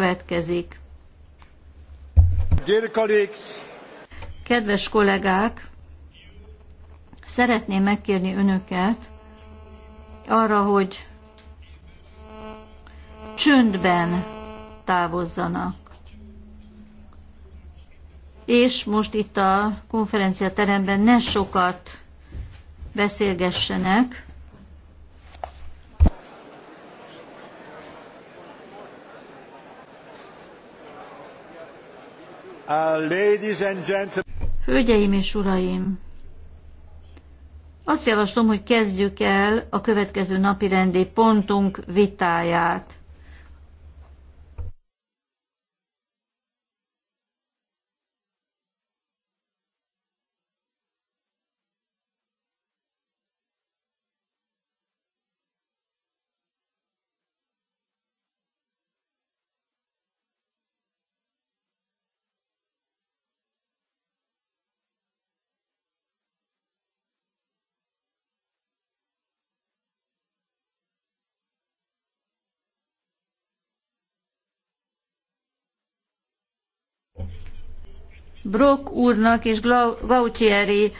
következik. Kedves kollégák, szeretném megkérni önöket arra, hogy csöndben távozzanak. És most itt a konferenciateremben ne sokat beszélgessenek, Uh, Hölgyeim és uraim! Azt javaslom, hogy kezdjük el a következő napi rendi pontunk vitáját. Brock úrnak és Gautieri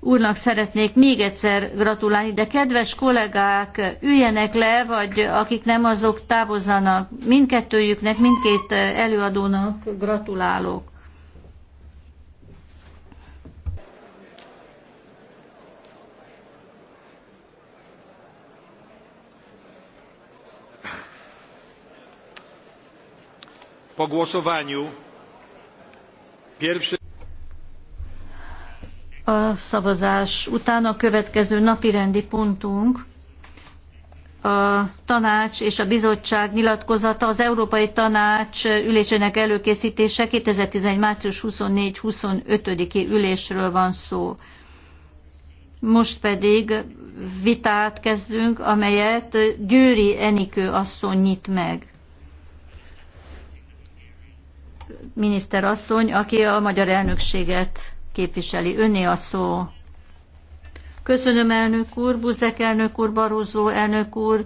úrnak szeretnék még egyszer gratulálni, de kedves kollégák, üljenek le, vagy akik nem, azok távozzanak. Mindkettőjüknek, mindkét előadónak gratulálok. Po głosowaniu a szavazás után a következő napi rendi pontunk a tanács és a bizottság nyilatkozata az Európai Tanács ülésének előkészítése 2011. március 24-25-i ülésről van szó. Most pedig vitát kezdünk, amelyet Győri Enikő asszony nyit meg miniszterasszony, aki a magyar elnökséget képviseli. Önné a szó. Köszönöm, elnök úr, Buzek elnök úr, Barózó elnök úr,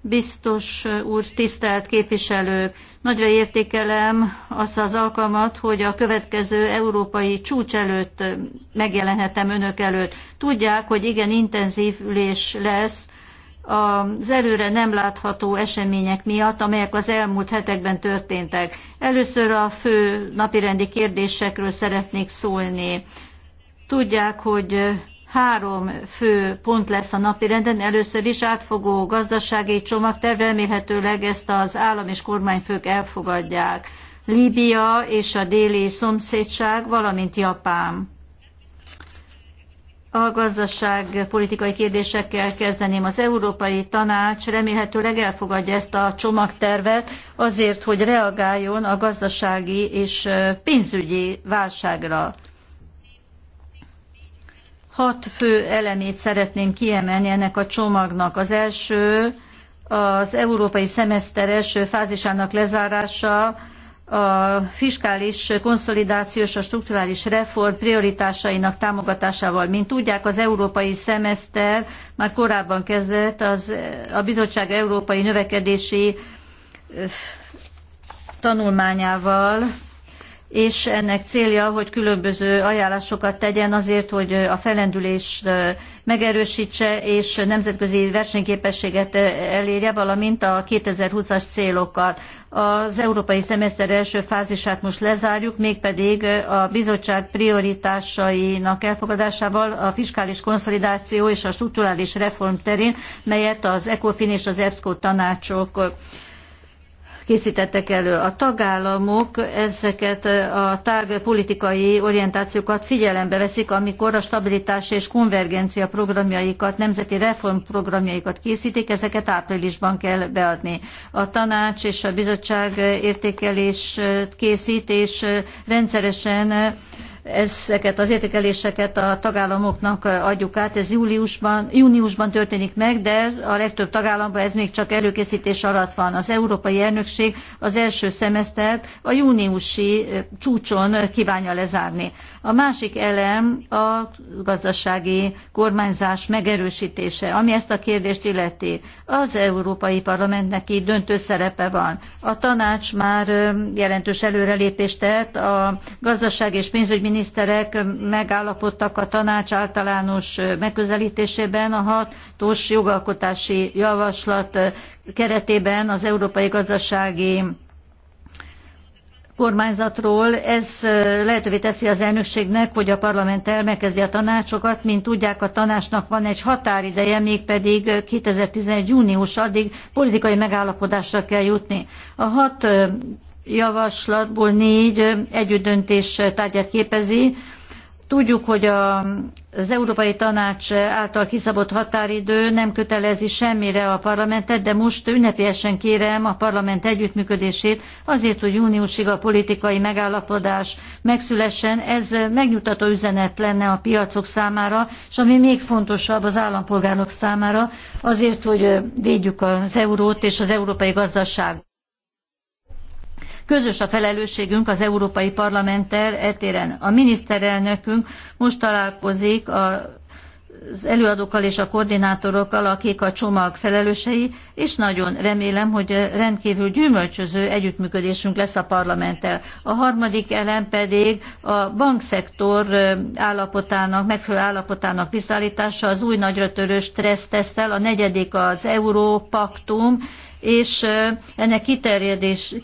biztos úr, tisztelt képviselők. Nagyra értékelem azt az alkalmat, hogy a következő európai csúcs előtt megjelenhetem önök előtt. Tudják, hogy igen intenzív ülés lesz, az előre nem látható események miatt, amelyek az elmúlt hetekben történtek. Először a fő napirendi kérdésekről szeretnék szólni. Tudják, hogy három fő pont lesz a napirenden. Először is átfogó gazdasági csomagterv, remélhetőleg ezt az állam és kormányfők elfogadják. Líbia és a déli szomszédság, valamint Japán a gazdaságpolitikai kérdésekkel kezdeném. Az Európai Tanács remélhetőleg elfogadja ezt a csomagtervet azért, hogy reagáljon a gazdasági és pénzügyi válságra. Hat fő elemét szeretném kiemelni ennek a csomagnak. Az első az európai szemeszter első fázisának lezárása, a fiskális konszolidációs, a strukturális reform prioritásainak támogatásával. Mint tudják, az európai szemeszter már korábban kezdett, az, a bizottság európai növekedési tanulmányával és ennek célja, hogy különböző ajánlásokat tegyen azért, hogy a felendülést megerősítse, és nemzetközi versenyképességet elérje, valamint a 2020-as célokat. Az európai szemeszter első fázisát most lezárjuk, mégpedig a bizottság prioritásainak elfogadásával a fiskális konszolidáció és a strukturális reform terén, melyet az ECOFIN és az EBSCO tanácsok készítettek elő. A tagállamok ezeket a tág politikai orientációkat figyelembe veszik, amikor a stabilitás és konvergencia programjaikat, nemzeti reformprogramjaikat készítik, ezeket áprilisban kell beadni. A tanács és a bizottság értékelést készít, és rendszeresen ezeket az értékeléseket a tagállamoknak adjuk át. Ez júliusban, júniusban történik meg, de a legtöbb tagállamban ez még csak előkészítés alatt van. Az Európai Elnökség az első szemesztert a júniusi csúcson kívánja lezárni. A másik elem a gazdasági kormányzás megerősítése, ami ezt a kérdést illeti. Az Európai Parlamentnek így döntő szerepe van. A tanács már jelentős előrelépést tett a gazdaság és pénzügyi miniszterek megállapodtak a tanács általános megközelítésében a hatos jogalkotási javaslat keretében az európai gazdasági kormányzatról. Ez lehetővé teszi az elnökségnek, hogy a parlament megkezdi a tanácsokat. Mint tudják, a tanácsnak van egy határideje, mégpedig 2011. június addig politikai megállapodásra kell jutni. A hat javaslatból négy együttdöntés tárgyát képezi. Tudjuk, hogy a, az Európai Tanács által kiszabott határidő nem kötelezi semmire a parlamentet, de most ünnepélyesen kérem a parlament együttműködését azért, hogy júniusig a politikai megállapodás megszülessen. Ez megnyugtató üzenet lenne a piacok számára, és ami még fontosabb az állampolgárok számára, azért, hogy védjük az eurót és az európai gazdaságot. Közös a felelősségünk az Európai Parlamenttel etéren. A miniszterelnökünk most találkozik a az előadókkal és a koordinátorokkal, akik a csomag felelősei, és nagyon remélem, hogy rendkívül gyümölcsöző együttműködésünk lesz a parlamenttel. A harmadik elem pedig a bankszektor állapotának, megfelelő állapotának visszaállítása az új nagyra törő stressztesztel, a negyedik az Európaktum, és ennek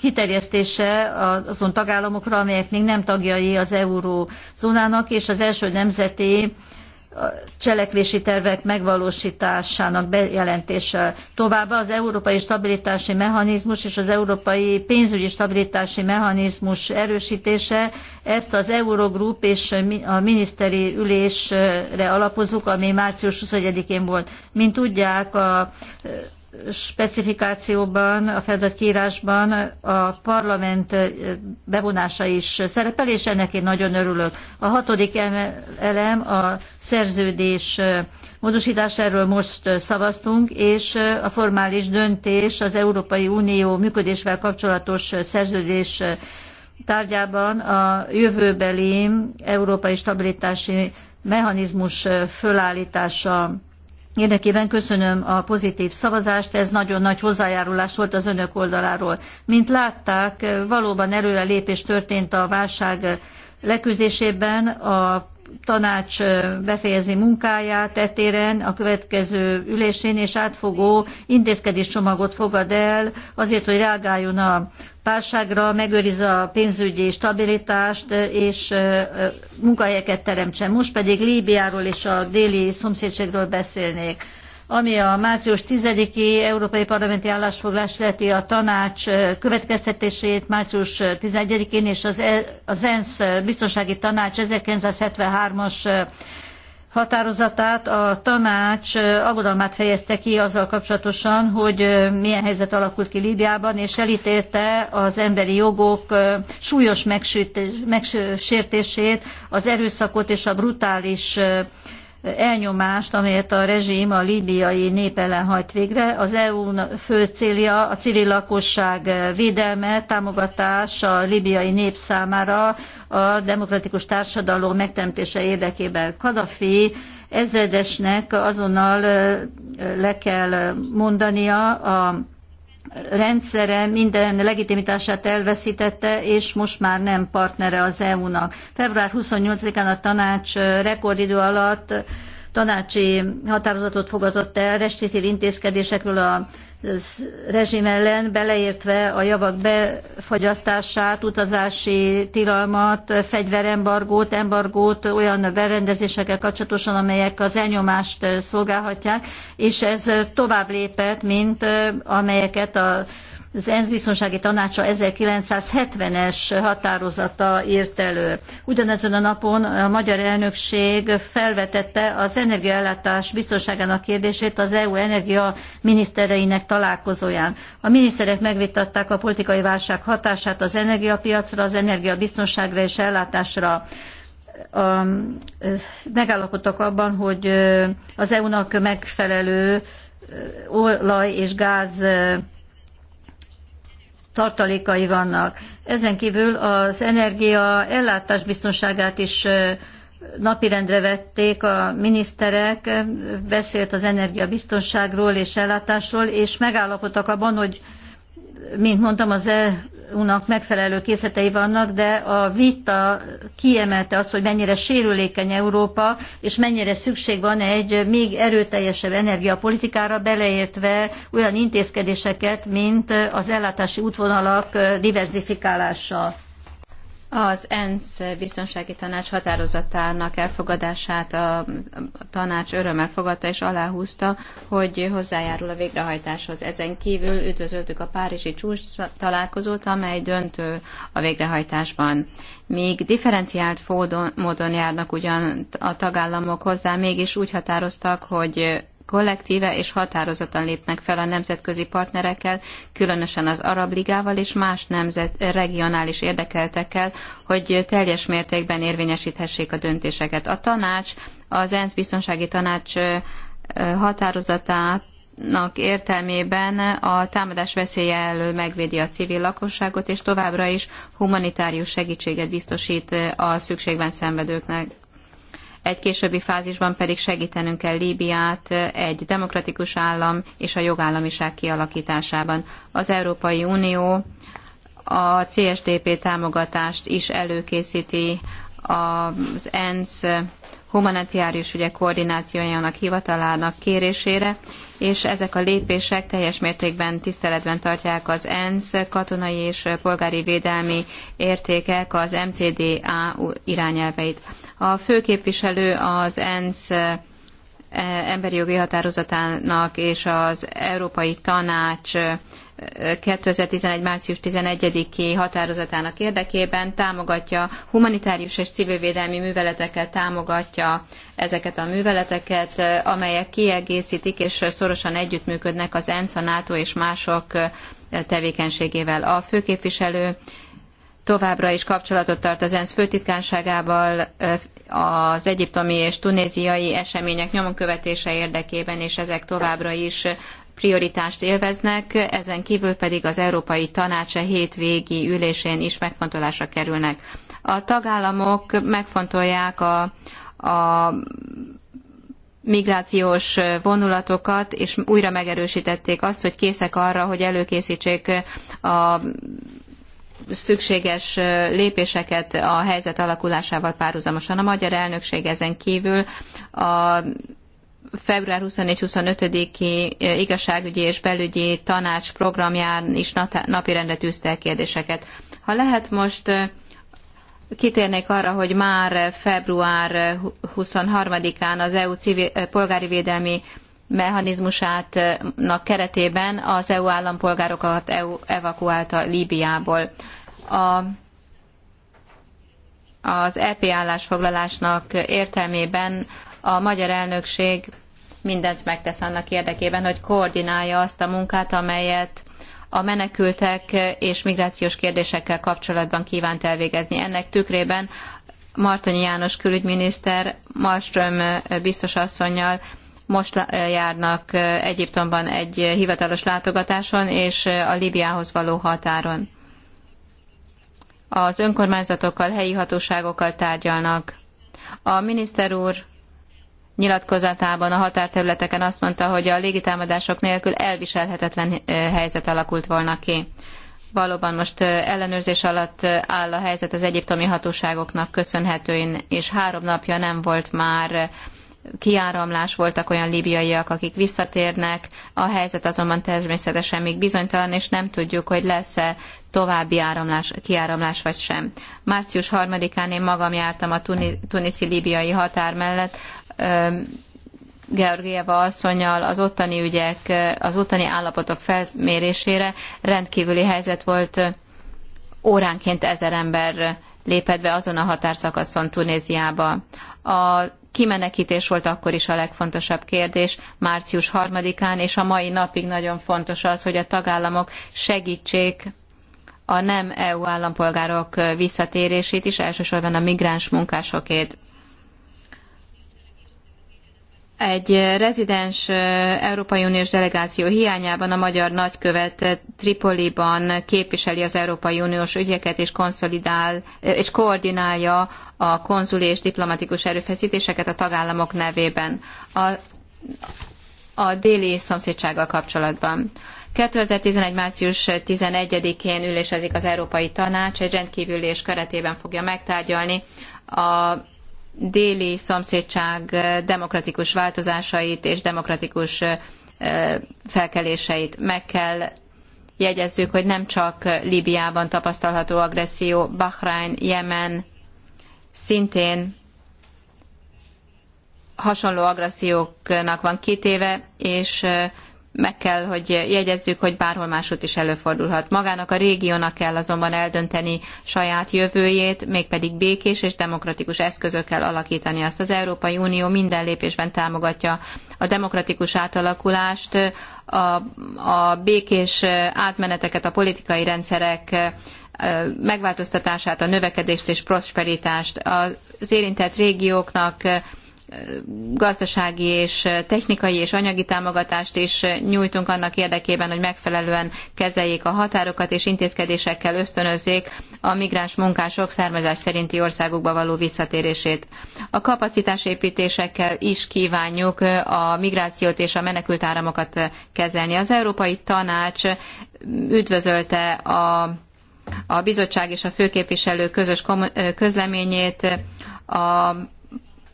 kiterjesztése azon tagállamokra, amelyek még nem tagjai az eurózónának, és az első nemzeti cselekvési tervek megvalósításának bejelentése. Továbbá az Európai Stabilitási Mechanizmus és az Európai Pénzügyi Stabilitási Mechanizmus erősítése, ezt az Eurogroup és a miniszteri ülésre alapozzuk, ami március 21-én volt. Mint tudják, a specifikációban, a feladatkiírásban a parlament bevonása is szerepel, és ennek én nagyon örülök. A hatodik elem a szerződés módosítás, erről most szavaztunk, és a formális döntés az Európai Unió működésvel kapcsolatos szerződés tárgyában a jövőbeli európai stabilitási mechanizmus fölállítása Érdekében köszönöm a pozitív szavazást, ez nagyon nagy hozzájárulás volt az önök oldaláról. Mint látták, valóban előre lépés történt a válság leküzdésében, a tanács befejezi munkáját etéren a következő ülésén, és átfogó intézkedéscsomagot fogad el azért, hogy reagáljon a válságra, megőrizze a pénzügyi stabilitást és munkahelyeket teremtsen. Most pedig Líbiáról és a déli szomszédségről beszélnék. Ami a március 10-i Európai Parlamenti állásfoglás illeti a tanács következtetését március 11-én és e- az, ENSZ biztonsági tanács 1973-as határozatát a tanács aggodalmát fejezte ki azzal kapcsolatosan, hogy milyen helyzet alakult ki Líbiában, és elítélte az emberi jogok súlyos megsértését, az erőszakot és a brutális elnyomást, amelyet a rezsim a líbiai nép ellen hajt végre. Az EU fő célja a civil lakosság védelme, támogatás a líbiai nép számára a demokratikus társadalom megteremtése érdekében. Kadafi ezredesnek azonnal le kell mondania a rendszere minden legitimitását elveszítette, és most már nem partnere az EU-nak. Február 28-án a tanács rekordidő alatt tanácsi határozatot fogadott el restitív intézkedésekről a rezsim ellen, beleértve a javak befagyasztását, utazási tilalmat, fegyverembargót, embargót, olyan berendezésekkel kapcsolatosan, amelyek az elnyomást szolgálhatják, és ez tovább lépett, mint amelyeket a az ENSZ biztonsági tanácsa 1970-es határozata írt elő. Ugyanezen a napon a magyar elnökség felvetette az energiaellátás biztonságának kérdését az EU energia minisztereinek találkozóján. A miniszterek megvitatták a politikai válság hatását az energiapiacra, az energiabiztonságra és ellátásra a, megállapodtak abban, hogy az EU-nak megfelelő olaj és gáz tartalékai vannak. Ezen kívül az energia ellátás biztonságát is napirendre vették a miniszterek, beszélt az energiabiztonságról és ellátásról, és megállapodtak abban, hogy mint mondtam, az EU-nak megfelelő készletei vannak, de a vita kiemelte azt, hogy mennyire sérülékeny Európa, és mennyire szükség van egy még erőteljesebb energiapolitikára, beleértve olyan intézkedéseket, mint az ellátási útvonalak diverzifikálása. Az ENSZ biztonsági tanács határozatának elfogadását a tanács örömmel fogadta és aláhúzta, hogy hozzájárul a végrehajtáshoz. Ezen kívül üdvözöltük a Párizsi csúcs találkozót, amely döntő a végrehajtásban. Míg differenciált módon járnak ugyan a tagállamok hozzá, mégis úgy határoztak, hogy kollektíve és határozottan lépnek fel a nemzetközi partnerekkel, különösen az Arab Ligával és más nemzet, regionális érdekeltekkel, hogy teljes mértékben érvényesíthessék a döntéseket. A tanács, az ENSZ biztonsági tanács határozatát értelmében a támadás veszélye elől megvédi a civil lakosságot, és továbbra is humanitárius segítséget biztosít a szükségben szenvedőknek. Egy későbbi fázisban pedig segítenünk kell Líbiát egy demokratikus állam és a jogállamiság kialakításában. Az Európai Unió a CSDP támogatást is előkészíti az ENSZ humanitárius ügyek koordinációjának hivatalának kérésére, és ezek a lépések teljes mértékben tiszteletben tartják az ENSZ katonai és polgári védelmi értékek, az MCDA irányelveit. A főképviselő az ENSZ eh, emberi jogi határozatának és az Európai Tanács 2011. Eh, március 11-i határozatának érdekében támogatja humanitárius és civilvédelmi műveleteket, támogatja ezeket a műveleteket, eh, amelyek kiegészítik és szorosan együttműködnek az ENSZ, a NATO és mások tevékenységével. A főképviselő továbbra is kapcsolatot tart az ENSZ főtitkárságával az egyiptomi és tunéziai események nyomon követése érdekében, és ezek továbbra is prioritást élveznek, ezen kívül pedig az Európai Tanács a hétvégi ülésén is megfontolásra kerülnek. A tagállamok megfontolják a, a migrációs vonulatokat, és újra megerősítették azt, hogy készek arra, hogy előkészítsék a szükséges lépéseket a helyzet alakulásával párhuzamosan. A magyar elnökség ezen kívül a február 24-25-i igazságügyi és belügyi tanács programján is napirendre tűzte el kérdéseket. Ha lehet most kitérnék arra, hogy már február 23-án az EU civil, polgári védelmi mechanizmusának keretében az EU állampolgárokat EU evakuálta Líbiából. A, az EP állásfoglalásnak értelmében a magyar elnökség mindent megtesz annak érdekében, hogy koordinálja azt a munkát, amelyet a menekültek és migrációs kérdésekkel kapcsolatban kívánt elvégezni. Ennek tükrében Martonyi János külügyminiszter Malmström biztos asszonynal most járnak Egyiptomban egy hivatalos látogatáson és a Libiához való határon. Az önkormányzatokkal, helyi hatóságokkal tárgyalnak. A miniszter úr nyilatkozatában a határterületeken azt mondta, hogy a légitámadások nélkül elviselhetetlen helyzet alakult volna ki. Valóban most ellenőrzés alatt áll a helyzet az egyiptomi hatóságoknak köszönhetően, és három napja nem volt már kiáramlás, voltak olyan libiaiak, akik visszatérnek, a helyzet azonban természetesen még bizonytalan, és nem tudjuk, hogy lesz-e további áramlás, kiáramlás vagy sem. Március 3-án én magam jártam a tuniszi-libiai határ mellett, Georgieva asszonyal az ottani ügyek, az ottani állapotok felmérésére rendkívüli helyzet volt, óránként ezer ember lépett be azon a határszakaszon Tunéziába. A kimenekítés volt akkor is a legfontosabb kérdés március 3-án, és a mai napig nagyon fontos az, hogy a tagállamok segítsék a nem EU állampolgárok visszatérését is, elsősorban a migráns munkásokét egy rezidens Európai Uniós delegáció hiányában a magyar nagykövet Tripoliban képviseli az Európai Uniós ügyeket és konszolidál és koordinálja a konzuli és diplomatikus erőfeszítéseket a tagállamok nevében a, a déli szomszédsággal kapcsolatban. 2011. március 11-én ülésezik az Európai Tanács, egy rendkívüli és keretében fogja megtárgyalni a déli szomszédság demokratikus változásait és demokratikus felkeléseit. Meg kell jegyezzük, hogy nem csak Líbiában tapasztalható agresszió, Bahrain, Jemen szintén hasonló agresszióknak van kitéve, és meg kell, hogy jegyezzük, hogy bárhol máshogy is előfordulhat. Magának a régiónak kell azonban eldönteni saját jövőjét, mégpedig békés és demokratikus eszközökkel alakítani azt. Az Európai Unió minden lépésben támogatja a demokratikus átalakulást, a, a békés átmeneteket, a politikai rendszerek megváltoztatását, a növekedést és prosperitást. Az érintett régióknak gazdasági és technikai és anyagi támogatást is nyújtunk annak érdekében, hogy megfelelően kezeljék a határokat és intézkedésekkel ösztönözzék a migráns munkások származás szerinti országukba való visszatérését. A kapacitásépítésekkel is kívánjuk a migrációt és a menekültáramokat kezelni. Az Európai Tanács üdvözölte a a bizottság és a főképviselő közös közleményét a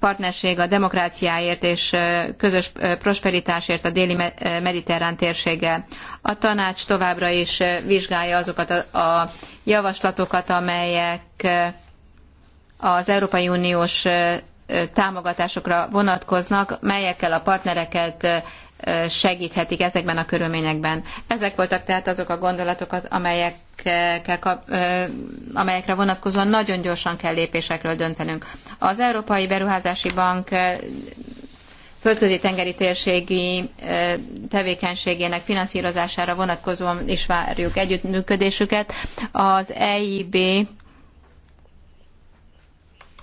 partnerség a demokráciáért és közös prosperitásért a déli mediterrán térséggel. A tanács továbbra is vizsgálja azokat a, javaslatokat, amelyek az Európai Uniós támogatásokra vonatkoznak, melyekkel a partnereket segíthetik ezekben a körülményekben. Ezek voltak tehát azok a gondolatok, amelyekkel amelyekre vonatkozóan nagyon gyorsan kell lépésekről döntenünk. Az Európai Beruházási Bank földközi tengeri térségi tevékenységének finanszírozására vonatkozóan is várjuk együttműködésüket. Az EIB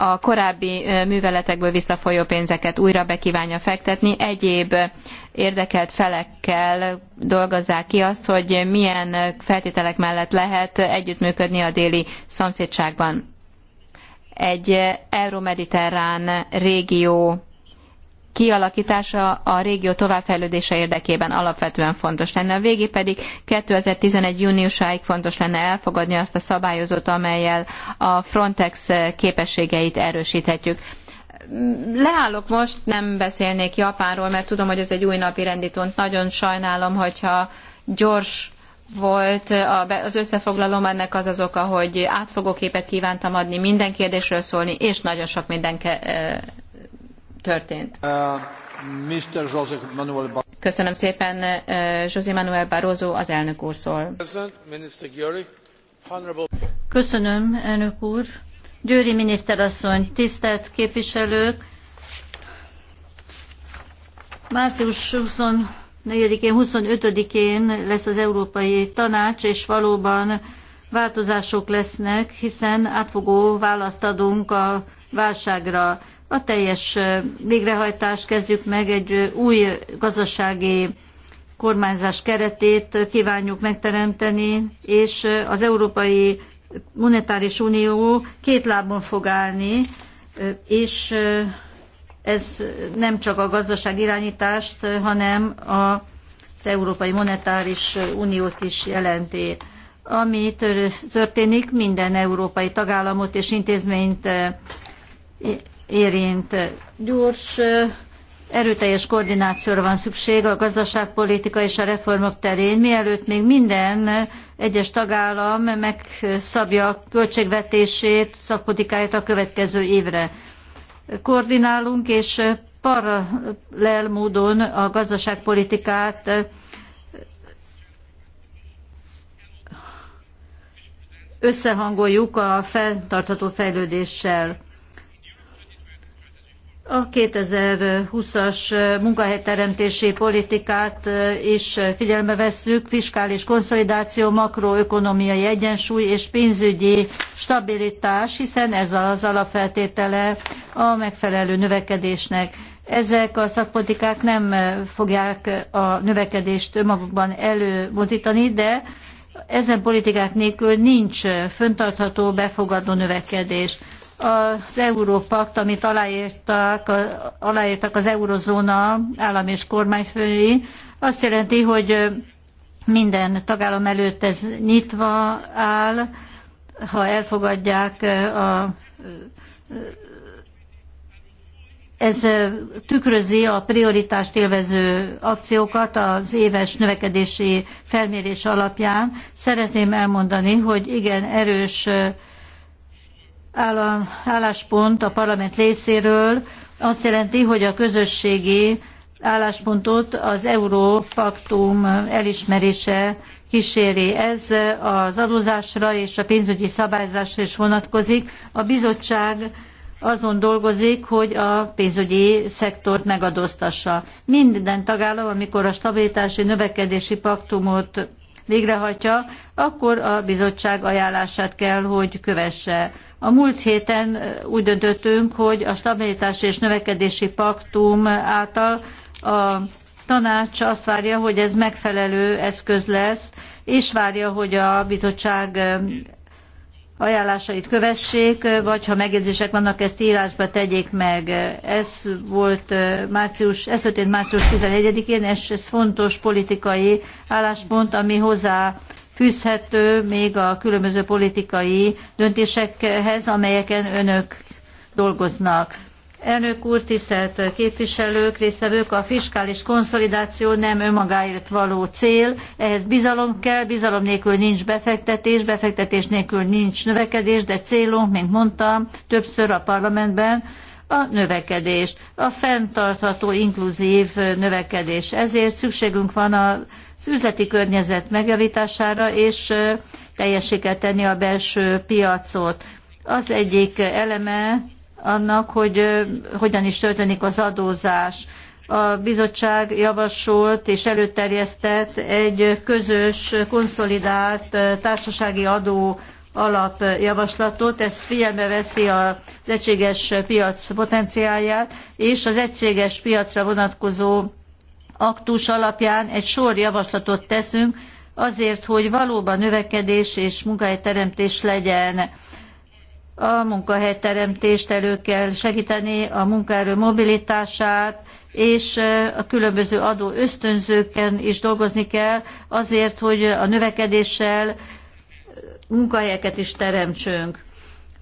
a korábbi műveletekből visszafolyó pénzeket újra bekívánja fektetni, egyéb érdekelt felekkel dolgozzák ki azt, hogy milyen feltételek mellett lehet együttműködni a déli szomszédságban. Egy euromediterrán régió kialakítása a régió továbbfejlődése érdekében alapvetően fontos lenne. A végé pedig 2011. júniusáig fontos lenne elfogadni azt a szabályozót, amelyel a Frontex képességeit erősíthetjük leállok most, nem beszélnék Japánról, mert tudom, hogy ez egy új napi rendítont. Nagyon sajnálom, hogyha gyors volt az összefoglalom, ennek az az oka, hogy átfogó képet kívántam adni, minden kérdésről szólni, és nagyon sok minden történt. Uh, Mr. Manuel Bar- Köszönöm szépen, José Manuel Barroso, az elnök úr szól. Köszönöm, elnök úr, Győri miniszterasszony, tisztelt képviselők! Március 24-én, 25-én lesz az Európai Tanács, és valóban változások lesznek, hiszen átfogó választ adunk a válságra. A teljes végrehajtást kezdjük meg egy új gazdasági kormányzás keretét kívánjuk megteremteni, és az Európai monetáris unió két lábon fog állni, és ez nem csak a gazdaság irányítást, hanem a az Európai Monetáris Uniót is jelenti. Ami történik, minden európai tagállamot és intézményt érint. Gyors erőteljes koordinációra van szükség a gazdaságpolitika és a reformok terén, mielőtt még minden egyes tagállam megszabja a költségvetését, szakpolitikáját a következő évre. Koordinálunk és paralel módon a gazdaságpolitikát összehangoljuk a fenntartható fejlődéssel a 2020-as munkahelyteremtési politikát is figyelme vesszük, fiskális konszolidáció, makroökonomiai egyensúly és pénzügyi stabilitás, hiszen ez az alapfeltétele a megfelelő növekedésnek. Ezek a szakpolitikák nem fogják a növekedést önmagukban előmozítani, de ezen politikák nélkül nincs föntartható befogadó növekedés az Európakt, amit aláírtak, aláírtak az eurozóna állam és kormányfői, azt jelenti, hogy minden tagállam előtt ez nyitva áll, ha elfogadják a ez tükrözi a prioritást élvező akciókat az éves növekedési felmérés alapján. Szeretném elmondani, hogy igen erős álláspont a parlament részéről azt jelenti, hogy a közösségi álláspontot az Európaktum elismerése kíséri. Ez az adózásra és a pénzügyi szabályzásra is vonatkozik. A bizottság azon dolgozik, hogy a pénzügyi szektort megadóztassa. Minden tagállam, amikor a stabilitási növekedési paktumot végrehajtja, akkor a bizottság ajánlását kell, hogy kövesse. A múlt héten úgy döntöttünk, hogy a stabilitási és növekedési paktum által a tanács azt várja, hogy ez megfelelő eszköz lesz, és várja, hogy a bizottság ajánlásait kövessék, vagy ha megjegyzések vannak, ezt írásba tegyék meg. Ez volt március, ez történt március 11-én, és ez fontos politikai álláspont, ami hozzá fűzhető még a különböző politikai döntésekhez, amelyeken önök dolgoznak. Elnök úr, tisztelt képviselők, résztvevők, a fiskális konszolidáció nem önmagáért való cél, ehhez bizalom kell, bizalom nélkül nincs befektetés, befektetés nélkül nincs növekedés, de célunk, mint mondtam, többször a parlamentben, a növekedés, a fenntartható, inkluzív növekedés. Ezért szükségünk van az üzleti környezet megjavítására, és teljessé kell tenni a belső piacot. Az egyik eleme annak, hogy hogyan is történik az adózás. A bizottság javasolt és előterjesztett egy közös, konszolidált társasági adó alapjavaslatot, ez figyelme veszi az egységes piac potenciálját, és az egységes piacra vonatkozó aktus alapján egy sor javaslatot teszünk, azért, hogy valóban növekedés és munkahelyteremtés legyen a munkahelyteremtést elő kell segíteni, a munkaerő mobilitását, és a különböző adó ösztönzőken is dolgozni kell azért, hogy a növekedéssel munkahelyeket is teremtsünk.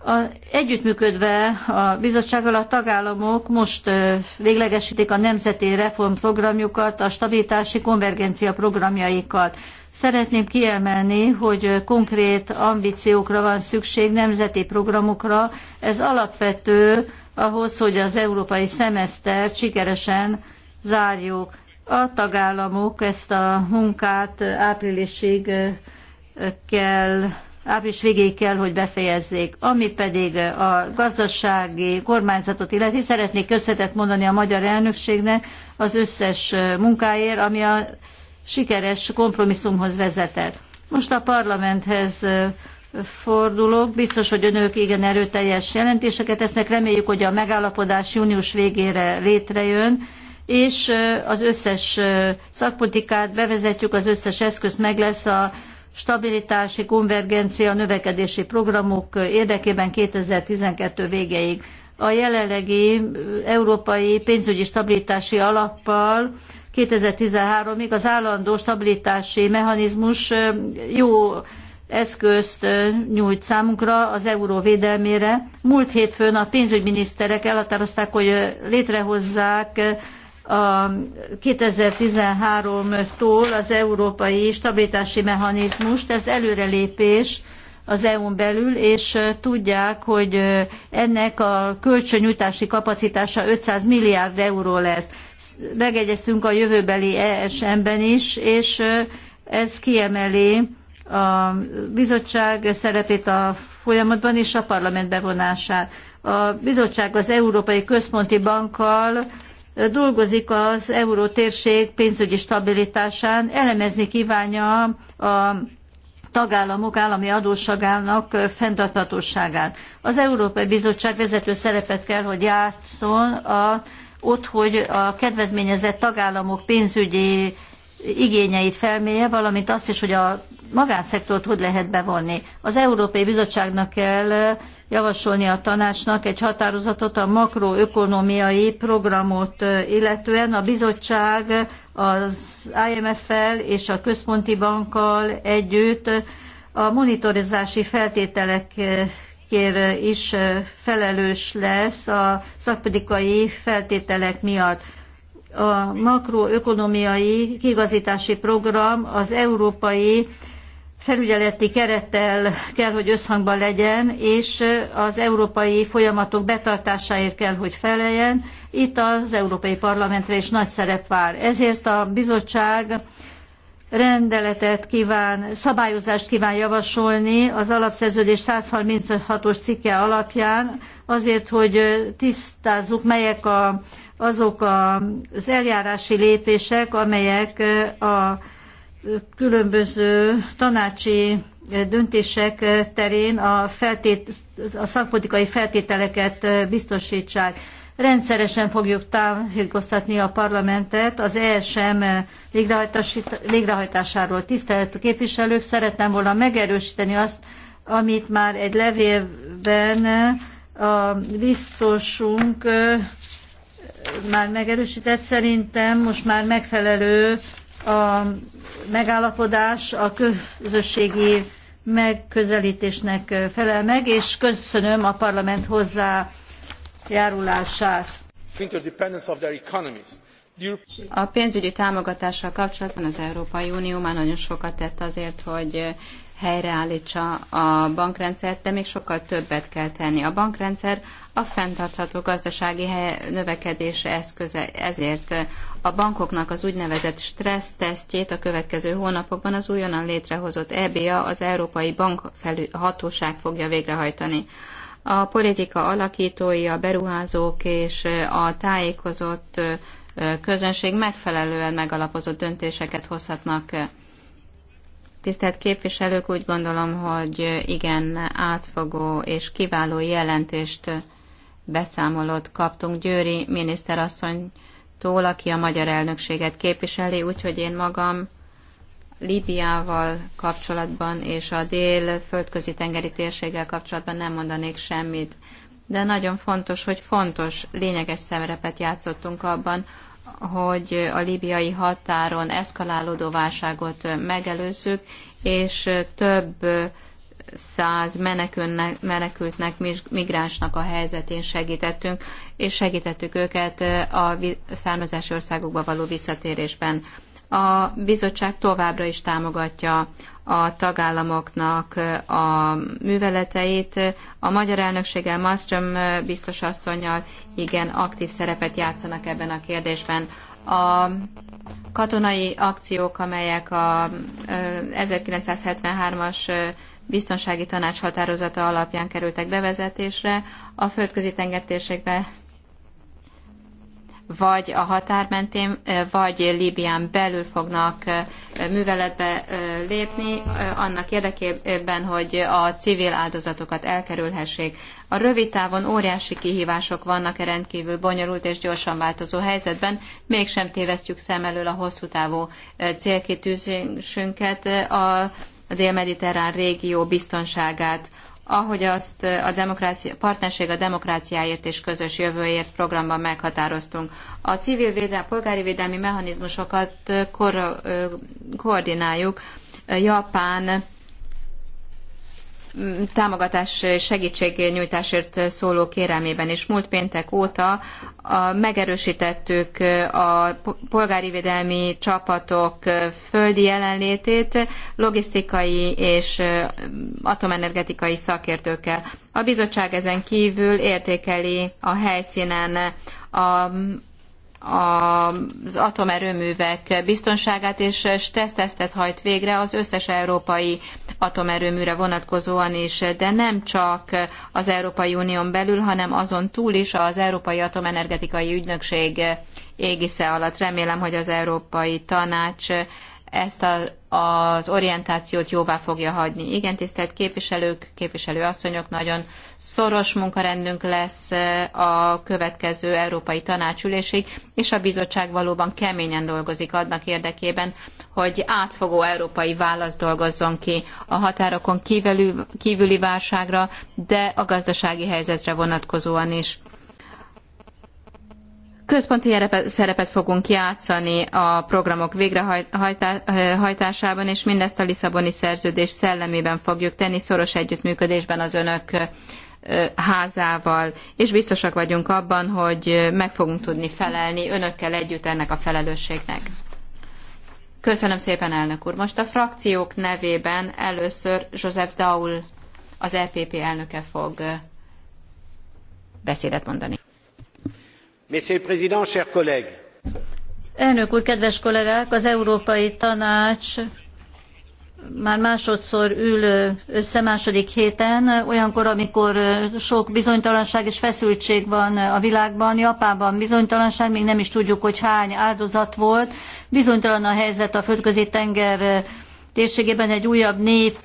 A, együttműködve a bizottsággal a tagállamok most ö, véglegesítik a nemzeti reformprogramjukat, a stabilitási konvergencia programjaikat. Szeretném kiemelni, hogy konkrét ambíciókra van szükség, nemzeti programokra. Ez alapvető ahhoz, hogy az európai szemeszter sikeresen zárjuk. A tagállamok ezt a munkát áprilisig kell április végéig kell, hogy befejezzék. Ami pedig a gazdasági kormányzatot illeti, szeretnék köszönetet mondani a magyar elnökségnek az összes munkáért, ami a sikeres kompromisszumhoz vezetett. Most a parlamenthez fordulok. Biztos, hogy önök igen erőteljes jelentéseket tesznek. Reméljük, hogy a megállapodás június végére létrejön, és az összes szakpolitikát bevezetjük, az összes eszköz meg lesz a stabilitási, konvergencia, növekedési programok érdekében 2012 végéig. A jelenlegi európai pénzügyi stabilitási alappal 2013-ig az állandó stabilitási mechanizmus jó eszközt nyújt számunkra az euró védelmére. Múlt hétfőn a pénzügyminiszterek elhatározták, hogy létrehozzák a 2013-tól az európai stabilitási mechanizmust. Ez előrelépés az EU-n belül, és tudják, hogy ennek a kölcsönnyújtási kapacitása 500 milliárd euró lesz megegyeztünk a jövőbeli ESM-ben is, és ez kiemeli a bizottság szerepét a folyamatban és a parlament bevonását. A bizottság az Európai Központi Bankkal dolgozik az eurótérség pénzügyi stabilitásán, elemezni kívánja a tagállamok állami adósságának fenntarthatóságát. Az Európai Bizottság vezető szerepet kell, hogy játszon a ott, hogy a kedvezményezett tagállamok pénzügyi igényeit felmérje, valamint azt is, hogy a magánszektort hogy lehet bevonni. Az Európai Bizottságnak kell javasolni a tanácsnak egy határozatot a makroökonomiai programot illetően. A bizottság az IMF-fel és a központi bankkal együtt a monitorizási feltételek kér is felelős lesz a szakpolitikai feltételek miatt. A makroökonomiai kigazítási program az európai felügyeleti kerettel kell, hogy összhangban legyen, és az európai folyamatok betartásáért kell, hogy feleljen. Itt az Európai Parlamentre is nagy szerep vár. Ezért a bizottság rendeletet kíván, szabályozást kíván javasolni az alapszerződés 136-os cikke alapján, azért, hogy tisztázzuk, melyek a, azok a, az eljárási lépések, amelyek a különböző tanácsi döntések terén a, feltét, a szakpolitikai feltételeket biztosítsák. Rendszeresen fogjuk tájékoztatni a parlamentet az ESM végrehajtásáról. Tisztelt képviselők, szeretném volna megerősíteni azt, amit már egy levélben a biztosunk már megerősített, szerintem most már megfelelő a megállapodás a közösségi megközelítésnek felel meg, és köszönöm a parlament hozzá járulását. A pénzügyi támogatással kapcsolatban az Európai Unió már nagyon sokat tett azért, hogy helyreállítsa a bankrendszert, de még sokkal többet kell tenni. A bankrendszer a fenntartható gazdasági növekedés eszköze, ezért a bankoknak az úgynevezett stressz tesztjét a következő hónapokban az újonnan létrehozott EBA, az Európai Bank Hatóság fogja végrehajtani a politika alakítói, a beruházók és a tájékozott közönség megfelelően megalapozott döntéseket hozhatnak. Tisztelt képviselők, úgy gondolom, hogy igen, átfogó és kiváló jelentést, beszámolót kaptunk Győri miniszterasszonytól, aki a magyar elnökséget képviseli, úgyhogy én magam Líbiával kapcsolatban és a dél földközi tengeri térséggel kapcsolatban nem mondanék semmit. De nagyon fontos, hogy fontos, lényeges szerepet játszottunk abban, hogy a líbiai határon eszkalálódó válságot megelőzzük, és több száz menekültnek, migránsnak a helyzetén segítettünk, és segítettük őket a származási országokba való visszatérésben a bizottság továbbra is támogatja a tagállamoknak a műveleteit. A magyar elnökséggel, Malmström biztos asszonynal igen aktív szerepet játszanak ebben a kérdésben. A katonai akciók, amelyek a 1973-as biztonsági tanács határozata alapján kerültek bevezetésre, a földközi tengertérségben vagy a határ mentén, vagy Líbián belül fognak műveletbe lépni, annak érdekében, hogy a civil áldozatokat elkerülhessék. A rövid távon óriási kihívások vannak e rendkívül bonyolult és gyorsan változó helyzetben, mégsem tévesztjük szem elől a hosszú távú célkitűzésünket, a dél-mediterrán régió biztonságát ahogy azt a demokrácia, partnerség a demokráciáért és közös jövőért programban meghatároztunk. A civil védelmi, polgári védelmi mechanizmusokat kor, koordináljuk Japán, támogatás és segítségnyújtásért szóló kérelmében, és múlt péntek óta a, megerősítettük a polgári védelmi csapatok földi jelenlétét logisztikai és atomenergetikai szakértőkkel. A bizottság ezen kívül értékeli a helyszínen a, az atomerőművek biztonságát, és stressztesztet hajt végre az összes európai atomerőműre vonatkozóan is, de nem csak az Európai Unión belül, hanem azon túl is az Európai Atomenergetikai Ügynökség égisze alatt. Remélem, hogy az Európai Tanács ezt a az orientációt jóvá fogja hagyni. Igen, tisztelt képviselők, képviselőasszonyok, nagyon szoros munkarendünk lesz e, a következő Európai Tanácsülésig, és a bizottság valóban keményen dolgozik adnak érdekében, hogy átfogó európai választ dolgozzon ki a határokon kívüli, kívüli válságra, de a gazdasági helyzetre vonatkozóan is. Központi szerepet fogunk játszani a programok végrehajtásában, és mindezt a Lisszaboni szerződés szellemében fogjuk tenni szoros együttműködésben az önök házával, és biztosak vagyunk abban, hogy meg fogunk tudni felelni önökkel együtt ennek a felelősségnek. Köszönöm szépen, elnök úr. Most a frakciók nevében először Joseph Daul, az EPP elnöke fog beszédet mondani. Elnök úr, kedves kollégák, az Európai Tanács már másodszor ül össze második héten, olyankor, amikor sok bizonytalanság és feszültség van a világban, Japánban bizonytalanság, még nem is tudjuk, hogy hány áldozat volt, bizonytalan a helyzet a földközi tenger térségében egy újabb nép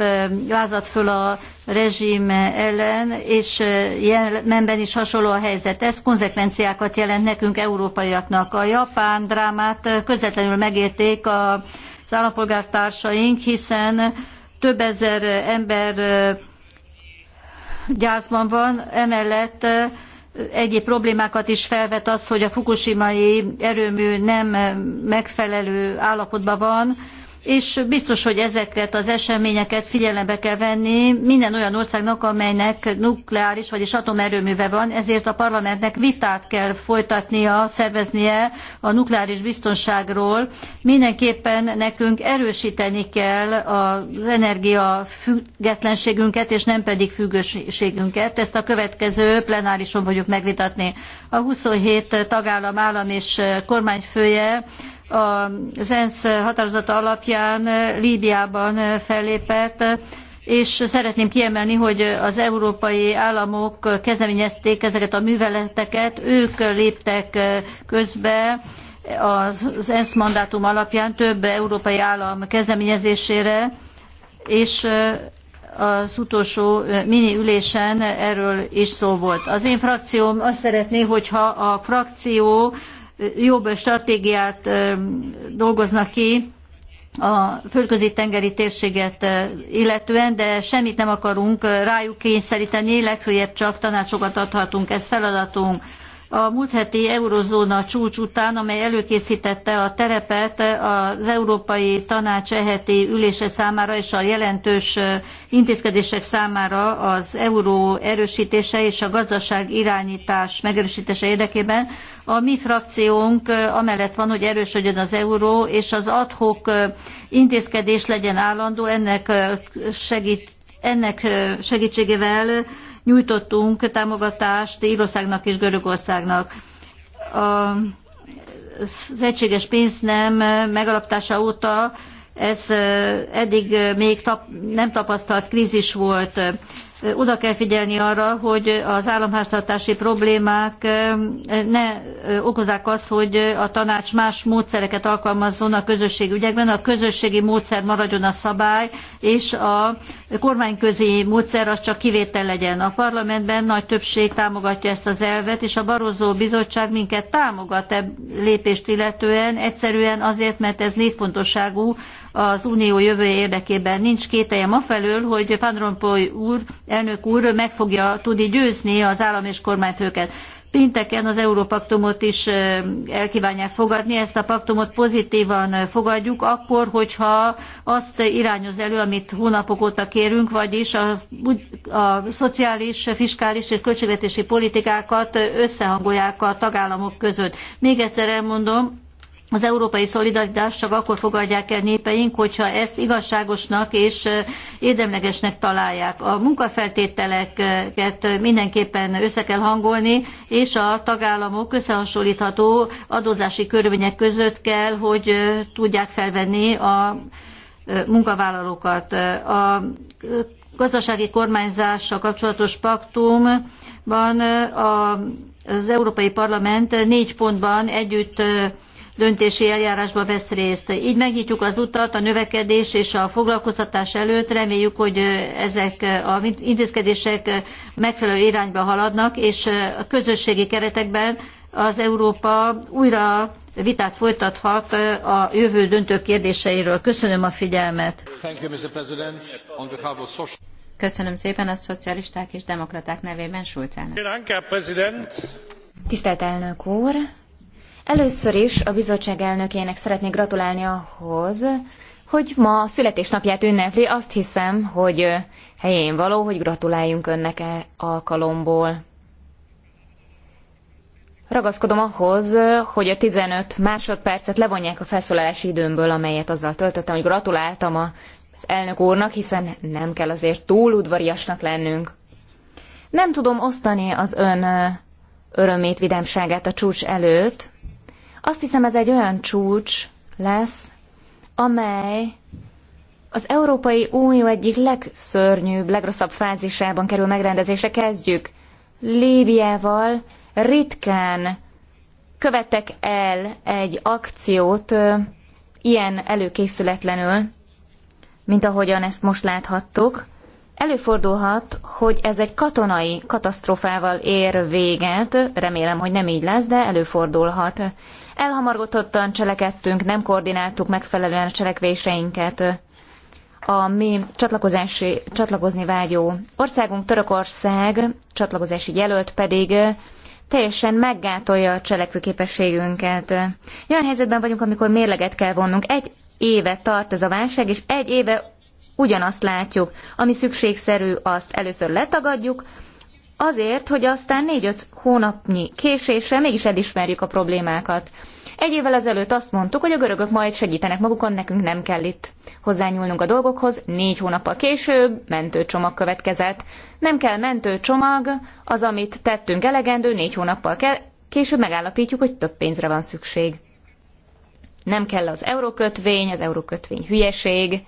lázadt föl a rezsim ellen, és jelenben is hasonló a helyzet. Ez konzekvenciákat jelent nekünk, európaiaknak. A japán drámát közvetlenül megérték az állampolgártársaink, hiszen több ezer ember gyászban van, emellett egyéb problémákat is felvet az, hogy a fukushimai erőmű nem megfelelő állapotban van, és biztos, hogy ezeket az eseményeket figyelembe kell venni minden olyan országnak, amelynek nukleáris, vagyis atomerőműve van, ezért a parlamentnek vitát kell folytatnia, szerveznie a nukleáris biztonságról. Mindenképpen nekünk erősíteni kell az energia függetlenségünket, és nem pedig függőségünket. Ezt a következő plenárison fogjuk megvitatni. A 27 tagállam állam és kormányfője az ENSZ határozata alapján Líbiában fellépett, és szeretném kiemelni, hogy az európai államok kezdeményezték ezeket a műveleteket, ők léptek közbe az ENSZ mandátum alapján több európai állam kezdeményezésére, és az utolsó mini ülésen erről is szó volt. Az én frakcióm azt szeretné, hogyha a frakció jobb stratégiát dolgoznak ki a földközi tengeri térséget illetően, de semmit nem akarunk rájuk kényszeríteni, legfőjebb csak tanácsokat adhatunk, ez feladatunk. A múlt heti eurozóna csúcs után, amely előkészítette a terepet az Európai Tanács eheti ülése számára és a jelentős intézkedések számára az euró erősítése és a gazdaság irányítás megerősítése érdekében, a mi frakciónk amellett van, hogy erősödjön az euró, és az adhok intézkedés legyen állandó, ennek segít ennek segítségével nyújtottunk támogatást Írországnak és Görögországnak. A, az egységes pénznem megalaptása óta ez eh, eddig eh, még tap, nem tapasztalt krízis volt oda kell figyelni arra, hogy az államháztartási problémák ne okozzák azt, hogy a tanács más módszereket alkalmazzon a közösségi ügyekben, a közösségi módszer maradjon a szabály, és a kormányközi módszer az csak kivétel legyen. A parlamentben nagy többség támogatja ezt az elvet, és a Barozó Bizottság minket támogat e lépést illetően, egyszerűen azért, mert ez létfontosságú az unió jövője érdekében. Nincs kételjem afelől, hogy Van Rompuy úr, elnök úr meg fogja tudni győzni az állam és kormányfőket. Pénteken az Európaktumot is elkívánják fogadni, ezt a paktumot pozitívan fogadjuk, akkor, hogyha azt irányoz elő, amit hónapok óta kérünk, vagyis a, a szociális, fiskális és költségvetési politikákat összehangolják a tagállamok között. Még egyszer elmondom, az európai szolidaritást csak akkor fogadják el népeink, hogyha ezt igazságosnak és érdemlegesnek találják. A munkafeltételeket mindenképpen össze kell hangolni, és a tagállamok összehasonlítható adózási körülmények között kell, hogy tudják felvenni a munkavállalókat. A gazdasági kormányzással kapcsolatos paktumban az Európai Parlament négy pontban együtt döntési eljárásba vesz részt. Így megnyitjuk az utat a növekedés és a foglalkoztatás előtt. Reméljük, hogy ezek az intézkedések megfelelő irányba haladnak, és a közösségi keretekben az Európa újra vitát folytathat a jövő döntő kérdéseiről. Köszönöm a figyelmet. Köszönöm szépen a szocialisták és demokraták nevében Schulz Tisztelt elnök úr, Először is a bizottság elnökének szeretnék gratulálni ahhoz, hogy ma születésnapját ünnepli. Azt hiszem, hogy helyén való, hogy gratuláljunk önnek e alkalomból. Ragaszkodom ahhoz, hogy a 15 másodpercet levonják a felszólalási időmből, amelyet azzal töltöttem, hogy gratuláltam az elnök úrnak, hiszen nem kell azért túl udvariasnak lennünk. Nem tudom osztani az ön örömét, vidámságát a csúcs előtt, azt hiszem ez egy olyan csúcs lesz, amely az Európai Unió egyik legszörnyűbb, legrosszabb fázisában kerül megrendezésre. Kezdjük. Líbiával ritkán követek el egy akciót ilyen előkészületlenül, mint ahogyan ezt most láthattuk. Előfordulhat, hogy ez egy katonai katasztrófával ér véget, remélem, hogy nem így lesz, de előfordulhat. Elhamargotottan cselekedtünk, nem koordináltuk megfelelően a cselekvéseinket. A mi csatlakozási, csatlakozni vágyó országunk Törökország csatlakozási jelölt pedig teljesen meggátolja a cselekvőképességünket. Olyan helyzetben vagyunk, amikor mérleget kell vonnunk. Egy éve tart ez a válság, és egy éve ugyanazt látjuk. Ami szükségszerű, azt először letagadjuk, azért, hogy aztán négy-öt hónapnyi késéssel mégis elismerjük a problémákat. Egy évvel ezelőtt azt mondtuk, hogy a görögök majd segítenek magukon, nekünk nem kell itt hozzányúlnunk a dolgokhoz. Négy hónappal később mentőcsomag következett. Nem kell mentőcsomag, az, amit tettünk elegendő, négy hónappal kell, később megállapítjuk, hogy több pénzre van szükség. Nem kell az eurókötvény, az eurókötvény hülyeség,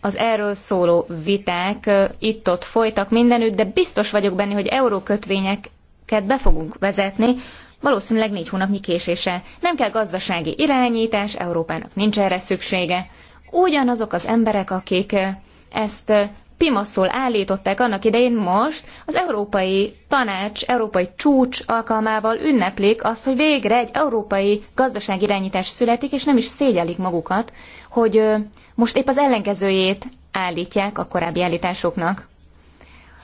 az erről szóló viták itt-ott folytak mindenütt, de biztos vagyok benne, hogy eurókötvényeket be fogunk vezetni, valószínűleg négy hónapnyi késéssel. Nem kell gazdasági irányítás, Európának nincs erre szüksége. Ugyanazok az emberek, akik ezt pimaszul állították annak idején most, az Európai Tanács, Európai Csúcs alkalmával ünneplik azt, hogy végre egy európai irányítás születik, és nem is szégyelik magukat, hogy most épp az ellenkezőjét állítják a korábbi állításoknak.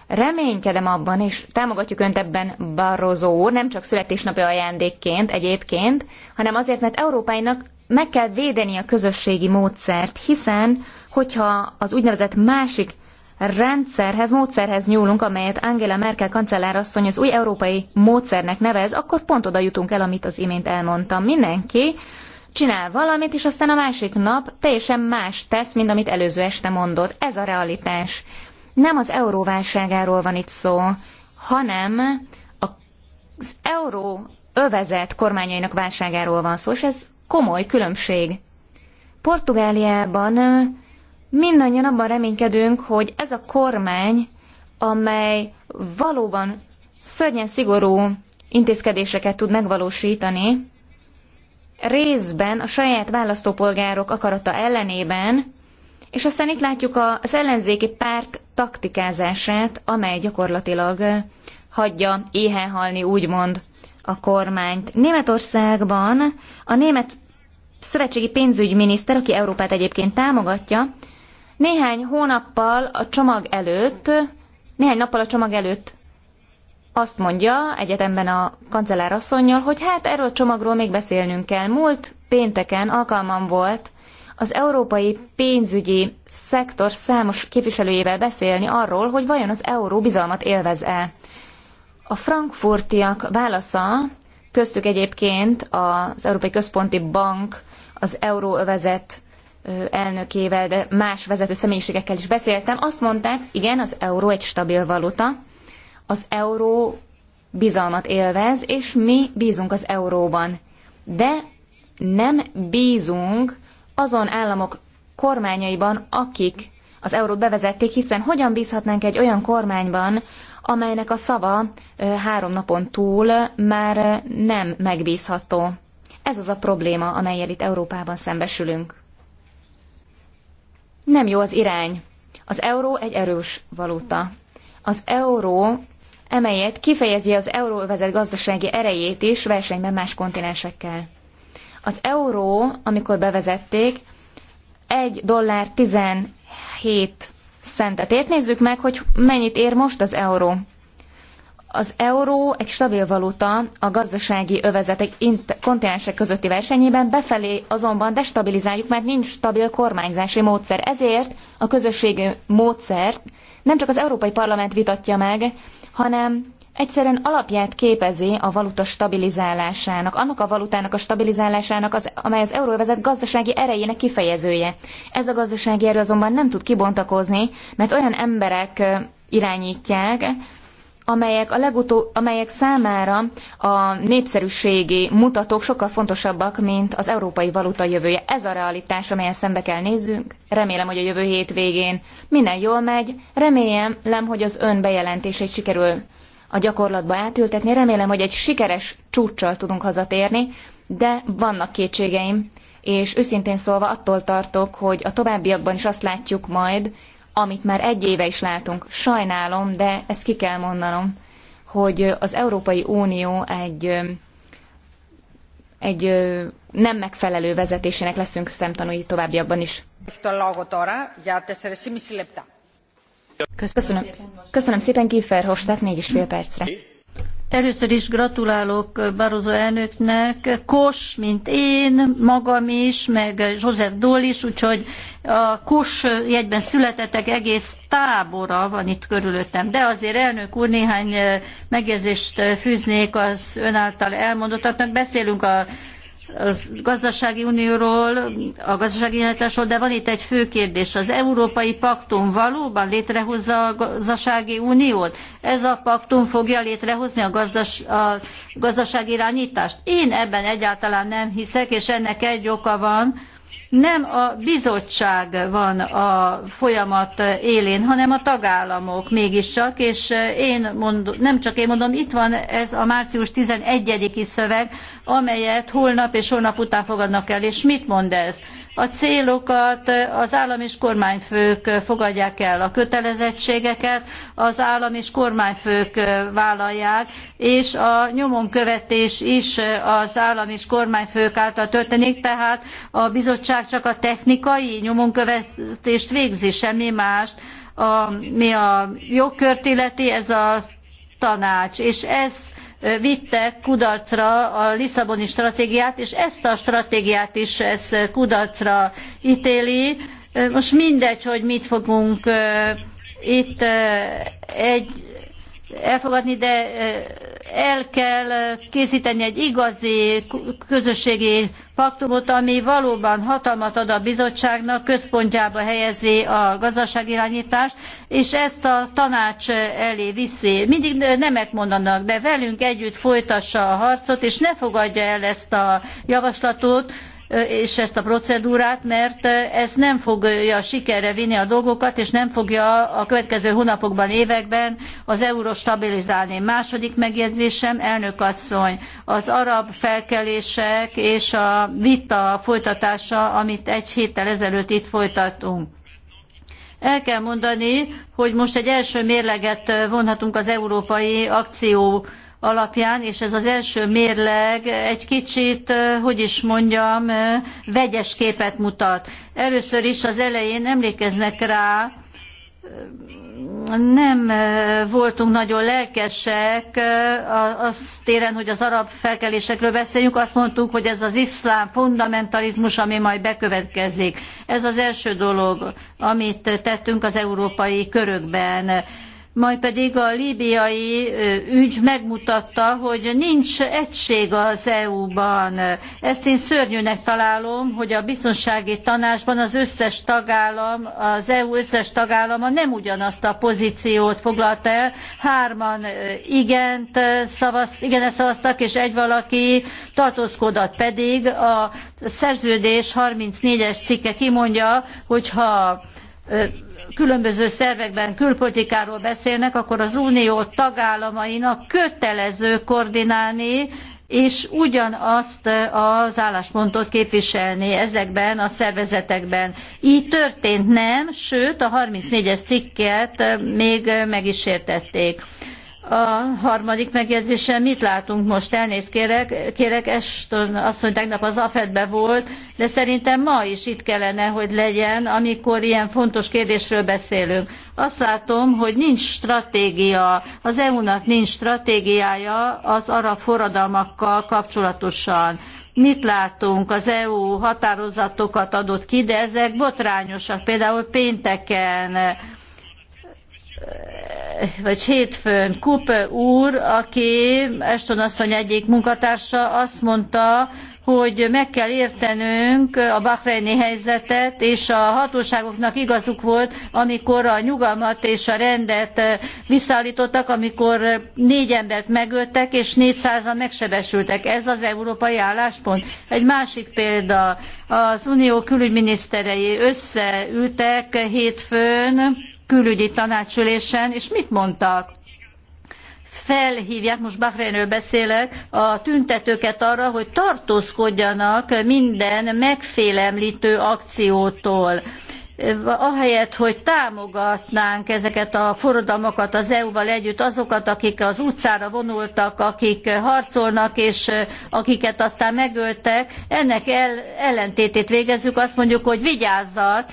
Reménykedem abban, és támogatjuk Önt ebben Barroso úr, nem csak születésnapi ajándékként egyébként, hanem azért, mert Európáinak meg kell védeni a közösségi módszert, hiszen hogyha az úgynevezett másik rendszerhez, módszerhez nyúlunk, amelyet Angela Merkel kancellárasszony az új európai módszernek nevez, akkor pont oda jutunk el, amit az imént elmondtam. Mindenki csinál valamit, és aztán a másik nap teljesen más tesz, mint amit előző este mondott. Ez a realitás. Nem az euróválságáról van itt szó, hanem az euró övezet kormányainak válságáról van szó, és ez komoly különbség. Portugáliában mindannyian abban reménykedünk, hogy ez a kormány, amely valóban szörnyen szigorú intézkedéseket tud megvalósítani, részben a saját választópolgárok akarata ellenében, és aztán itt látjuk az ellenzéki párt taktikázását, amely gyakorlatilag hagyja éhen halni, úgymond, a kormányt. Németországban a német szövetségi pénzügyminiszter, aki Európát egyébként támogatja, néhány hónappal a csomag előtt, néhány nappal a csomag előtt azt mondja egyetemben a kancellár asszonynal, hogy hát erről a csomagról még beszélnünk kell. Múlt pénteken alkalmam volt az európai pénzügyi szektor számos képviselőjével beszélni arról, hogy vajon az euró bizalmat élvez-e. A frankfurtiak válasza, köztük egyébként az Európai Központi Bank az euróövezet elnökével, de más vezető személyiségekkel is beszéltem, azt mondták, igen, az euró egy stabil valuta, az euró bizalmat élvez, és mi bízunk az euróban. De nem bízunk azon államok kormányaiban, akik az eurót bevezették, hiszen hogyan bízhatnánk egy olyan kormányban, amelynek a szava három napon túl már nem megbízható. Ez az a probléma, amelyel itt Európában szembesülünk. Nem jó az irány. Az euró egy erős valuta. Az euró emelyet kifejezi az euróvezet gazdasági erejét is versenyben más kontinensekkel. Az euró, amikor bevezették, 1 dollár 17 centet ért. Nézzük meg, hogy mennyit ér most az euró. Az euró egy stabil valuta a gazdasági övezetek kontinensek közötti versenyében, befelé azonban destabilizáljuk, mert nincs stabil kormányzási módszer. Ezért a közösségi módszert nem csak az Európai Parlament vitatja meg, hanem egyszerűen alapját képezi a valuta stabilizálásának, annak a valutának a stabilizálásának, az, amely az euróvezet gazdasági erejének kifejezője. Ez a gazdasági erő azonban nem tud kibontakozni, mert olyan emberek irányítják, amelyek, a legutó, amelyek számára a népszerűségi mutatók sokkal fontosabbak, mint az európai valuta jövője. Ez a realitás, amelyen szembe kell nézzünk. Remélem, hogy a jövő hét végén minden jól megy. Remélem, hogy az ön bejelentését sikerül a gyakorlatba átültetni. Remélem, hogy egy sikeres csúccsal tudunk hazatérni, de vannak kétségeim, és őszintén szólva attól tartok, hogy a továbbiakban is azt látjuk majd, amit már egy éve is látunk. Sajnálom, de ezt ki kell mondanom, hogy az Európai Unió egy, egy nem megfelelő vezetésének leszünk szemtanúi továbbiakban is. Köszönöm, Köszönöm szépen, Kiefer Hofstadt, négy és fél percre. Először is gratulálok Barozó elnöknek, Kos, mint én, magam is, meg József Dól is, úgyhogy a Kos jegyben születettek egész tábora van itt körülöttem. De azért elnök úr néhány eh, megjegyzést eh, fűznék az ön által elmondottaknak. Beszélünk a az gazdasági unióról, a gazdasági irányításról, de van itt egy fő kérdés. Az Európai Paktum valóban létrehozza a gazdasági uniót? Ez a paktum fogja létrehozni a, gazdas, a gazdasági irányítást? Én ebben egyáltalán nem hiszek, és ennek egy oka van, nem a bizottság van a folyamat élén, hanem a tagállamok mégiscsak, és én mond, nem csak én mondom, itt van ez a március 11-i szöveg, amelyet holnap és holnap után fogadnak el, és mit mond ez? A célokat az állam és kormányfők fogadják el, a kötelezettségeket az állam és kormányfők vállalják, és a nyomonkövetés is az állam és kormányfők által történik, tehát a bizottság csak a technikai nyomonkövetést végzi, semmi mást. A, mi a jogkört illeti, ez a tanács, és ez vittek kudarcra a Lisszaboni stratégiát, és ezt a stratégiát is ez kudarcra ítéli. Most mindegy, hogy mit fogunk itt egy elfogadni, de el kell készíteni egy igazi közösségi paktumot, ami valóban hatalmat ad a bizottságnak, központjába helyezi a gazdaságirányítást, és ezt a tanács elé viszi. Mindig nemet mondanak, de velünk együtt folytassa a harcot, és ne fogadja el ezt a javaslatot, és ezt a procedúrát, mert ez nem fogja sikerre vinni a dolgokat, és nem fogja a következő hónapokban, években az eurót stabilizálni. Második megjegyzésem, elnök asszony, az arab felkelések és a vita folytatása, amit egy héttel ezelőtt itt folytattunk. El kell mondani, hogy most egy első mérleget vonhatunk az európai akció alapján, és ez az első mérleg egy kicsit, hogy is mondjam, vegyes képet mutat. Először is az elején emlékeznek rá, nem voltunk nagyon lelkesek az téren, hogy az arab felkelésekről beszéljünk, azt mondtuk, hogy ez az iszlám fundamentalizmus, ami majd bekövetkezik. Ez az első dolog, amit tettünk az európai körökben majd pedig a líbiai ügy megmutatta, hogy nincs egység az EU-ban. Ezt én szörnyűnek találom, hogy a biztonsági tanácsban az összes tagállam, az EU összes tagállama nem ugyanazt a pozíciót foglalt el. Hárman igent szavaz, igent szavaztak, és egy valaki tartózkodott pedig. A szerződés 34-es cikke kimondja, hogyha különböző szervekben külpolitikáról beszélnek, akkor az unió tagállamainak kötelező koordinálni és ugyanazt eh, az álláspontot képviselni ezekben a szervezetekben. Így történt nem, sőt a 34-es cikket eh, még eh, meg is értették. A harmadik megjegyzésem, mit látunk most? Elnéz kérek, kérek Eston asszony tegnap az afed volt, de szerintem ma is itt kellene, hogy legyen, amikor ilyen fontos kérdésről beszélünk. Azt látom, hogy nincs stratégia, az EU-nak nincs stratégiája az arab forradalmakkal kapcsolatosan. Mit látunk? Az EU határozatokat adott ki, de ezek botrányosak. Például pénteken vagy hétfőn Kupe úr, aki Eston asszony egyik munkatársa, azt mondta, hogy meg kell értenünk a bahreini helyzetet, és a hatóságoknak igazuk volt, amikor a nyugalmat és a rendet visszaállítottak, amikor négy embert megöltek, és 400-an megsebesültek. Ez az európai álláspont. Egy másik példa, az unió külügyminiszterei összeültek hétfőn, külügyi tanácsülésen, és mit mondtak? felhívják, most Bahreinről beszélek, a tüntetőket arra, hogy tartózkodjanak minden megfélemlítő akciótól ahelyett, hogy támogatnánk ezeket a forradalmakat az EU-val együtt, azokat, akik az utcára vonultak, akik harcolnak, és akiket aztán megöltek, ennek ellentétét végezzük, azt mondjuk, hogy vigyázzat,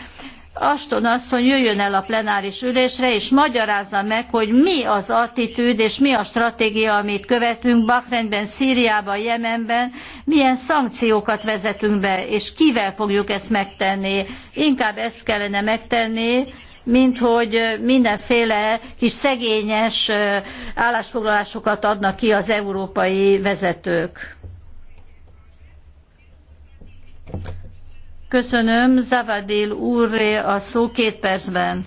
Aston asszony jöjjön el a plenáris ülésre, és magyarázza meg, hogy mi az attitűd és mi a stratégia, amit követünk Bahreinben, Szíriában, Jemenben, milyen szankciókat vezetünk be, és kivel fogjuk ezt megtenni. Inkább ezt kellene megtenni, mint hogy mindenféle kis szegényes állásfoglalásokat adnak ki az európai vezetők. Köszönöm, Zavadil úrré a szó két percben.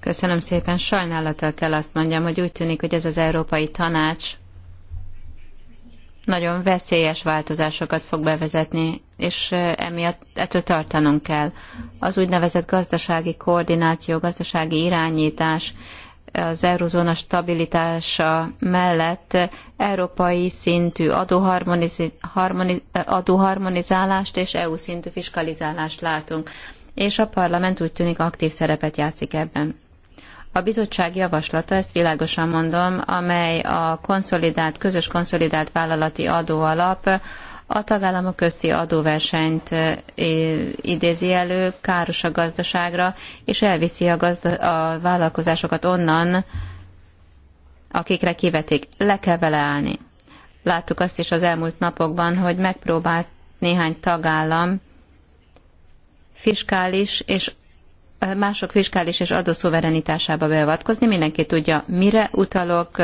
Köszönöm szépen, sajnálattal kell azt mondjam, hogy úgy tűnik, hogy ez az Európai Tanács nagyon veszélyes változásokat fog bevezetni, és emiatt ettől tartanunk kell. Az úgynevezett gazdasági koordináció, gazdasági irányítás az eurozóna stabilitása mellett európai szintű adóharmoniz- harmoniz- adóharmonizálást és EU szintű fiskalizálást látunk, és a parlament úgy tűnik aktív szerepet játszik ebben. A bizottság javaslata, ezt világosan mondom, amely a konszolidált, közös konszolidált vállalati adóalap a tagállamok közti adóversenyt idézi elő, káros a gazdaságra, és elviszi a, gazda, a vállalkozásokat onnan, akikre kivetik. Le kell vele állni. Láttuk azt is az elmúlt napokban, hogy megpróbált néhány tagállam fiskális és mások fiskális és adószuverenitásába beavatkozni. Mindenki tudja, mire utalok,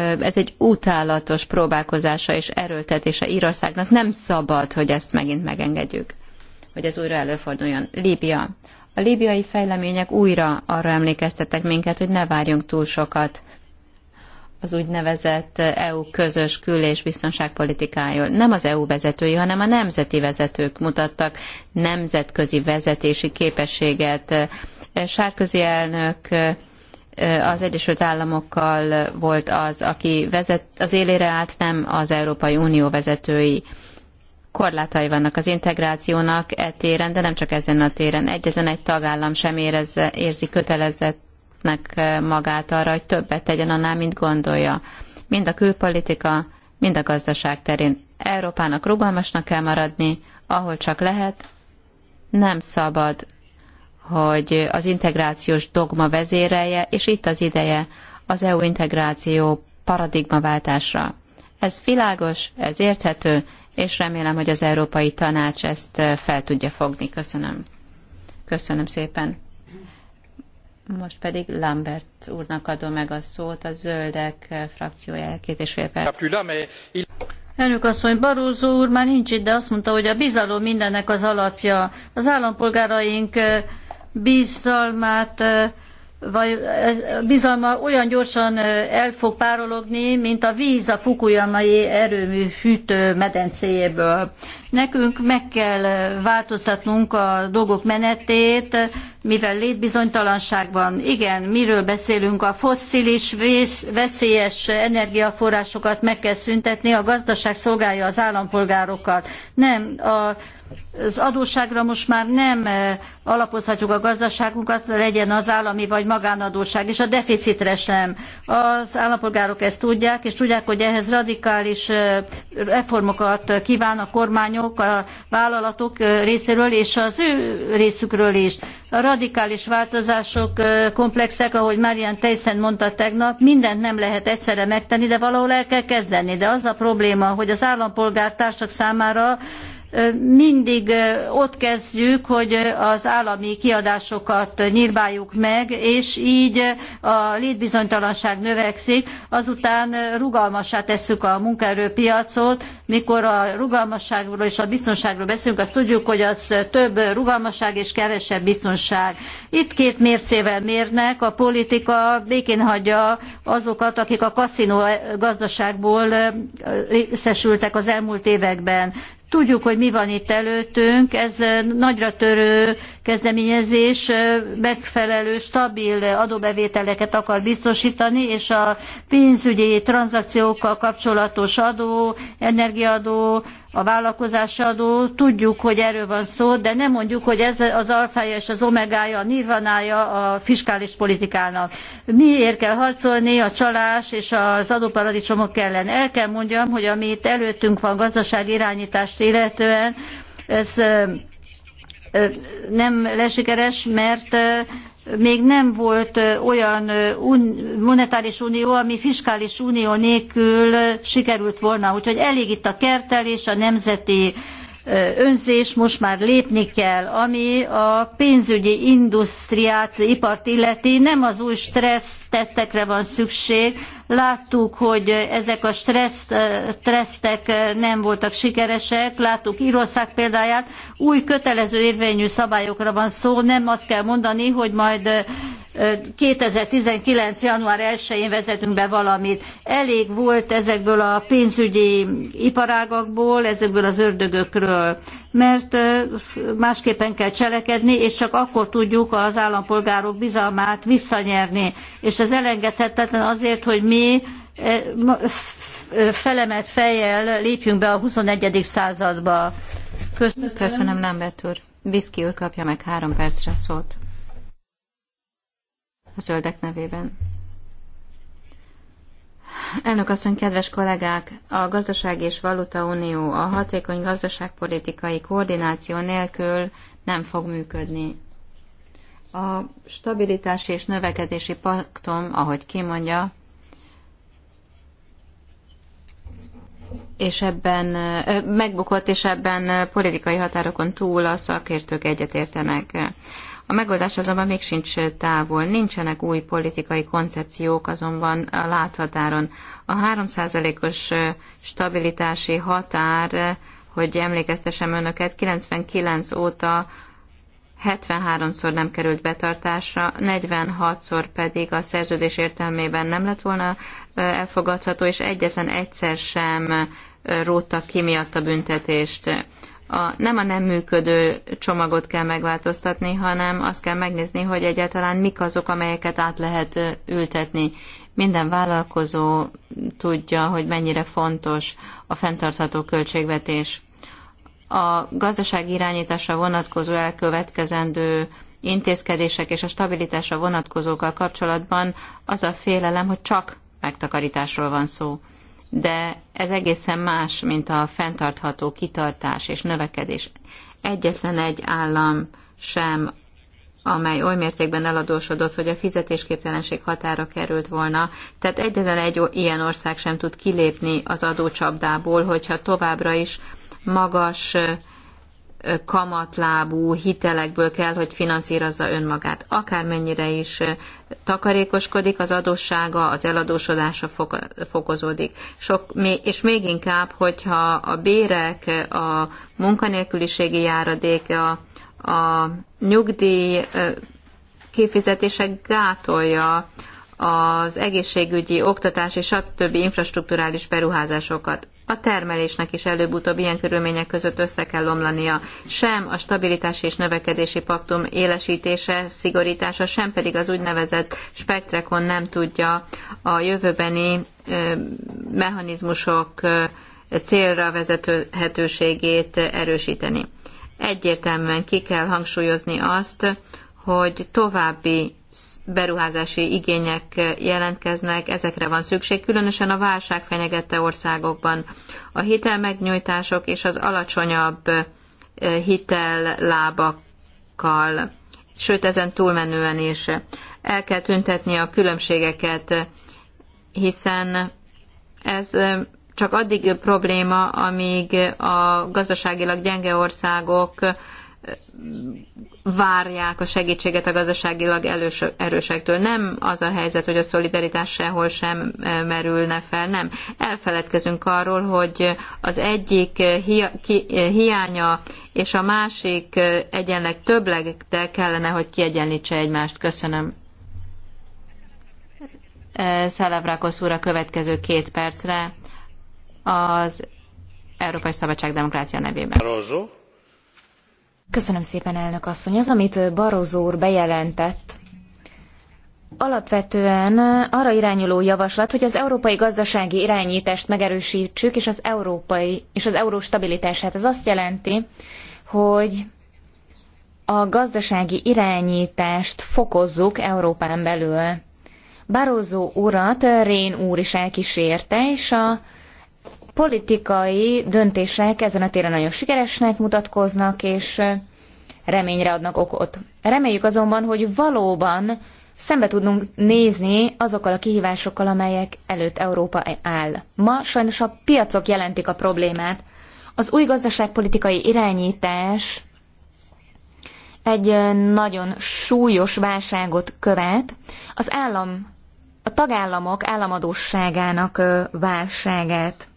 ez egy utálatos próbálkozása és erőltetése Írországnak. Nem szabad, hogy ezt megint megengedjük, hogy ez újra előforduljon. Líbia. A líbiai fejlemények újra arra emlékeztetek minket, hogy ne várjunk túl sokat az úgynevezett EU közös kül- és biztonságpolitikájól. Nem az EU vezetői, hanem a nemzeti vezetők mutattak nemzetközi vezetési képességet. Sárközi elnök az Egyesült Államokkal volt az, aki vezet, az élére állt, nem az Európai Unió vezetői. Korlátai vannak az integrációnak e téren, de nem csak ezen a téren. Egyetlen egy tagállam sem érez, érzi kötelezettnek magát arra, hogy többet tegyen annál, mint gondolja. Mind a külpolitika, mind a gazdaság terén. Európának rugalmasnak kell maradni, ahol csak lehet, nem szabad hogy az integrációs dogma vezéreje, és itt az ideje az EU integráció paradigmaváltásra. Ez világos, ez érthető, és remélem, hogy az Európai Tanács ezt eh, fel tudja fogni. Köszönöm. Köszönöm szépen. Most pedig Lambert úrnak adom meg a szót, a zöldek eh, frakciója két és fél perc. Elnök asszony, Barózó úr már nincs itt, de azt mondta, hogy a bizalom mindennek az alapja. Az állampolgáraink eh, bizalmát vagy bizalma olyan gyorsan el fog párologni, mint a víz a fukuyamai erőmű hűtő medencéjéből. Nekünk meg kell változtatnunk a dolgok menetét, mivel létbizonytalanság van, igen, miről beszélünk, a fosszilis veszélyes energiaforrásokat meg kell szüntetni, a gazdaság szolgálja az állampolgárokat. Nem, a, az adósságra most már nem eh, alapozhatjuk a gazdaságunkat, legyen az állami vagy magánadósság, és a deficitre sem. Az állampolgárok ezt tudják, és tudják, hogy ehhez radikális eh, reformokat kíván a kormányok, a vállalatok eh, részéről, és az ő részükről is. A radikális változások komplexek, ahogy Marian Teyssen mondta tegnap, mindent nem lehet egyszerre megtenni, de valahol el kell kezdeni. De az a probléma, hogy az állampolgártársak számára mindig ott kezdjük, hogy az állami kiadásokat nyírbáljuk meg, és így a létbizonytalanság növekszik, azután rugalmassá tesszük a munkaerőpiacot, mikor a rugalmasságról és a biztonságról beszélünk, azt tudjuk, hogy az több rugalmasság és kevesebb biztonság. Itt két mércével mérnek, a politika békén hagyja azokat, akik a kaszinó gazdaságból részesültek az elmúlt években. Tudjuk, hogy mi van itt előttünk, ez nagyra törő kezdeményezés, megfelelő, stabil adóbevételeket akar biztosítani, és a pénzügyi tranzakciókkal kapcsolatos adó, energiaadó, a vállalkozási adó, tudjuk, hogy erről van szó, de nem mondjuk, hogy ez az alfája és az omegája, a nirvanája a fiskális politikának. Miért kell harcolni a csalás és az adóparadicsomok ellen? El kell mondjam, hogy amit előttünk van gazdaság irányítás megoldást illetően ez nem lesikeres, mert még nem volt olyan monetáris unió, ami fiskális unió nélkül sikerült volna. Úgyhogy elég itt a kertelés, a nemzeti önzés, most már lépni kell, ami a pénzügyi industriát, ipart illeti, nem az új stressz tesztekre van szükség. Láttuk, hogy ezek a stressz tesztek nem voltak sikeresek, láttuk Írország példáját, új kötelező érvényű szabályokra van szó, nem azt kell mondani, hogy majd 2019. január 1-én vezetünk be valamit. Elég volt ezekből a pénzügyi iparágakból, ezekből az ördögökről, mert másképpen kell cselekedni, és csak akkor tudjuk az állampolgárok bizalmát visszanyerni. És ez elengedhetetlen azért, hogy mi felemelt fejjel lépjünk be a 21. századba. Köszönöm, Köszönöm Lambert úr. Biszki úr kapja meg három percre a szót a zöldek nevében. Elnök asszony, kedves kollégák! A Gazdaság és Valuta Unió a hatékony gazdaságpolitikai koordináció nélkül nem fog működni. A stabilitási és növekedési paktum, ahogy kimondja, és ebben megbukott, és ebben politikai határokon túl a szakértők egyetértenek. A megoldás azonban még sincs távol, nincsenek új politikai koncepciók azonban a láthatáron. A 3%-os stabilitási határ, hogy emlékeztesem önöket, 99 óta 73-szor nem került betartásra, 46-szor pedig a szerződés értelmében nem lett volna elfogadható, és egyetlen egyszer sem rótta ki miatt a büntetést a, nem a nem működő csomagot kell megváltoztatni, hanem azt kell megnézni, hogy egyáltalán mik azok, amelyeket át lehet ültetni. Minden vállalkozó tudja, hogy mennyire fontos a fenntartható költségvetés. A gazdaság irányításra vonatkozó elkövetkezendő intézkedések és a stabilitásra vonatkozókkal kapcsolatban az a félelem, hogy csak megtakarításról van szó de ez egészen más, mint a fenntartható kitartás és növekedés. Egyetlen egy állam sem, amely oly mértékben eladósodott, hogy a fizetésképtelenség határa került volna. Tehát egyetlen egy ilyen ország sem tud kilépni az adócsapdából, hogyha továbbra is magas kamatlábú hitelekből kell, hogy finanszírozza önmagát. Akármennyire is takarékoskodik, az adóssága, az eladósodása fokozódik. Sok, és még inkább, hogyha a bérek, a munkanélküliségi járadék, a, a nyugdíj kifizetések gátolja az egészségügyi, oktatási, stb. infrastruktúrális beruházásokat a termelésnek is előbb-utóbb ilyen körülmények között össze kell omlania. Sem a stabilitási és növekedési paktum élesítése, szigorítása, sem pedig az úgynevezett spektrekon nem tudja a jövőbeni mechanizmusok célra vezethetőségét erősíteni. Egyértelműen ki kell hangsúlyozni azt, hogy további beruházási igények jelentkeznek, ezekre van szükség, különösen a válság fenyegette országokban. A hitelmegnyújtások és az alacsonyabb hitellábakkal, sőt ezen túlmenően is el kell tüntetni a különbségeket, hiszen ez csak addig probléma, amíg a gazdaságilag gyenge országok várják a segítséget a gazdaságilag erősektől. Nem az a helyzet, hogy a szolidaritás sehol sem e, merülne fel, nem. Elfeledkezünk arról, hogy az egyik e, hiánya és a másik e, egyenleg többlegtel kellene, hogy kiegyenlítse egymást. Köszönöm. Szelevrakosz úr a következő két percre az Európai Szabadság Demokrácia nevében. Köszönöm szépen, elnök asszony. Az, amit Barozó úr bejelentett, alapvetően arra irányuló javaslat, hogy az európai gazdasági irányítást megerősítsük, és az európai és az euró stabilitását. Ez azt jelenti, hogy a gazdasági irányítást fokozzuk Európán belül. Barozó urat Rén úr is elkísérte, és a politikai döntések ezen a téren nagyon sikeresnek mutatkoznak, és reményre adnak okot. Reméljük azonban, hogy valóban szembe tudunk nézni azokkal a kihívásokkal, amelyek előtt Európa áll. Ma sajnos a piacok jelentik a problémát. Az új gazdaságpolitikai irányítás egy nagyon súlyos válságot követ. Az állam, a tagállamok államadóságának válságát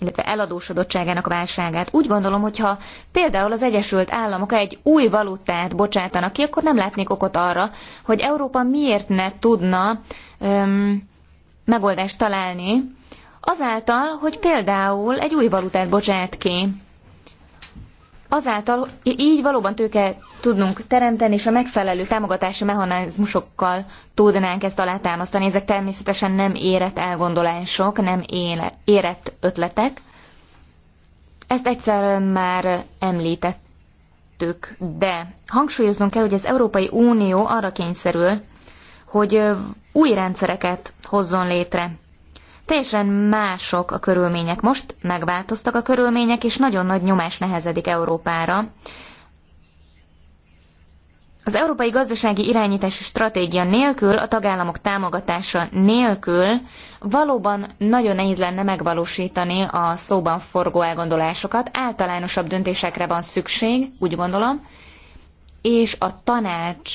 illetve eladósodottságának válságát. Úgy gondolom, hogyha például az Egyesült Államok egy új valutát bocsátanak ki, akkor nem látnék okot arra, hogy Európa miért ne tudna öm, megoldást találni, azáltal, hogy például egy új valutát bocsát ki azáltal így valóban tőke tudnunk teremteni, és a megfelelő támogatási mechanizmusokkal tudnánk ezt alátámasztani. Ezek természetesen nem érett elgondolások, nem éle, érett ötletek. Ezt egyszer már említettük, de hangsúlyoznunk kell, hogy az Európai Unió arra kényszerül, hogy új rendszereket hozzon létre. Teljesen mások a körülmények. Most megváltoztak a körülmények, és nagyon nagy nyomás nehezedik Európára. Az európai gazdasági irányítási stratégia nélkül, a tagállamok támogatása nélkül valóban nagyon nehéz lenne megvalósítani a szóban forgó elgondolásokat. Általánosabb döntésekre van szükség, úgy gondolom, és a tanács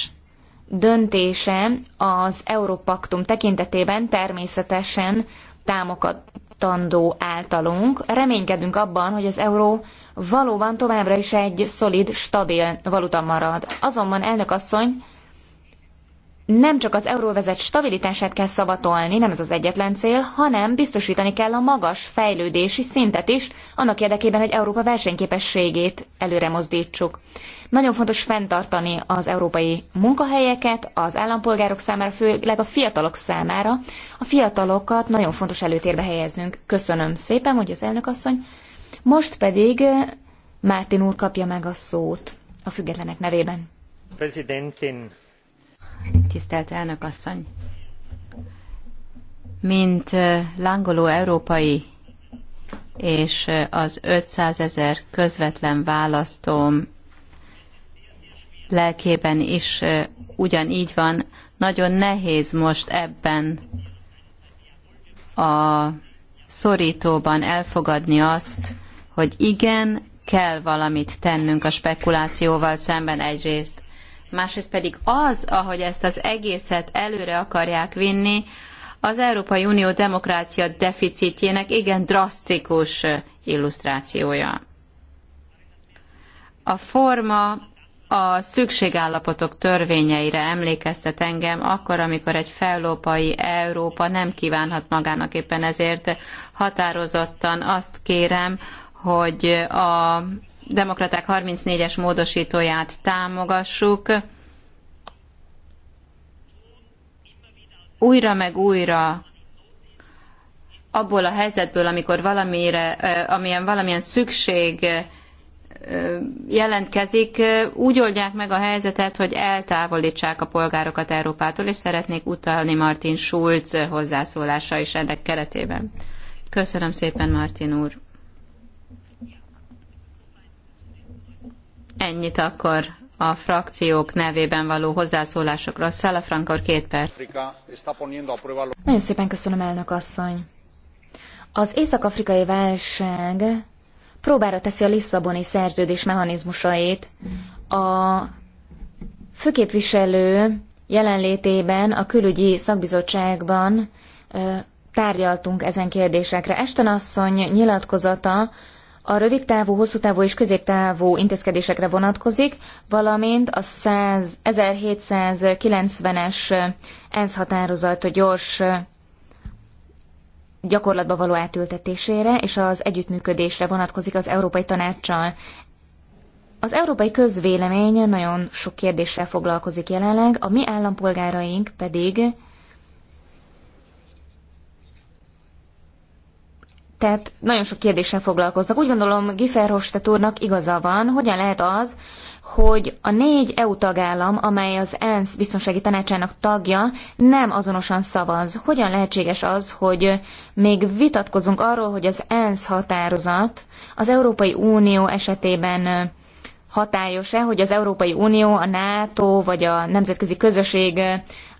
döntése az Európaktum tekintetében természetesen támogatandó általunk. Reménykedünk abban, hogy az euró valóban továbbra is egy szolid, stabil valuta marad. Azonban elnök asszony, nem csak az euróvezet stabilitását kell szavatolni, nem ez az egyetlen cél, hanem biztosítani kell a magas fejlődési szintet is, annak érdekében, hogy Európa versenyképességét előre mozdítsuk. Nagyon fontos fenntartani az európai munkahelyeket, az állampolgárok számára, főleg a fiatalok számára. A fiatalokat nagyon fontos előtérbe helyeznünk. Köszönöm szépen, hogy az elnök asszony. Most pedig eh, Mártin úr kapja meg a szót a függetlenek nevében. Prezidentin. Tisztelt elnök asszony! Mint lángoló európai és az 500 ezer közvetlen választóm lelkében is ugyanígy van, nagyon nehéz most ebben a szorítóban elfogadni azt, hogy igen, kell valamit tennünk a spekulációval szemben egyrészt, másrészt pedig az, ahogy ezt az egészet előre akarják vinni, az Európai Unió demokrácia deficitjének igen drasztikus illusztrációja. A forma a szükségállapotok törvényeire emlékeztet engem akkor, amikor egy fellópai Európa nem kívánhat magának éppen ezért határozottan azt kérem, hogy a demokraták 34-es módosítóját támogassuk. Újra meg újra abból a helyzetből, amikor valamire, amilyen, valamilyen szükség jelentkezik, úgy oldják meg a helyzetet, hogy eltávolítsák a polgárokat Európától, és szeretnék utalni Martin Schulz hozzászólása is ennek keretében. Köszönöm szépen, Martin úr. Ennyit akkor a frakciók nevében való hozzászólásokra. hozzászólásokról. Szalafrankor két perc. Nagyon szépen köszönöm, elnök asszony. Az észak-afrikai válság próbára teszi a Lisszaboni szerződés mechanizmusait. A főképviselő jelenlétében a külügyi szakbizottságban tárgyaltunk ezen kérdésekre. Esten asszony nyilatkozata a rövid távú, hosszú távú és középtávú intézkedésekre vonatkozik, valamint a 1790-es ENSZ határozat gyors gyakorlatba való átültetésére és az együttműködésre vonatkozik az Európai Tanácssal. Az európai közvélemény nagyon sok kérdéssel foglalkozik jelenleg, a mi állampolgáraink pedig Tehát nagyon sok kérdéssel foglalkoztak. Úgy gondolom, Giferhofstadt úrnak igaza van, hogyan lehet az, hogy a négy EU tagállam, amely az ENSZ biztonsági tanácsának tagja, nem azonosan szavaz. Hogyan lehetséges az, hogy még vitatkozunk arról, hogy az ENSZ határozat az Európai Unió esetében hatályos-e, hogy az Európai Unió, a NATO vagy a nemzetközi közösség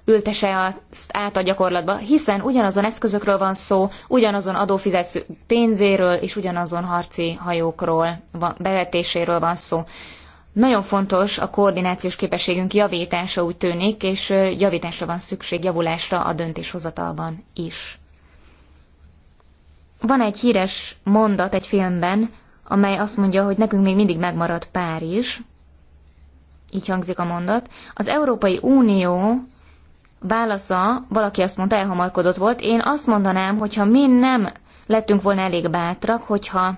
ültese azt át a gyakorlatba, hiszen ugyanazon eszközökről van szó, ugyanazon adófizető pénzéről és ugyanazon harci hajókról van, bevetéséről van szó. Nagyon fontos a koordinációs képességünk javítása úgy tűnik, és javításra van szükség, javulásra a döntéshozatalban is. Van egy híres mondat egy filmben, amely azt mondja, hogy nekünk még mindig megmarad Párizs, így hangzik a mondat, az Európai Unió válasza, valaki azt mondta, elhamarkodott volt. Én azt mondanám, hogyha mi nem lettünk volna elég bátrak, hogyha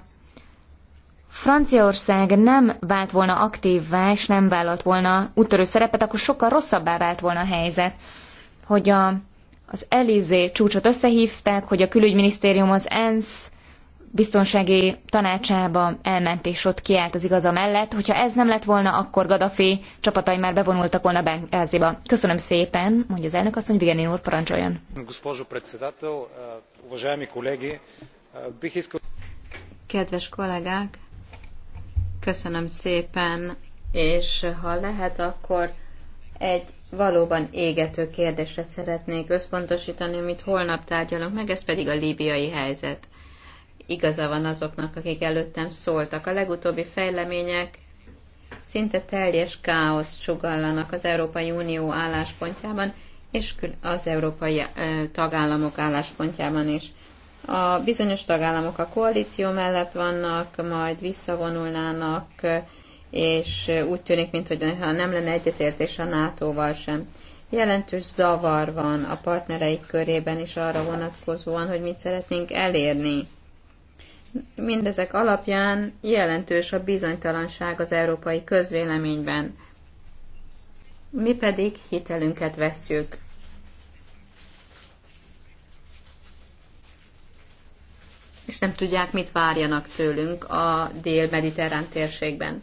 Franciaország nem vált volna aktívvá, és nem vállalt volna úttörő szerepet, akkor sokkal rosszabbá vált volna a helyzet, hogy a, az Elizé csúcsot összehívták, hogy a külügyminisztérium, az ENSZ, biztonsági tanácsába elment, és ott kiállt az igaza mellett. Hogyha ez nem lett volna, akkor Gaddafi csapatai már bevonultak volna Benghazi-ba. Köszönöm szépen, mondja az elnök asszony, Vigenin úr, parancsoljon. Kedves kollégák, köszönöm szépen, és ha lehet, akkor egy valóban égető kérdésre szeretnék összpontosítani, amit holnap tárgyalunk meg, ez pedig a líbiai helyzet igaza van azoknak, akik előttem szóltak. A legutóbbi fejlemények szinte teljes káosz sugallanak az Európai Unió álláspontjában, és az európai tagállamok álláspontjában is. A bizonyos tagállamok a koalíció mellett vannak, majd visszavonulnának, és úgy tűnik, mintha nem lenne egyetértés a NATO-val sem. Jelentős zavar van a partnereik körében is arra vonatkozóan, hogy mit szeretnénk elérni Mindezek alapján jelentős a bizonytalanság az európai közvéleményben. Mi pedig hitelünket vesztjük. És nem tudják, mit várjanak tőlünk a dél-mediterrán térségben.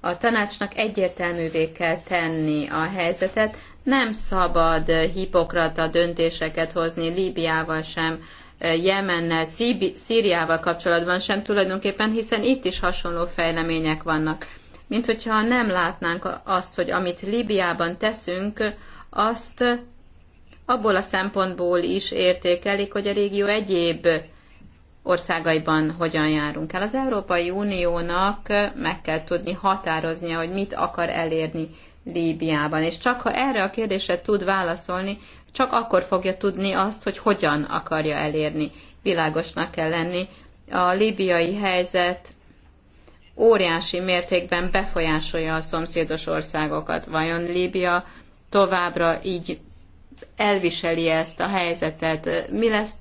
A tanácsnak egyértelművé kell tenni a helyzetet, nem szabad hipokrata döntéseket hozni Líbiával sem, Jemennel, Szíriával kapcsolatban sem tulajdonképpen, hiszen itt is hasonló fejlemények vannak. Mint hogyha nem látnánk azt, hogy amit Líbiában teszünk, azt abból a szempontból is értékelik, hogy a régió egyéb országaiban hogyan járunk el. Az Európai Uniónak meg kell tudni határoznia, hogy mit akar elérni Líbiában. És csak ha erre a kérdésre tud válaszolni, csak akkor fogja tudni azt, hogy hogyan akarja elérni. Világosnak kell lenni. A líbiai helyzet óriási mértékben befolyásolja a szomszédos országokat. Vajon Líbia továbbra így elviseli ezt a helyzetet? Mi lesz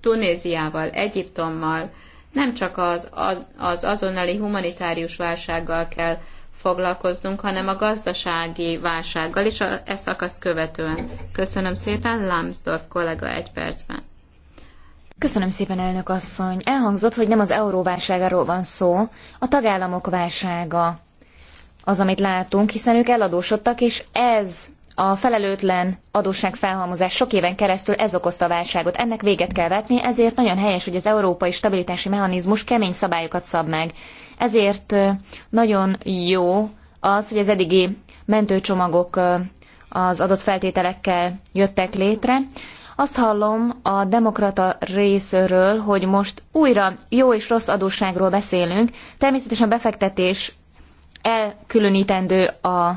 Tunéziával, Egyiptommal? Nem csak az, az azonnali humanitárius válsággal kell foglalkoznunk, hanem a gazdasági válsággal és a, e szakaszt követően. Köszönöm szépen, Lambsdorff kollega egy percben. Köszönöm szépen, elnök asszony. Elhangzott, hogy nem az euróválságáról van szó, a tagállamok válsága az, amit látunk, hiszen ők eladósodtak, és ez a felelőtlen adósságfelhalmozás sok éven keresztül ez okozta a válságot. Ennek véget kell vetni, ezért nagyon helyes, hogy az európai stabilitási mechanizmus kemény szabályokat szab meg. Ezért nagyon jó az, hogy az eddigi mentőcsomagok az adott feltételekkel jöttek létre. Azt hallom a demokrata részről, hogy most újra jó és rossz adósságról beszélünk. Természetesen a befektetés elkülönítendő a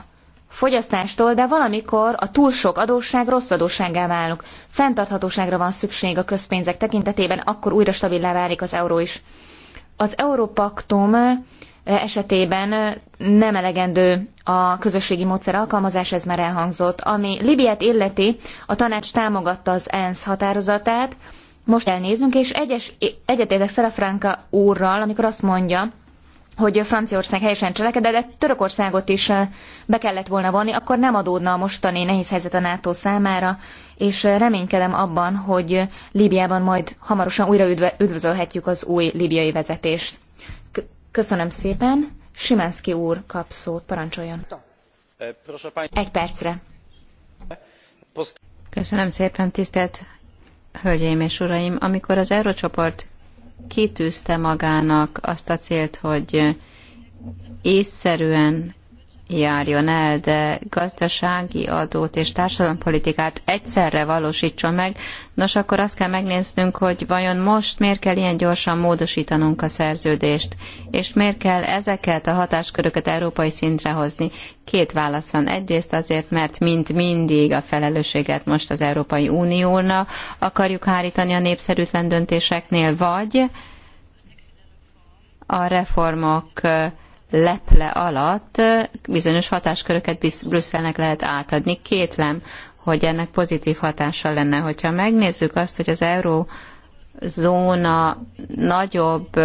fogyasztástól, de valamikor a túl sok adósság rossz adóssággá válik. Fenntarthatóságra van szükség a közpénzek tekintetében, akkor újra stabilá válik az euró is. Az Európaktum eh, esetében eh, nem elegendő a közösségi módszer alkalmazás, ez már elhangzott. Ami Libiát illeti, a tanács támogatta az ENSZ határozatát, most elnézünk, és egyes, egyetértek Szerafránka úrral, amikor azt mondja, hogy Franciaország helyesen cselekedett, de Törökországot is eh, be kellett volna vonni, akkor nem adódna a mostani nehéz helyzet a NATO számára, és eh, reménykedem abban, hogy Líbiában majd hamarosan újra üdvözölhetjük az új líbiai vezetést. Köszönöm szépen. Simánszki úr kap szót, parancsoljon. Egy percre. Köszönöm szépen, tisztelt Hölgyeim és Uraim! Amikor az Eurocsoport kitűzte magának azt a célt, hogy észszerűen járjon el, de gazdasági adót és társadalompolitikát egyszerre valósítson meg, nos akkor azt kell megnéznünk, hogy vajon most miért kell ilyen gyorsan módosítanunk a szerződést, és miért kell ezeket a hatásköröket európai szintre hozni. Két válasz van. Egyrészt azért, mert mint mindig a felelősséget most az Európai Uniónak akarjuk hárítani a népszerűtlen döntéseknél, vagy a reformok leple alatt bizonyos hatásköröket Brüsszelnek lehet átadni. Kétlem, hogy ennek pozitív hatása lenne. Hogyha megnézzük azt, hogy az Eurózóna nagyobb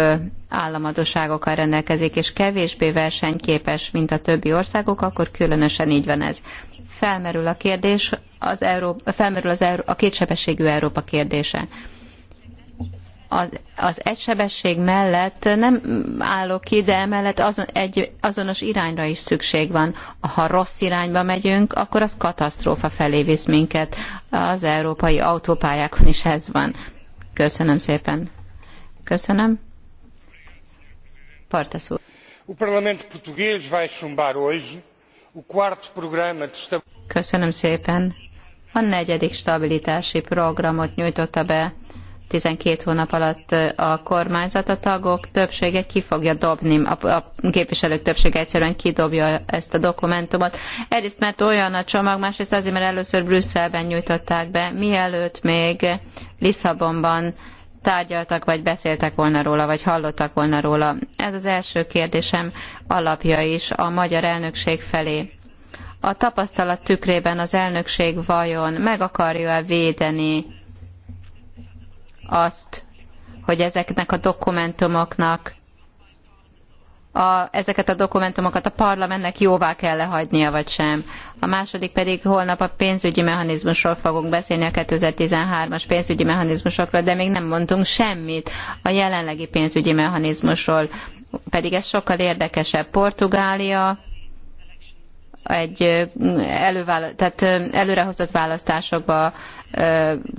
államadóságokkal rendelkezik, és kevésbé versenyképes, mint a többi országok, akkor különösen így van ez. Felmerül a kérdés, az Euró, felmerül az Euró, a kétsebességű Európa kérdése az, az egysebesség mellett nem állok ki, de emellett azon, egy azonos irányra is szükség van. Ha rossz irányba megyünk, akkor az katasztrófa felé visz minket. Az európai autópályákon is ez van. Köszönöm szépen. Köszönöm. Partasz úr. O Parlamento Português vai chumbar hoje o quarto programa de Köszönöm szépen. A negyedik stabilitási programot nyújtotta be 12 hónap alatt a kormányzat, a tagok többsége ki fogja dobni, a, a képviselők többsége egyszerűen kidobja ezt a dokumentumot. Egyrészt mert olyan a csomag, másrészt azért, mert először Brüsszelben nyújtották be, mielőtt még Lisszabonban tárgyaltak, vagy beszéltek volna róla, vagy hallottak volna róla. Ez az első kérdésem alapja is a magyar elnökség felé. A tapasztalat tükrében az elnökség vajon meg akarja-e védeni azt, hogy ezeknek a dokumentumoknak a, ezeket a dokumentumokat a parlamentnek jóvá kell lehagynia, hagynia, vagy sem. A második pedig holnap a pénzügyi mechanizmusról fogunk beszélni, a 2013-as pénzügyi mechanizmusokról, de még nem mondtunk semmit a jelenlegi pénzügyi mechanizmusról, pedig ez sokkal érdekesebb. Portugália egy elővála- tehát előrehozott választásokba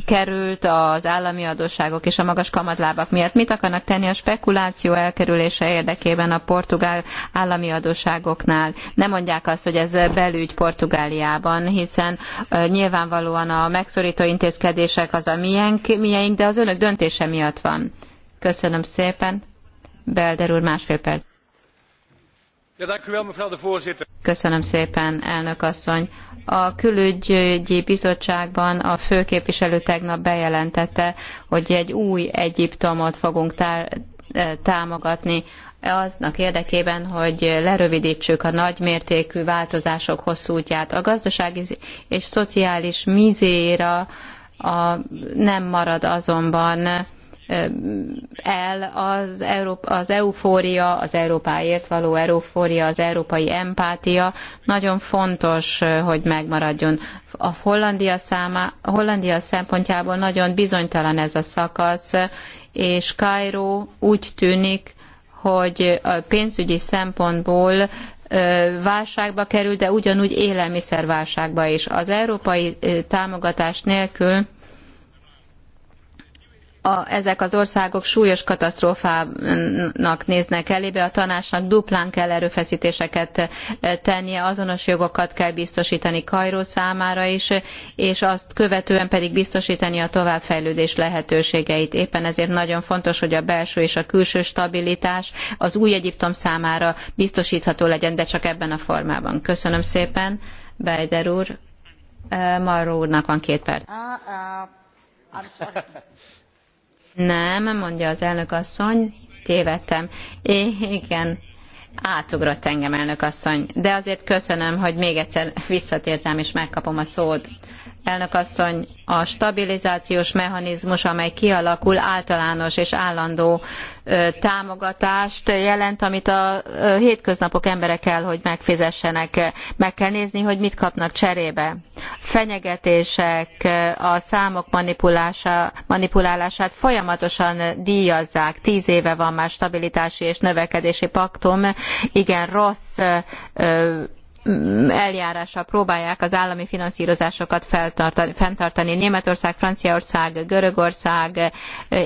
került az állami adósságok és a magas kamatlábak miatt. Mit akarnak tenni a spekuláció elkerülése érdekében a portugál állami adósságoknál? Nem mondják azt, hogy ez belügy Portugáliában, hiszen nyilvánvalóan a megszorító intézkedések az a miénk, miénk de az önök döntése miatt van. Köszönöm szépen. Belder úr, másfél perc. Köszönöm szépen, elnök asszony. A külügyi bizottságban a főképviselő tegnap bejelentette, hogy egy új Egyiptomot fogunk tár- eh, támogatni aznak érdekében, hogy lerövidítsük a nagymértékű változások hosszú útját. A gazdasági és szociális mizéra a, nem marad azonban el az, Európa, az eufória, az Európáért való eufória, az európai empátia nagyon fontos, hogy megmaradjon. A Hollandia, száma, Hollandia szempontjából nagyon bizonytalan ez a szakasz, és Kairó úgy tűnik, hogy a pénzügyi szempontból válságba kerül, de ugyanúgy élelmiszerválságba is. Az európai támogatás nélkül a, ezek az országok súlyos katasztrófának néznek elébe, a tanácsnak duplán kell erőfeszítéseket e, tennie, azonos jogokat kell biztosítani Kajró számára is, és azt követően pedig biztosítani a továbbfejlődés lehetőségeit. Éppen ezért nagyon fontos, hogy a belső és a külső stabilitás az új Egyiptom számára biztosítható legyen, de csak ebben a formában. Köszönöm szépen, Bejder úr. E, Maró úrnak van két perc. Ah, ah, Nem, mondja az elnök asszony, tévedtem. É, igen, átugrott engem elnök asszony, de azért köszönöm, hogy még egyszer visszatértem és megkapom a szót. Elnök asszony, a stabilizációs mechanizmus, amely kialakul, általános és állandó támogatást jelent, amit a hétköznapok emberek kell, hogy megfizessenek. Meg kell nézni, hogy mit kapnak cserébe. Fenyegetések, a számok manipulása, manipulálását folyamatosan díjazzák. Tíz éve van már stabilitási és növekedési paktum. Igen, rossz eljárással próbálják az állami finanszírozásokat feltartani, fenntartani. Németország, Franciaország, Görögország eh,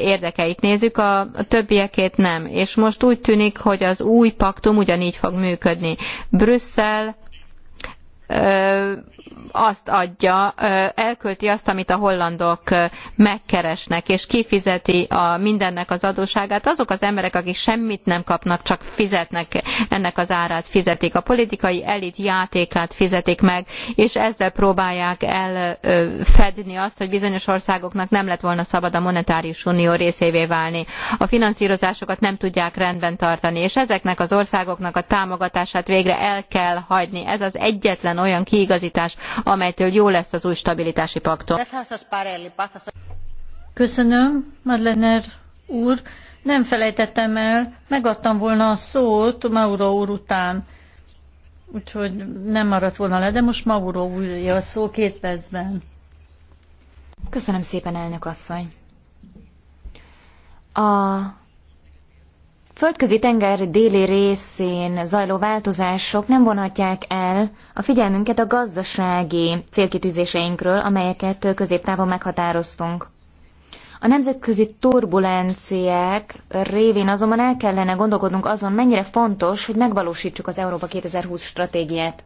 érdekeit nézzük, a többiekét nem. És most úgy tűnik, hogy az új paktum ugyanígy fog működni. Brüsszel azt adja, elkölti azt, amit a hollandok megkeresnek, és kifizeti a mindennek az adóságát. Azok az emberek, akik semmit nem kapnak, csak fizetnek, ennek az árát fizetik. A politikai elit játékát fizetik meg, és ezzel próbálják elfedni azt, hogy bizonyos országoknak nem lett volna szabad a monetáris unió részévé válni. A finanszírozásokat nem tudják rendben tartani, és ezeknek az országoknak a támogatását végre el kell hagyni. Ez az egyetlen egyetlen olyan kiigazítás, amelytől jó lesz az új stabilitási paktum. Köszönöm, Madlener úr. Nem felejtettem el, megadtam volna a szót Mauro úr után. Úgyhogy nem maradt volna le, de most Mauro úrja a szó két percben. Köszönöm szépen, elnök asszony. A földközi tenger déli részén zajló változások nem vonhatják el a figyelmünket a gazdasági célkitűzéseinkről, amelyeket középtávon meghatároztunk. A nemzetközi turbulenciák révén azonban el kellene gondolkodnunk azon, mennyire fontos, hogy megvalósítsuk az Európa 2020 stratégiát.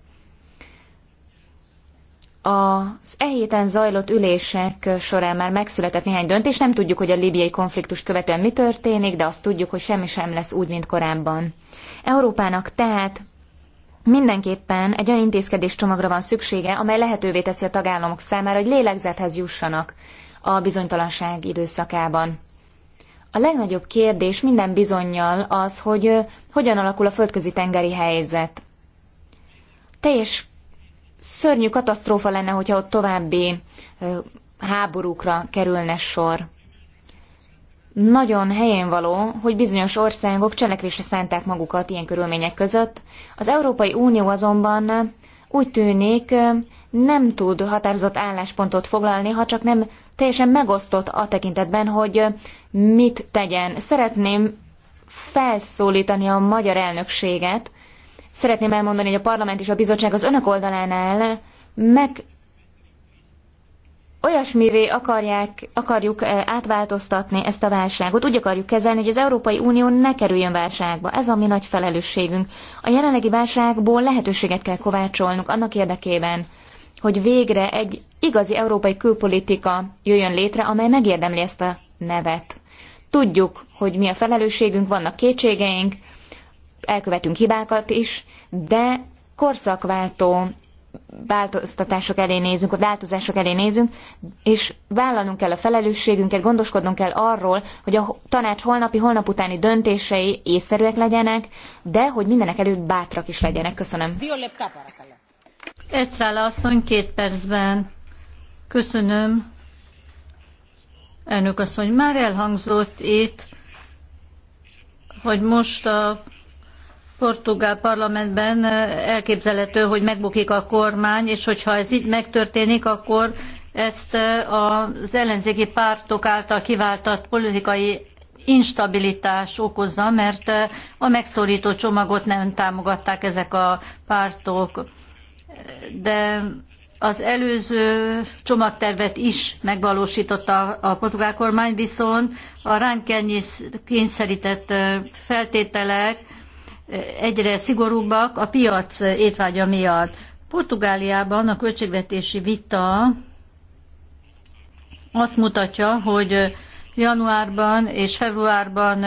Az e héten zajlott ülések során már megszületett néhány döntés, nem tudjuk, hogy a libiai konfliktus követően mi történik, de azt tudjuk, hogy semmi sem lesz úgy, mint korábban. Európának tehát mindenképpen egy olyan csomagra van szüksége, amely lehetővé teszi a tagállamok számára, hogy lélegzethez jussanak a bizonytalanság időszakában. A legnagyobb kérdés minden bizonyal az, hogy hogyan alakul a földközi tengeri helyzet. Teljes szörnyű katasztrófa lenne, hogyha ott további háborúkra kerülne sor. Nagyon helyén való, hogy bizonyos országok cselekvésre szánták magukat ilyen körülmények között. Az Európai Unió azonban úgy tűnik nem tud határozott álláspontot foglalni, ha csak nem teljesen megosztott a tekintetben, hogy mit tegyen. Szeretném felszólítani a magyar elnökséget, Szeretném elmondani, hogy a parlament és a bizottság az önök oldalán áll, meg olyasmivé akarják, akarjuk eh, átváltoztatni ezt a válságot, úgy akarjuk kezelni, hogy az Európai Unió ne kerüljön válságba. Ez a mi nagy felelősségünk. A jelenlegi válságból lehetőséget kell kovácsolnunk annak érdekében, hogy végre egy igazi európai külpolitika jöjjön létre, amely megérdemli ezt a nevet. Tudjuk, hogy mi a felelősségünk, vannak kétségeink, elkövetünk hibákat is, de korszakváltó változtatások elé nézünk, a változások elé nézünk, és vállalnunk kell a felelősségünket, gondoskodnunk kell arról, hogy a tanács holnapi, holnap utáni döntései észszerűek legyenek, de hogy mindenek előtt bátrak is legyenek. Köszönöm. Esztrála asszony, két percben. Köszönöm. Elnök asszony, már elhangzott itt, hogy most a portugál parlamentben elképzelhető, hogy megbukik a kormány, és hogyha ez így megtörténik, akkor ezt az ellenzéki pártok által kiváltott politikai instabilitás okozza, mert a megszorító csomagot nem támogatták ezek a pártok. De az előző csomagtervet is megvalósította a portugál kormány, viszont a ránk kényszerített feltételek, egyre szigorúbbak a piac étvágya miatt. Portugáliában a költségvetési vita azt mutatja, hogy januárban és februárban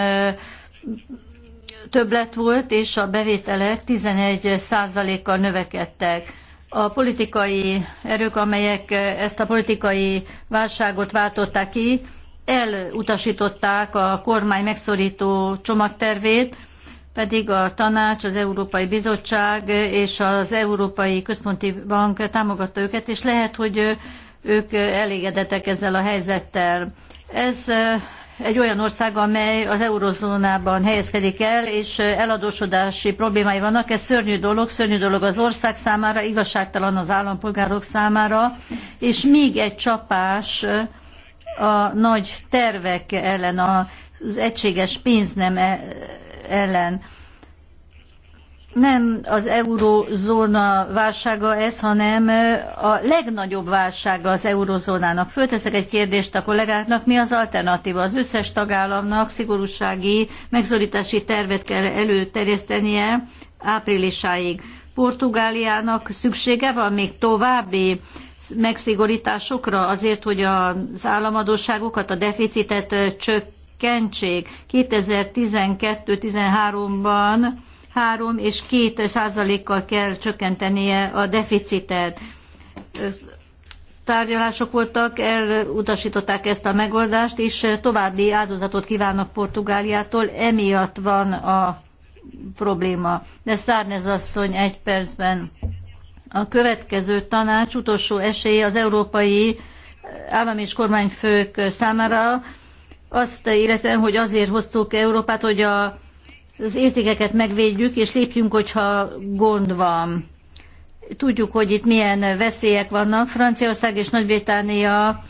többlet volt, és a bevételek 11%-kal növekedtek. A politikai erők, amelyek ezt a politikai válságot váltották ki, elutasították a kormány megszorító csomagtervét, pedig a tanács, az Európai Bizottság és az Európai Központi Bank támogatta őket, és lehet, hogy ők elégedettek ezzel a helyzettel. Ez egy olyan ország, amely az eurozónában helyezkedik el, és eladósodási problémái vannak. Ez szörnyű dolog, szörnyű dolog az ország számára, igazságtalan az állampolgárok számára, és még egy csapás a nagy tervek ellen, az egységes pénz nem ellen. Nem az eurozóna válsága ez, hanem a legnagyobb válsága az eurozónának. Fölteszek egy kérdést a kollégáknak, mi az alternatíva? Az összes tagállamnak szigorúsági megzorítási tervet kell előterjesztenie áprilisáig. Portugáliának szüksége van még további megszigorításokra azért, hogy az államadóságokat, a deficitet csökkentsék? csökkentsék. 2012-13-ban 3 és 2 százalékkal kell csökkentenie a deficitet. Tárgyalások voltak, elutasították ezt a megoldást, és további áldozatot kívánnak Portugáliától, emiatt van a probléma. De Szárnez asszony egy percben. A következő tanács utolsó esély az európai állam és kormányfők számára, azt életem, hogy azért hoztuk Európát, hogy a, az értékeket megvédjük, és lépjünk, hogyha gond van. Tudjuk, hogy itt milyen veszélyek vannak. Franciaország és Nagy-Britannia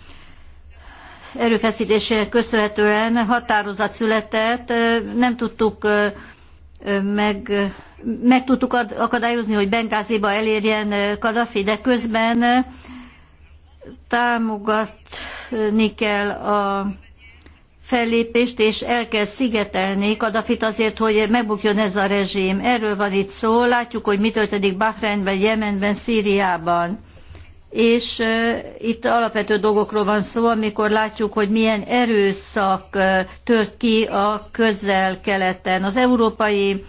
erőfeszítésének köszönhetően határozat született. Nem tudtuk meg, meg tudtuk akadályozni, hogy Bengáziba elérjen Kadafi, de közben támogatni kell a fellépést, és el kell szigetelni Kadafit azért, hogy megbukjon ez a rezsim. Erről van itt szó, látjuk, hogy mi történik Bahreinben, Jemenben, Szíriában. És itt alapvető dolgokról van szó, amikor látjuk, hogy milyen erőszak tört ki a közel-keleten. Az európai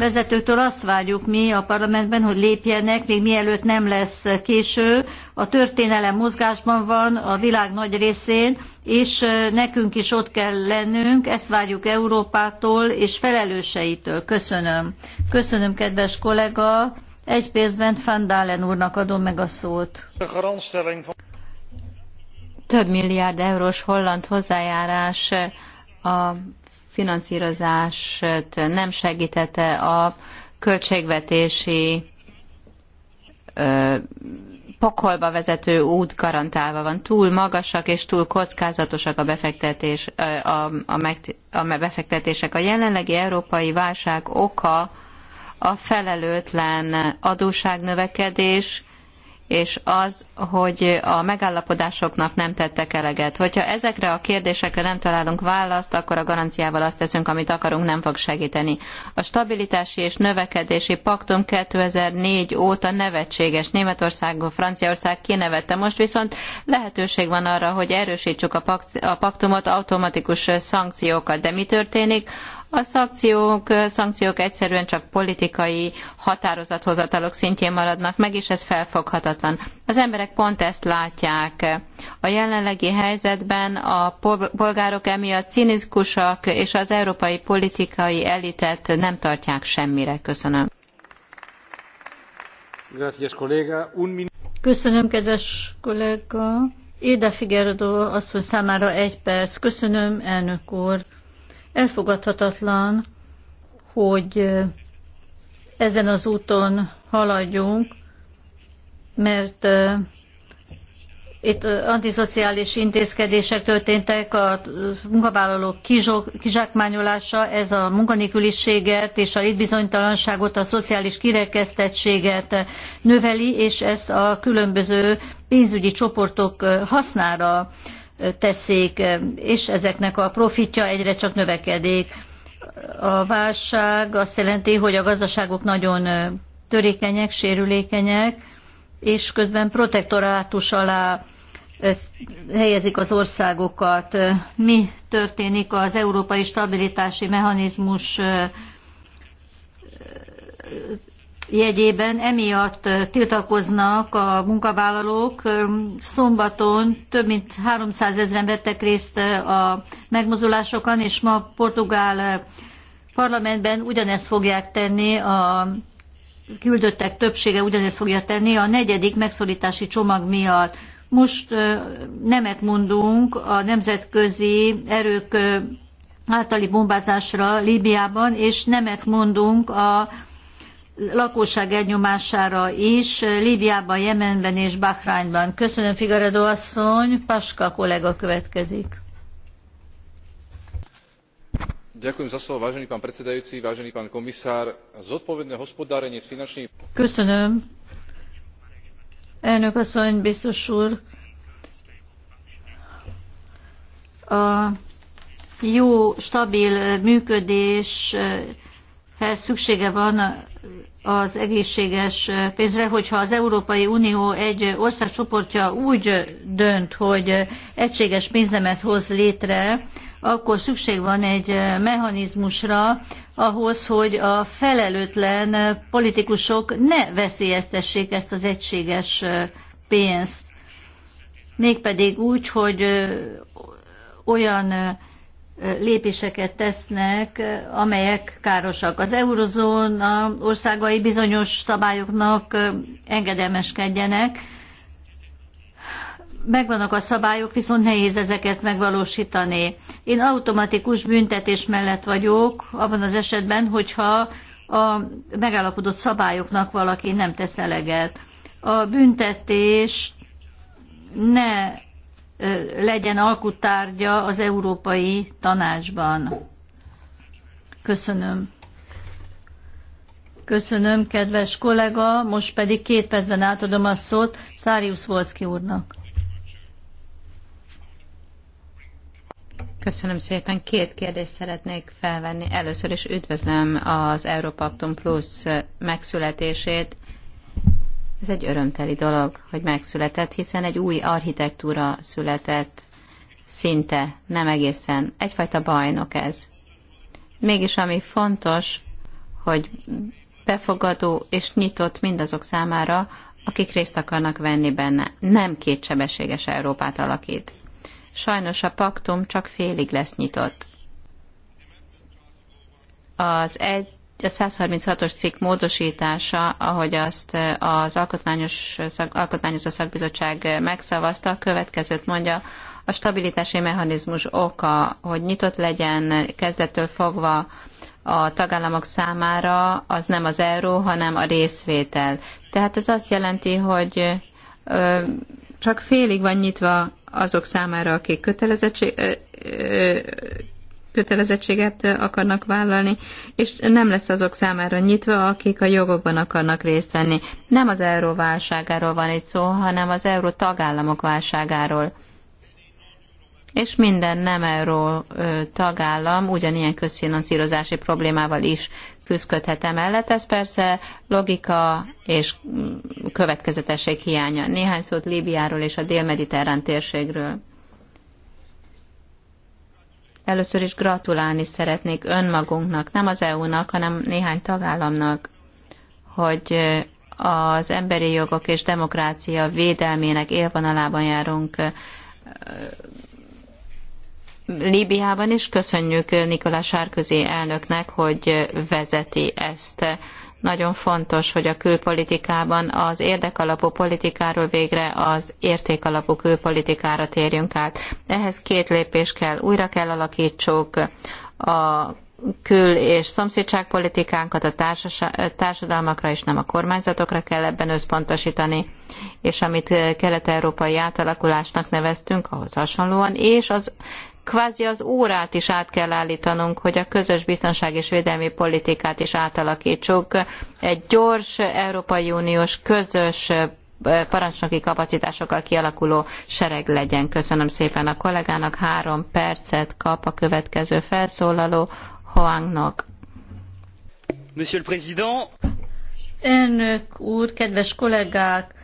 vezetőktől azt várjuk mi a parlamentben, hogy lépjenek, még mielőtt nem lesz késő. A történelem mozgásban van a világ nagy részén, és nekünk is ott kell lennünk, ezt várjuk Európától és felelőseitől. Köszönöm. Köszönöm, kedves kollega. Egy percben Van Dalen úrnak adom meg a szót. Több milliárd eurós holland hozzájárás a finanszírozást nem segítette a költségvetési ö, pokolba vezető út garantálva van. Túl magasak és túl kockázatosak a, befektetés, a, a, meg, a befektetések. A jelenlegi európai válság oka a felelőtlen adósságnövekedés, és az, hogy a megállapodásoknak nem tettek eleget. Hogyha ezekre a kérdésekre nem találunk választ, akkor a garanciával azt teszünk, amit akarunk, nem fog segíteni. A stabilitási és növekedési paktum 2004 óta nevetséges. Németország, Franciaország kinevette. Most viszont lehetőség van arra, hogy erősítsük a, paktumot automatikus szankciókat. De mi történik? A szankciók, szankciók egyszerűen csak politikai határozathozatalok szintjén maradnak meg, és ez felfoghatatlan. Az emberek pont ezt látják. A jelenlegi helyzetben a polgárok emiatt cinizkusak, és az európai politikai elitet nem tartják semmire. Köszönöm. Köszönöm, kedves kollega. Éda Figueredo asszony számára egy perc. Köszönöm, elnök úr. Elfogadhatatlan, hogy ezen az úton haladjunk, mert itt antiszociális intézkedések történtek, a munkavállalók kizsákmányolása, ez a munkanélküliséget és a létbizonytalanságot, a szociális kirekesztettséget növeli, és ezt a különböző pénzügyi csoportok hasznára teszik, és ezeknek a profitja egyre csak növekedik. A válság azt jelenti, hogy a gazdaságok nagyon törékenyek, sérülékenyek, és közben protektorátus alá helyezik az országokat. Mi történik az európai stabilitási mechanizmus jegyében, emiatt tiltakoznak a munkavállalók. Szombaton több mint 300 ezeren vettek részt a megmozulásokon, és ma Portugál parlamentben ugyanezt fogják tenni a küldöttek többsége ugyanezt fogja tenni a negyedik megszorítási csomag miatt. Most nemet mondunk a nemzetközi erők általi bombázásra Líbiában, és nemet mondunk a lakosság elnyomására is, Líbiában, Jemenben és Bahrányban. Köszönöm, Figaredo asszony. Paska kollega következik. Zodpovedné hospodárenie s finančnými... Köszönöm. Elnök asszony, biztos úr. A jó, stabil működéshez szüksége van az egészséges pénzre, hogyha az Európai Unió egy országcsoportja úgy dönt, hogy egységes pénznemet hoz létre, akkor szükség van egy mechanizmusra ahhoz, hogy a felelőtlen politikusok ne veszélyeztessék ezt az egységes pénzt. Mégpedig úgy, hogy olyan lépéseket tesznek, amelyek károsak. Az eurozóna országai bizonyos szabályoknak engedelmeskedjenek, megvannak a szabályok, viszont nehéz ezeket megvalósítani. Én automatikus büntetés mellett vagyok, abban az esetben, hogyha a megállapodott szabályoknak valaki nem tesz eleget. A büntetés ne legyen alkutárgya az Európai Tanácsban. Köszönöm. Köszönöm, kedves kollega. Most pedig két percben átadom a szót Száriusz Volszki úrnak. Köszönöm szépen. Két kérdést szeretnék felvenni. Először is üdvözlöm az Európaktum Plus megszületését ez egy örömteli dolog, hogy megszületett, hiszen egy új architektúra született, szinte, nem egészen. Egyfajta bajnok ez. Mégis ami fontos, hogy befogadó és nyitott mindazok számára, akik részt akarnak venni benne. Nem kétsebességes Európát alakít. Sajnos a paktum csak félig lesz nyitott. Az egy a 136-os cikk módosítása, ahogy azt eh, az alkotmányos, szak, alkotmányozó szakbizottság eh, megszavazta, a következőt mondja, a stabilitási mechanizmus oka, hogy nyitott legyen kezdettől fogva a tagállamok számára, az nem az euró, hanem a részvétel. Tehát ez azt jelenti, hogy eh, csak félig van nyitva azok számára, akik kötelezettség, kötelezettséget akarnak vállalni, és nem lesz azok számára nyitva, akik a jogokban akarnak részt venni. Nem az euró válságáról van itt szó, hanem az euró tagállamok válságáról. És minden nem euró tagállam ugyanilyen közfinanszírozási problémával is küzdködhet emellett. Ez persze logika és mm, következetesség hiánya. Néhány szót Líbiáról és a dél-mediterrán térségről. Először is gratulálni szeretnék önmagunknak, nem az EU-nak, hanem néhány tagállamnak, hogy az emberi jogok és demokrácia védelmének élvonalában járunk Líbiában, és köszönjük Nikola Sárközi elnöknek, hogy vezeti ezt nagyon fontos, hogy a külpolitikában az érdekalapú politikáról végre az értékalapú külpolitikára térjünk át. Ehhez két lépés kell. Újra kell alakítsuk a kül- és szomszédságpolitikánkat a társadalmakra és nem a kormányzatokra kell ebben összpontosítani, és amit kelet-európai átalakulásnak neveztünk, ahhoz hasonlóan, és az kvázi az órát is át kell állítanunk, hogy a közös biztonság és védelmi politikát is átalakítsuk. Egy gyors Európai Uniós közös parancsnoki kapacitásokkal kialakuló sereg legyen. Köszönöm szépen a kollégának. Három percet kap a következő felszólaló, Hoangnak. Monsieur le Président! Elnök úr, kedves kollégák!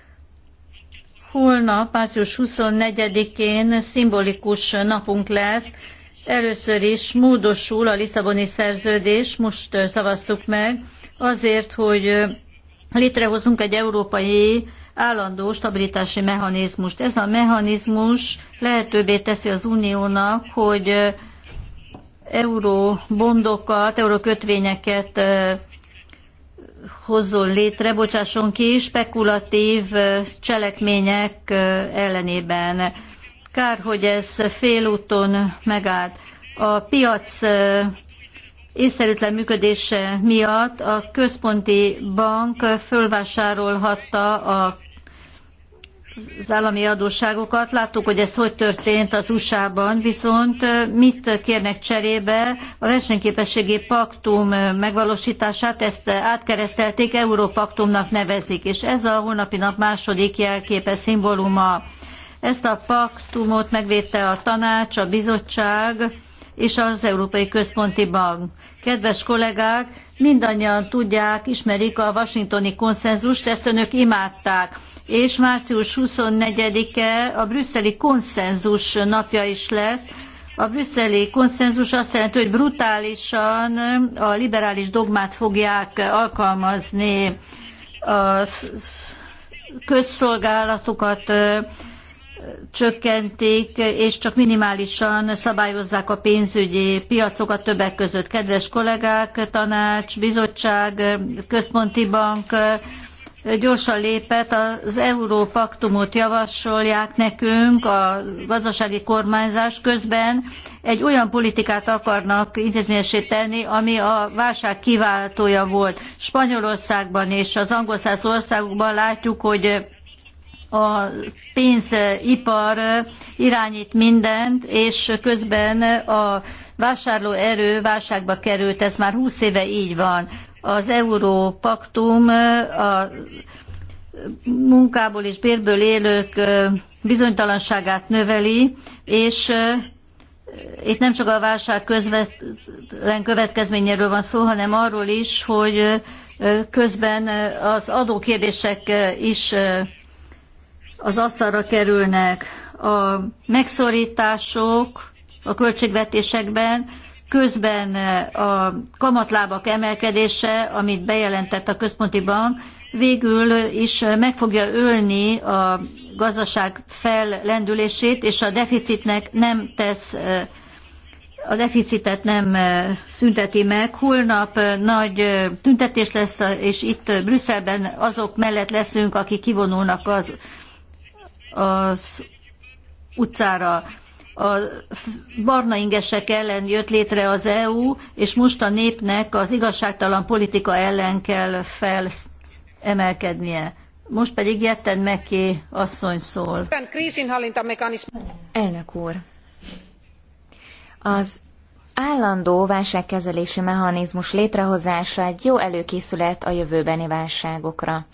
Holnap, március 24-én szimbolikus napunk lesz. Először is módosul a Lisszaboni szerződés, most szavaztuk meg, azért, hogy létrehozunk egy európai állandó stabilitási mechanizmust. Ez a mechanizmus lehetővé teszi az uniónak, hogy euró bondokat, euró kötvényeket hozzon létre, bocsásson ki, spekulatív cselekmények ellenében. Kár, hogy ez félúton megállt. A piac észszerűtlen működése miatt a központi bank fölvásárolhatta a az állami adósságokat. Láttuk, hogy ez hogy történt az USA-ban, viszont mit kérnek cserébe? A versenyképességi paktum megvalósítását ezt átkeresztelték, Európaktumnak nevezik, és ez a holnapi nap második jelképe, szimbóluma. Ezt a paktumot megvédte a tanács, a bizottság és az Európai Központi Bank. Kedves kollégák, mindannyian tudják, ismerik a washingtoni konszenzust, ezt önök imádták és március 24-e a brüsszeli konszenzus napja is lesz. A brüsszeli konszenzus azt jelenti, hogy brutálisan a liberális dogmát fogják alkalmazni a közszolgálatokat csökkentik, és csak minimálisan szabályozzák a pénzügyi piacokat többek között. Kedves kollégák, tanács, bizottság, központi bank, gyorsan lépett, az Európaktumot javasolják nekünk a gazdasági kormányzás közben, egy olyan politikát akarnak intézményesé tenni, ami a válság kiváltója volt. Spanyolországban és az angol száz országokban látjuk, hogy a pénzipar irányít mindent, és közben a vásárlóerő válságba került, ez már 20 éve így van az Európaktum a munkából és bérből élők bizonytalanságát növeli, és itt nem csak a válság közvetlen következményéről van szó, hanem arról is, hogy közben az adókérdések is az asztalra kerülnek. A megszorítások a költségvetésekben Közben eh, a kamatlábak emelkedése, amit bejelentett a központi bank, végül is meg fogja ölni a gazdaság fellendülését, és a deficitnek nem tesz eh, a deficitet nem eh, szünteti meg. Holnap nagy tüntetés lesz, és itt Brüsszelben azok mellett leszünk, akik kivonulnak az, az utcára a barna ingesek ellen jött létre az EU, és most a népnek az igazságtalan politika ellen kell felemelkednie. Most pedig Jetten Meki asszony szól. Elnök úr, az állandó válságkezelési mechanizmus létrehozása egy jó előkészület a jövőbeni válságokra.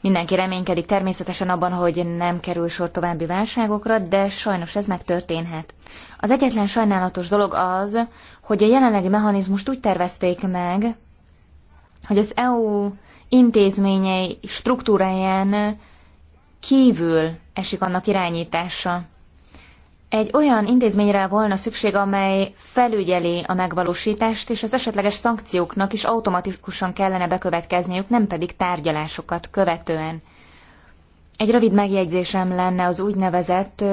Mindenki reménykedik természetesen abban, hogy nem kerül sor további válságokra, de sajnos ez megtörténhet. Az egyetlen sajnálatos dolog az, hogy a jelenlegi mechanizmust úgy tervezték meg, hogy az EU intézményei struktúráján kívül esik annak irányítása egy olyan intézményre volna szükség, amely felügyeli a megvalósítást, és az esetleges szankcióknak is automatikusan kellene bekövetkezniük, nem pedig tárgyalásokat követően. Egy rövid megjegyzésem lenne az úgynevezett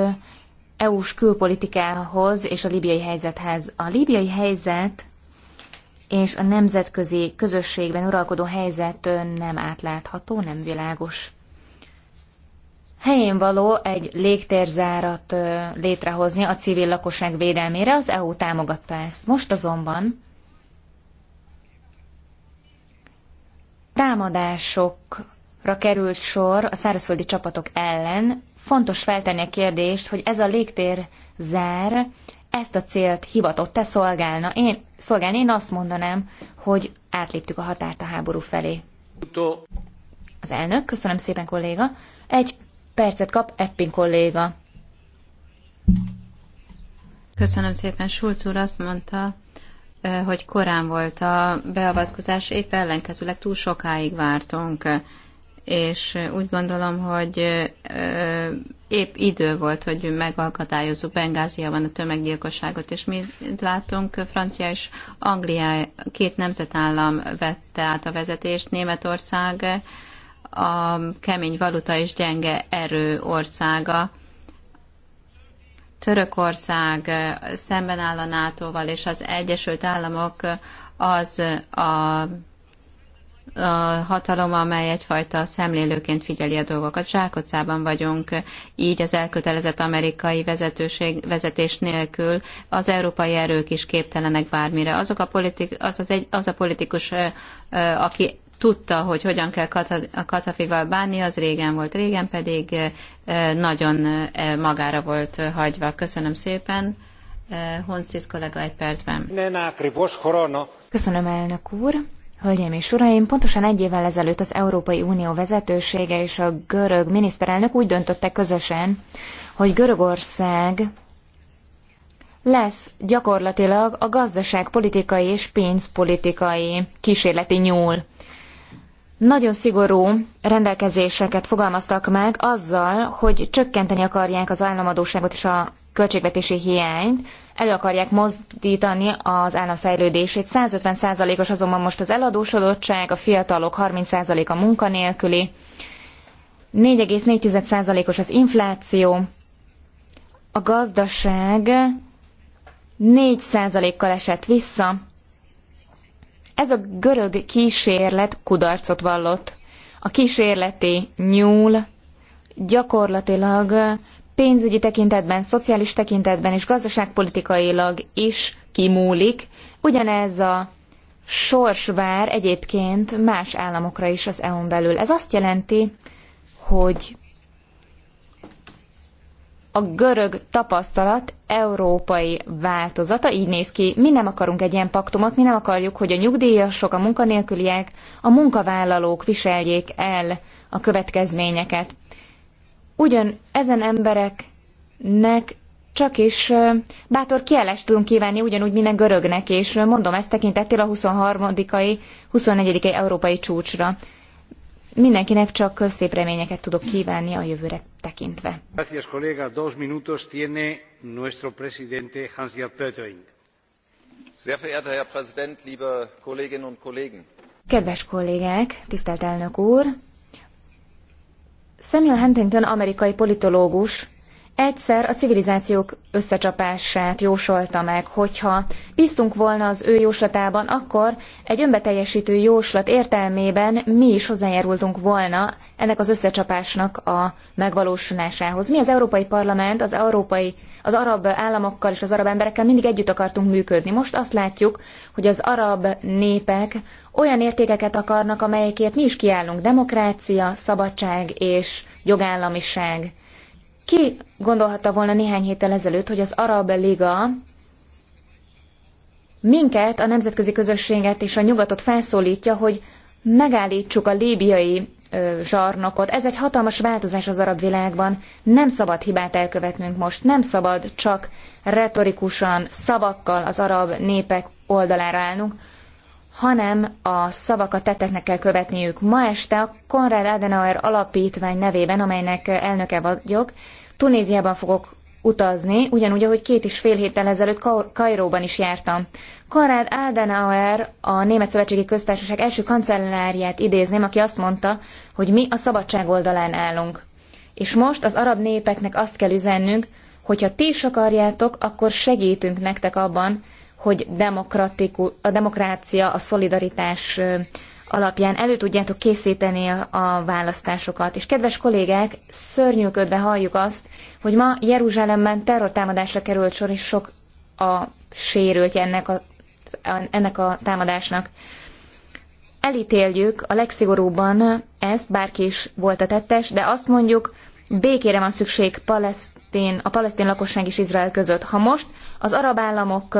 EU-s külpolitikához és a libiai helyzethez. A libiai helyzet és a nemzetközi közösségben uralkodó helyzet nem átlátható, nem világos helyén való egy légtérzárat létrehozni a civil lakosság védelmére, az EU támogatta ezt. Most azonban támadásokra került sor a szárazföldi csapatok ellen. Fontos feltenni a kérdést, hogy ez a légtérzár ezt a célt hivatott-e szolgálna. Én, szolgálni én azt mondanám, hogy átléptük a határt a háború felé. Az elnök, köszönöm szépen kolléga, egy percet kap Eppin kolléga. Köszönöm szépen. Sulc úr azt mondta, hogy korán volt a beavatkozás, épp ellenkezőleg túl sokáig vártunk, és úgy gondolom, hogy épp idő volt, hogy megalkatályozzuk Bengáziában a tömeggyilkosságot, és mi látunk, Francia és Anglia két nemzetállam vette át a vezetést, Németország a kemény valuta és gyenge erő országa. Törökország szemben áll a nato és az Egyesült Államok az a, a hatalom, amely egyfajta szemlélőként figyeli a dolgokat. Zsákocában vagyunk, így az elkötelezett amerikai vezetőség, vezetés nélkül az európai erők is képtelenek bármire. Azok a politik, az, az egy, az a politikus, aki tudta, hogy hogyan kell a katafival bánni, az régen volt, régen pedig nagyon magára volt hagyva. Köszönöm szépen. Honcis kollega egy percben. Köszönöm, elnök úr. Hölgyeim és uraim, pontosan egy évvel ezelőtt az Európai Unió vezetősége és a görög miniszterelnök úgy döntöttek közösen, hogy Görögország lesz gyakorlatilag a gazdaságpolitikai és pénzpolitikai kísérleti nyúl nagyon szigorú rendelkezéseket fogalmaztak meg azzal, hogy csökkenteni akarják az államadóságot és a költségvetési hiányt, elő akarják mozdítani az állam fejlődését. 150%-os azonban most az eladósodottság, a fiatalok 30% a munkanélküli, 4,4%-os az infláció, a gazdaság 4%-kal esett vissza, ez a görög kísérlet kudarcot vallott. A kísérleti nyúl gyakorlatilag pénzügyi tekintetben, szociális tekintetben és gazdaságpolitikailag is kimúlik. Ugyanez a sors vár egyébként más államokra is az EU-n belül. Ez azt jelenti, hogy a görög tapasztalat európai változata így néz ki. Mi nem akarunk egy ilyen paktumot, mi nem akarjuk, hogy a nyugdíjasok, a munkanélküliek, a munkavállalók viseljék el a következményeket. Ugyan ezen embereknek csak is bátor kielest tudunk kívánni ugyanúgy minden görögnek, és mondom ezt tekintettél a 23 24 európai csúcsra mindenkinek csak szép reményeket tudok kívánni a jövőre tekintve. Gracias, Dos minutos tiene nuestro presidente hans Sehr verehrter Herr Präsident, liebe Kolleginnen und Kollegen. Kedves kollégák, tisztelt elnök úr! Samuel Huntington amerikai politológus Egyszer a civilizációk összecsapását jósolta meg, hogyha bíztunk volna az ő jóslatában, akkor egy önbeteljesítő jóslat értelmében mi is hozzájárultunk volna ennek az összecsapásnak a megvalósulásához. Mi az Európai Parlament, az európai, az arab államokkal és az arab emberekkel mindig együtt akartunk működni. Most azt látjuk, hogy az arab népek olyan értékeket akarnak, amelyekért mi is kiállunk. Demokrácia, szabadság és jogállamiság ki gondolhatta volna néhány héttel ezelőtt, hogy az Arab Liga minket, a nemzetközi közösséget és a nyugatot felszólítja, hogy megállítsuk a líbiai ö, zsarnokot. Ez egy hatalmas változás az arab világban. Nem szabad hibát elkövetnünk most. Nem szabad csak retorikusan, szavakkal az arab népek oldalára állnunk, hanem a szavakat tetteknek kell követniük. Ma este a Konrad Adenauer alapítvány nevében, amelynek elnöke vagyok, Tunéziában fogok utazni, ugyanúgy, ahogy két és fél héttel ezelőtt Kairóban is jártam. Konrad Adenauer, a Német Szövetségi Köztársaság első kancellárját idézném, aki azt mondta, hogy mi a szabadság oldalán állunk. És most az arab népeknek azt kell üzennünk, hogyha ti is akarjátok, akkor segítünk nektek abban, hogy demokratikus, a demokrácia, a szolidaritás alapján elő tudjátok készíteni a választásokat. És kedves kollégák, szörnyűködve halljuk azt, hogy ma Jeruzsálemben terrortámadásra került sor, és sok a sérültje ennek a, ennek a támadásnak. Elítéljük a legszigorúbban ezt, bárki is volt a tettes, de azt mondjuk, békére van szükség palesztin, a palesztin lakosság és Izrael között. Ha most az arab államok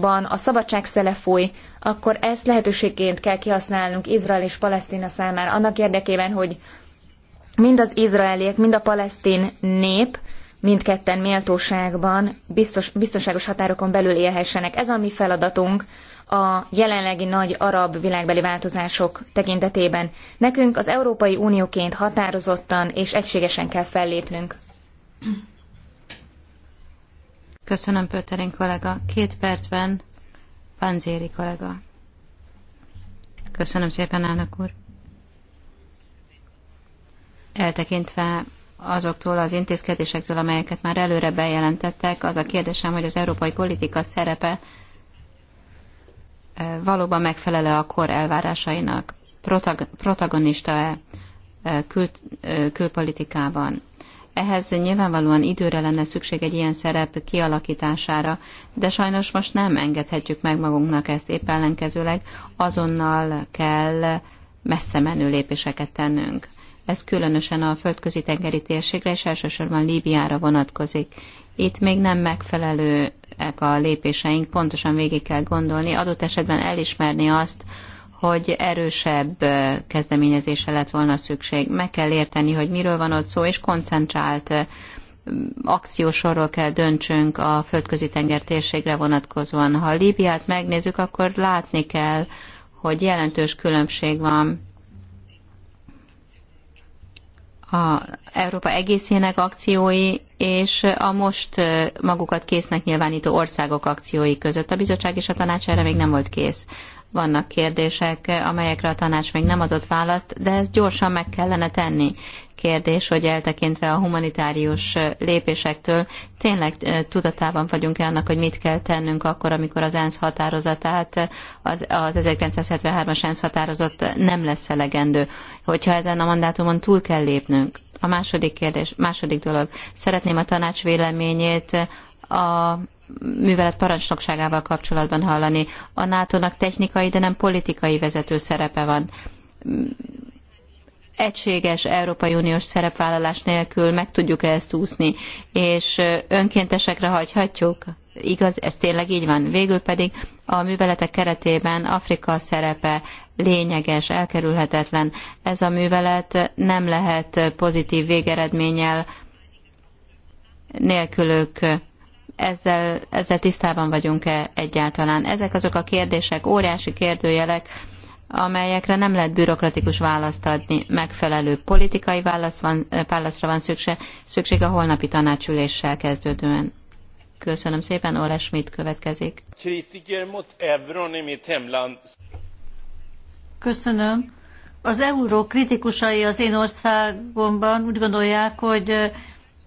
ban a szabadság szele foly, akkor ezt lehetőségként kell kihasználnunk Izrael és Palesztina számára, annak érdekében, hogy mind az izraeliek, mind a palesztin nép mindketten méltóságban, biztos, biztonságos határokon belül élhessenek. Ez a mi feladatunk a jelenlegi nagy arab világbeli változások tekintetében. Nekünk az Európai Unióként határozottan és egységesen kell fellépnünk. Köszönöm, Pöterin kollega. Két percben Panzéri kollega. Köszönöm szépen, elnök úr. Eltekintve azoktól az intézkedésektől, amelyeket már előre bejelentettek, az a kérdésem, hogy az európai politika szerepe valóban megfelele a kor elvárásainak. Protag- protagonista-e kül- külpolitikában? Ehhez nyilvánvalóan időre lenne szükség egy ilyen szerep kialakítására, de sajnos most nem engedhetjük meg magunknak ezt, épp ellenkezőleg azonnal kell messze menő lépéseket tennünk. Ez különösen a földközi tengeri térségre és elsősorban Líbiára vonatkozik. Itt még nem megfelelőek a lépéseink, pontosan végig kell gondolni, adott esetben elismerni azt, hogy erősebb kezdeményezésre lett volna szükség. Meg kell érteni, hogy miről van ott szó, és koncentrált akciósorról kell döntsünk a földközi tenger térségre vonatkozóan. Ha Líbiát megnézzük, akkor látni kell, hogy jelentős különbség van a Európa egészének akciói és a most magukat késznek nyilvánító országok akciói között. A bizottság és a tanács erre még nem volt kész. Vannak kérdések, amelyekre a tanács még nem adott választ, de ezt gyorsan meg kellene tenni. Kérdés, hogy eltekintve a humanitárius lépésektől, tényleg tudatában vagyunk-e annak, hogy mit kell tennünk akkor, amikor az ENSZ határozatát, az, az 1973-as ENSZ határozat nem lesz elegendő, hogyha ezen a mandátumon túl kell lépnünk. A második kérdés, második dolog. Szeretném a tanács véleményét a művelet parancsnokságával kapcsolatban hallani. A NATO-nak technikai, de nem politikai vezető szerepe van. Egységes Európai Uniós szerepvállalás nélkül meg tudjuk-e ezt úszni, és önkéntesekre hagyhatjuk? Igaz, ez tényleg így van. Végül pedig a műveletek keretében Afrika szerepe lényeges, elkerülhetetlen. Ez a művelet nem lehet pozitív végeredménnyel nélkülök ezzel, ezzel tisztában vagyunk-e egyáltalán? Ezek azok a kérdések, óriási kérdőjelek, amelyekre nem lehet bürokratikus választ adni. Megfelelő politikai válasz van, válaszra van szükség, szükség a holnapi tanácsüléssel kezdődően. Köszönöm szépen, Ole Schmidt következik. Köszönöm. Az euró kritikusai az én országomban úgy gondolják, hogy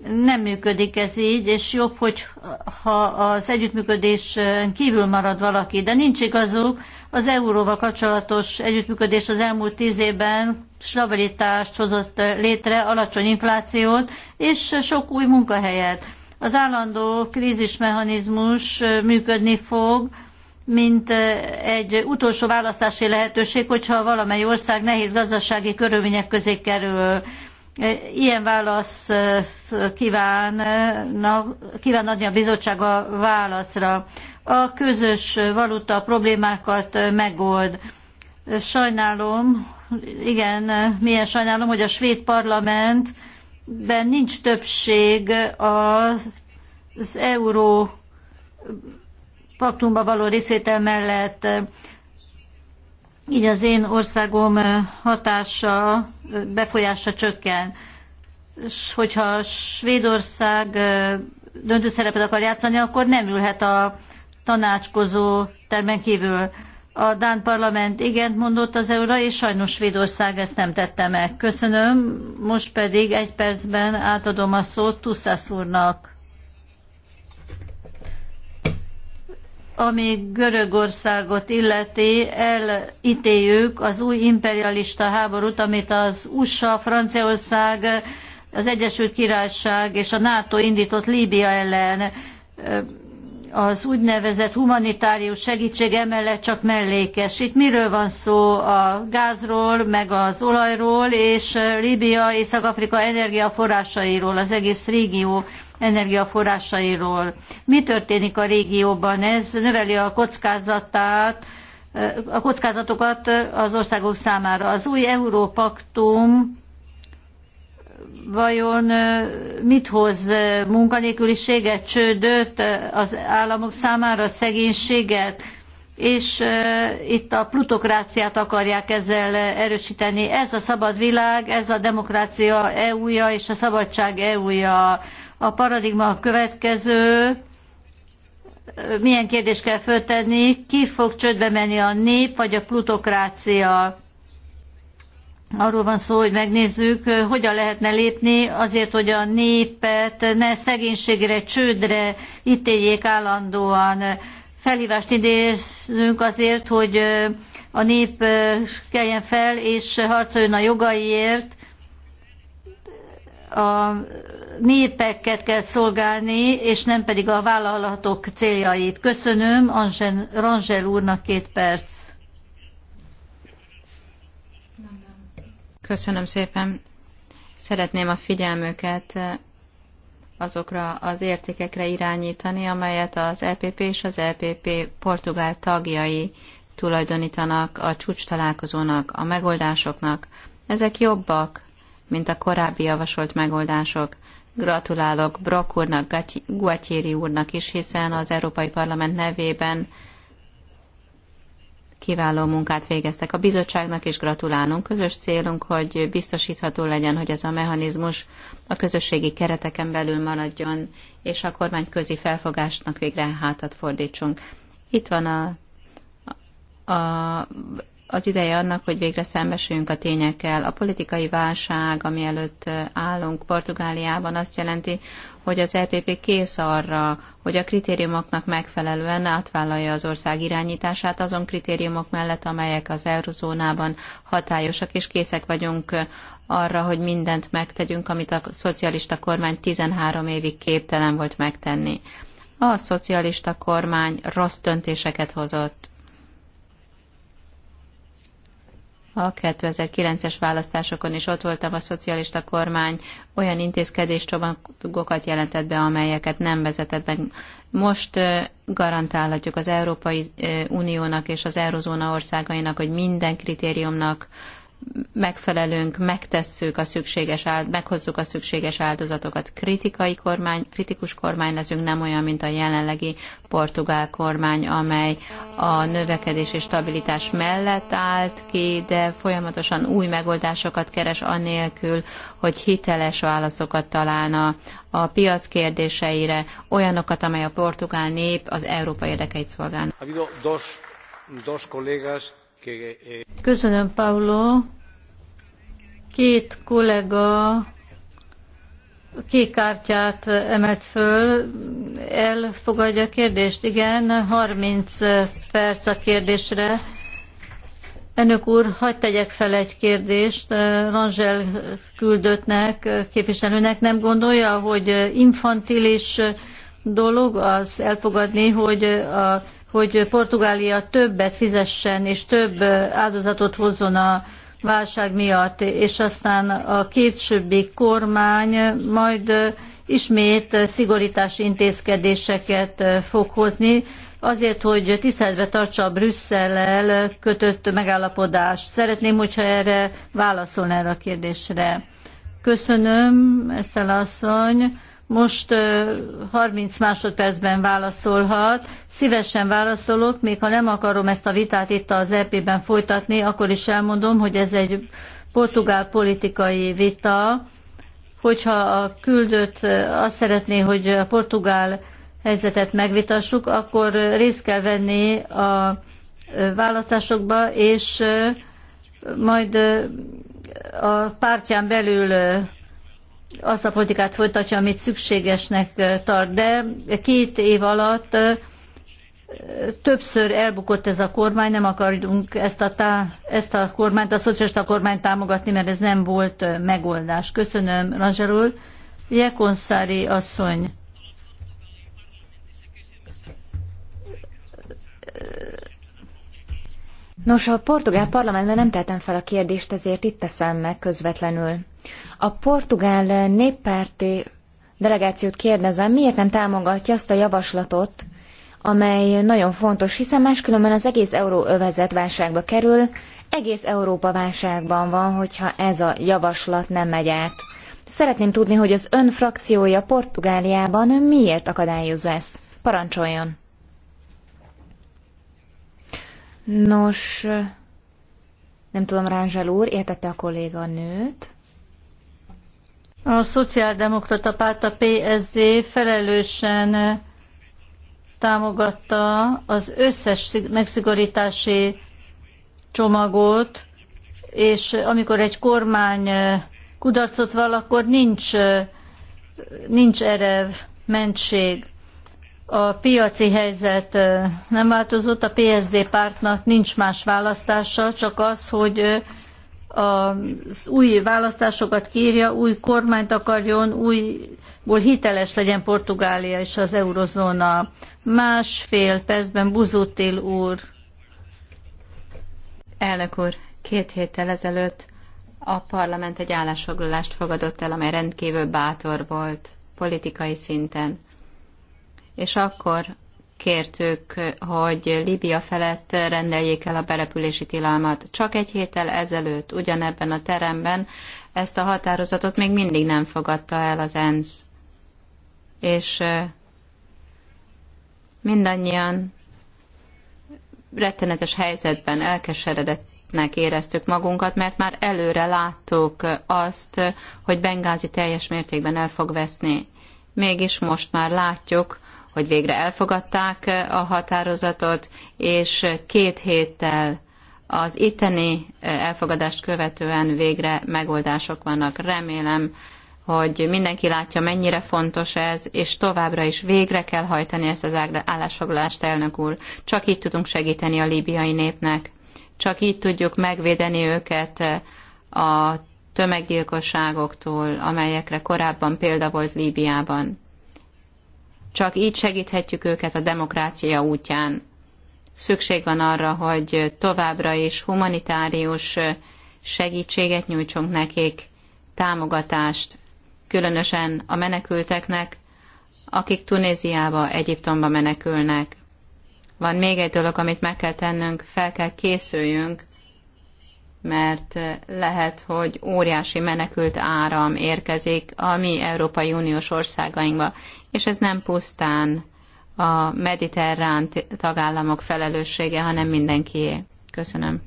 nem működik ez így, és jobb, hogy ha az együttműködés kívül marad valaki, de nincs igazuk, az euróval kapcsolatos együttműködés az elmúlt tíz évben stabilitást hozott létre, alacsony inflációt és sok új munkahelyet. Az állandó krízismechanizmus működni fog, mint egy utolsó választási lehetőség, hogyha valamely ország nehéz gazdasági körülmények közé kerül. Ilyen válasz kíván, kíván adni a bizottság a válaszra. A közös valuta problémákat megold. Sajnálom, igen, milyen sajnálom, hogy a svéd parlamentben nincs többség az, az euró paktumba való részvétel mellett így az én országom hatása, befolyása csökken. És hogyha Svédország döntő szerepet akar játszani, akkor nem ülhet a tanácskozó termen kívül. A Dán parlament igent mondott az euróra, és sajnos Svédország ezt nem tette meg. Köszönöm, most pedig egy percben átadom a szót Tuszász úrnak. ami Görögországot illeti, elítéljük az új imperialista háborút, amit az USA, Franciaország, az Egyesült Királyság és a NATO indított Líbia ellen. Az úgynevezett humanitárius segítség emellett csak mellékes. Itt miről van szó a gázról, meg az olajról, és Líbia, Észak-Afrika energiaforrásairól, az egész régió energiaforrásairól. Mi történik a régióban? Ez növeli a kockázatát, a kockázatokat az országok számára. Az új Európaktum vajon mit hoz munkanélküliséget, csődöt az államok számára, szegénységet, és itt a plutokráciát akarják ezzel erősíteni. Ez a szabad világ, ez a demokrácia EU-ja és a szabadság EU-ja a paradigma a következő, milyen kérdést kell föltenni, ki fog csődbe menni a nép vagy a plutokrácia. Arról van szó, hogy megnézzük, hogyan lehetne lépni azért, hogy a népet ne szegénységre, csődre ítéljék állandóan. Felhívást idézünk azért, hogy a nép keljen fel és harcoljon a jogaiért. A népeket kell szolgálni, és nem pedig a vállalatok céljait. Köszönöm, Angel, Rangel úrnak két perc. Köszönöm szépen. Szeretném a figyelmüket azokra az értékekre irányítani, amelyet az EPP és az EPP portugál tagjai tulajdonítanak a csúcs találkozónak, a megoldásoknak. Ezek jobbak, mint a korábbi javasolt megoldások. Gratulálok Brock úrnak, Guatieri úrnak is, hiszen az Európai Parlament nevében kiváló munkát végeztek. A bizottságnak is gratulálunk. Közös célunk, hogy biztosítható legyen, hogy ez a mechanizmus a közösségi kereteken belül maradjon, és a kormányközi felfogásnak végre hátat fordítsunk. Itt van a, a az ideje annak, hogy végre szembesüljünk a tényekkel. A politikai válság, ami előtt állunk Portugáliában, azt jelenti, hogy az LPP e kész arra, hogy a kritériumoknak megfelelően átvállalja az ország irányítását azon kritériumok mellett, amelyek az eurozónában hatályosak, és készek vagyunk arra, hogy mindent megtegyünk, amit a szocialista kormány 13 évig képtelen volt megtenni. A szocialista kormány rossz döntéseket hozott A 2009-es választásokon is ott voltam, a szocialista kormány olyan csomagokat jelentett be, amelyeket nem vezetett be. Most garantálhatjuk az Európai Uniónak és az Eurozóna országainak, hogy minden kritériumnak megfelelünk, megtesszük a szükséges áld, meghozzuk a szükséges áldozatokat. Kritikai kormány, kritikus kormány leszünk, nem olyan, mint a jelenlegi portugál kormány, amely a növekedés és stabilitás mellett állt ki, de folyamatosan új megoldásokat keres anélkül, hogy hiteles válaszokat találna a piac kérdéseire, olyanokat, amely a portugál nép az Európai érdekeit szolgál. Ha, dos, dos kollégás Köszönöm, Paulo. Két kollega kék kártyát emelt föl. Elfogadja a kérdést? Igen, 30 perc a kérdésre. Önök úr, hagyd tegyek fel egy kérdést. Rangel küldöttnek, képviselőnek nem gondolja, hogy infantilis dolog az elfogadni, hogy a hogy Portugália többet fizessen és több áldozatot hozzon a válság miatt, és aztán a későbbi kormány majd ismét szigorítási intézkedéseket fog hozni, azért, hogy tiszteletbe tartsa a Brüsszellel kötött megállapodást. Szeretném, hogyha erre válaszolna erre a kérdésre. Köszönöm, Eszter asszony. Most 30 másodpercben válaszolhat. Szívesen válaszolok, még ha nem akarom ezt a vitát itt az EP-ben folytatni, akkor is elmondom, hogy ez egy portugál politikai vita. Hogyha a küldött azt szeretné, hogy a portugál helyzetet megvitassuk, akkor részt kell venni a választásokba, és majd a pártján belül azt a politikát folytatja, amit szükségesnek tart. De két év alatt többször elbukott ez a kormány, nem akarjuk ezt a, tá, ezt a kormányt, a szocialista kormányt támogatni, mert ez nem volt megoldás. Köszönöm, Rangerul. Jekonszári asszony. Nos, a portugál parlamentben nem tettem fel a kérdést, ezért itt teszem meg közvetlenül. A portugál néppárti delegációt kérdezem, miért nem támogatja azt a javaslatot, amely nagyon fontos, hiszen máskülönben az egész euróövezet válságba kerül, egész Európa válságban van, hogyha ez a javaslat nem megy át. Szeretném tudni, hogy az ön frakciója Portugáliában miért akadályozza ezt. Parancsoljon! Nos, nem tudom, Ránzsel úr, értette a kolléga nőt. A Szociáldemokrata Párt a PSD felelősen támogatta az összes megszigorítási csomagot, és amikor egy kormány eh, kudarcot vall, akkor nincs, eh, nincs erev, mentség. A piaci helyzet eh, nem változott, a PSD pártnak nincs más választása, csak az, hogy az új választásokat kérje, új kormányt akarjon, újból hiteles legyen Portugália és az eurozóna. Másfél percben Buzutil úr. Elnök úr, két héttel ezelőtt a parlament egy állásfoglalást fogadott el, amely rendkívül bátor volt politikai szinten. És akkor kértük, hogy Líbia felett rendeljék el a berepülési tilalmat. Csak egy héttel ezelőtt ugyanebben a teremben ezt a határozatot még mindig nem fogadta el az ENSZ. És mindannyian rettenetes helyzetben elkeseredettnek éreztük magunkat, mert már előre láttuk azt, hogy Bengázi teljes mértékben el fog veszni. Mégis most már látjuk, hogy végre elfogadták eh, a határozatot, és két héttel az itteni eh, elfogadást követően végre megoldások vannak. Remélem, hogy mindenki látja, mennyire fontos ez, és továbbra is végre kell hajtani ezt az állásfoglalást, elnök úr. Csak így tudunk segíteni a líbiai népnek. Csak így tudjuk megvédeni őket eh, a tömeggyilkosságoktól, amelyekre korábban példa volt Líbiában. Csak így segíthetjük őket a demokrácia útján. Szükség van arra, hogy továbbra is humanitárius segítséget nyújtsunk nekik, támogatást, különösen a menekülteknek, akik Tunéziába, Egyiptomba menekülnek. Van még egy dolog, amit meg kell tennünk, fel kell készüljünk mert lehet, hogy óriási menekült áram érkezik a mi Európai Uniós országainkba, és ez nem pusztán a mediterrán tagállamok felelőssége, hanem mindenkié. Köszönöm.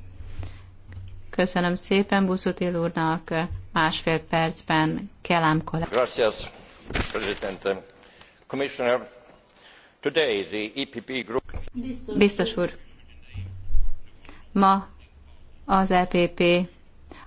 Köszönöm szépen Buszutil úrnak. Másfél percben Kelám Gracias, Presidente. Commissioner, today the EPP group... Biztos úr. Ma az EPP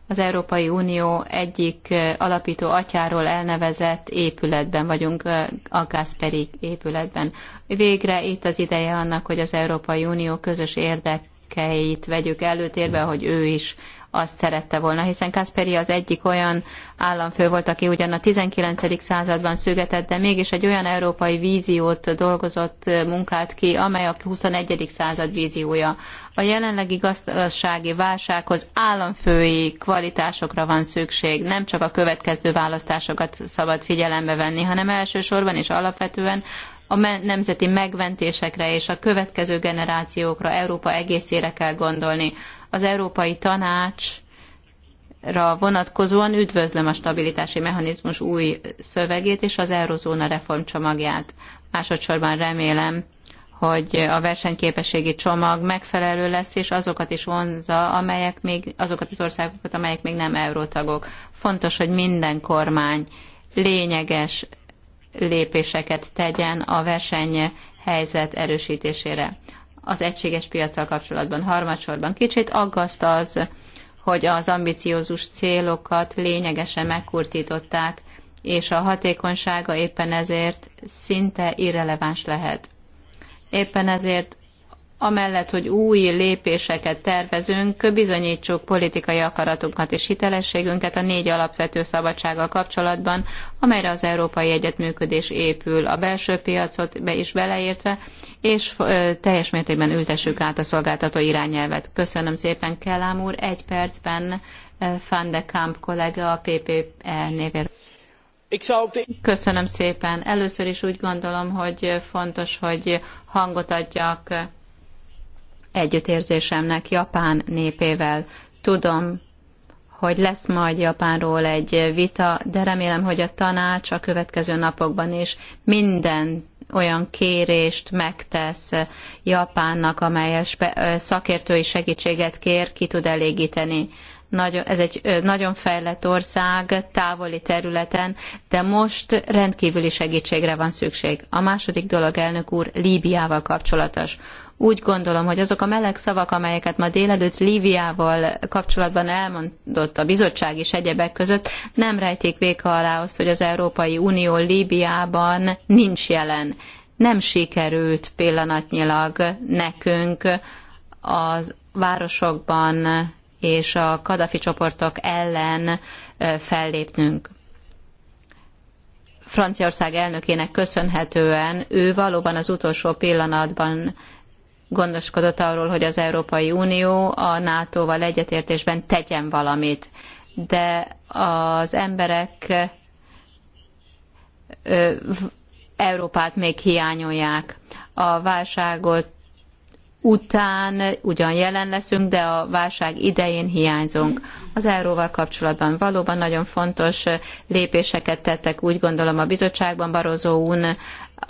az Európai Unió egyik alapító atyáról elnevezett épületben vagyunk, a Gasperi épületben. Végre itt az ideje annak, hogy az Európai Unió közös érdekeit vegyük előtérbe, hogy ő is azt szerette volna, hiszen Kasperi az egyik olyan államfő volt, aki ugyan a 19. században szügetett, de mégis egy olyan európai víziót dolgozott, munkált ki, amely a 21. század víziója. A jelenlegi gazdasági válsághoz államfői kvalitásokra van szükség, nem csak a következő választásokat szabad figyelembe venni, hanem elsősorban és alapvetően a nemzeti megmentésekre és a következő generációkra, Európa egészére kell gondolni. Az Európai Tanács vonatkozóan üdvözlöm a stabilitási mechanizmus új szövegét és az eurozóna reformcsomagját. Másodszorban remélem, hogy a versenyképességi csomag megfelelő lesz, és azokat is vonza, amelyek még, azokat az országokat, amelyek még nem eurótagok. Fontos, hogy minden kormány lényeges lépéseket tegyen a verseny helyzet erősítésére. Az egységes piacsal kapcsolatban harmadsorban kicsit aggaszt az, hogy az ambiciózus célokat lényegesen megkurtították, és a hatékonysága éppen ezért szinte irreleváns lehet. Éppen ezért amellett, hogy új lépéseket tervezünk, bizonyítsuk politikai akaratunkat és hitelességünket a négy alapvető szabadsággal kapcsolatban, amelyre az európai egyetműködés épül a belső piacot be is beleértve, és teljes mértékben ültessük át a szolgáltató irányelvet. Köszönöm szépen, Kellám úr, egy percben Van de Kamp kollega a PPE névéről. Köszönöm szépen. Először is úgy gondolom, hogy fontos, hogy hangot adjak együttérzésemnek Japán népével. Tudom, hogy lesz majd Japánról egy vita, de remélem, hogy a tanács a következő napokban is minden olyan kérést megtesz Japánnak, amelyes szakértői segítséget kér, ki tud elégíteni ez egy nagyon fejlett ország, távoli területen, de most rendkívüli segítségre van szükség. A második dolog, elnök úr, Líbiával kapcsolatos. Úgy gondolom, hogy azok a meleg szavak, amelyeket ma délelőtt Líbiával kapcsolatban elmondott a bizottság is egyebek között, nem rejtik véka alá azt, hogy az Európai Unió Líbiában nincs jelen. Nem sikerült pillanatnyilag nekünk az városokban és a Kadafi csoportok ellen fellépnünk. Franciaország elnökének köszönhetően ő valóban az utolsó pillanatban gondoskodott arról, hogy az Európai Unió a NATO-val egyetértésben tegyen valamit. De az emberek Európát még hiányolják. A válságot után ugyan jelen leszünk, de a válság idején hiányzunk. Az euróval kapcsolatban valóban nagyon fontos eh, lépéseket tettek, úgy gondolom a bizottságban Barozó Un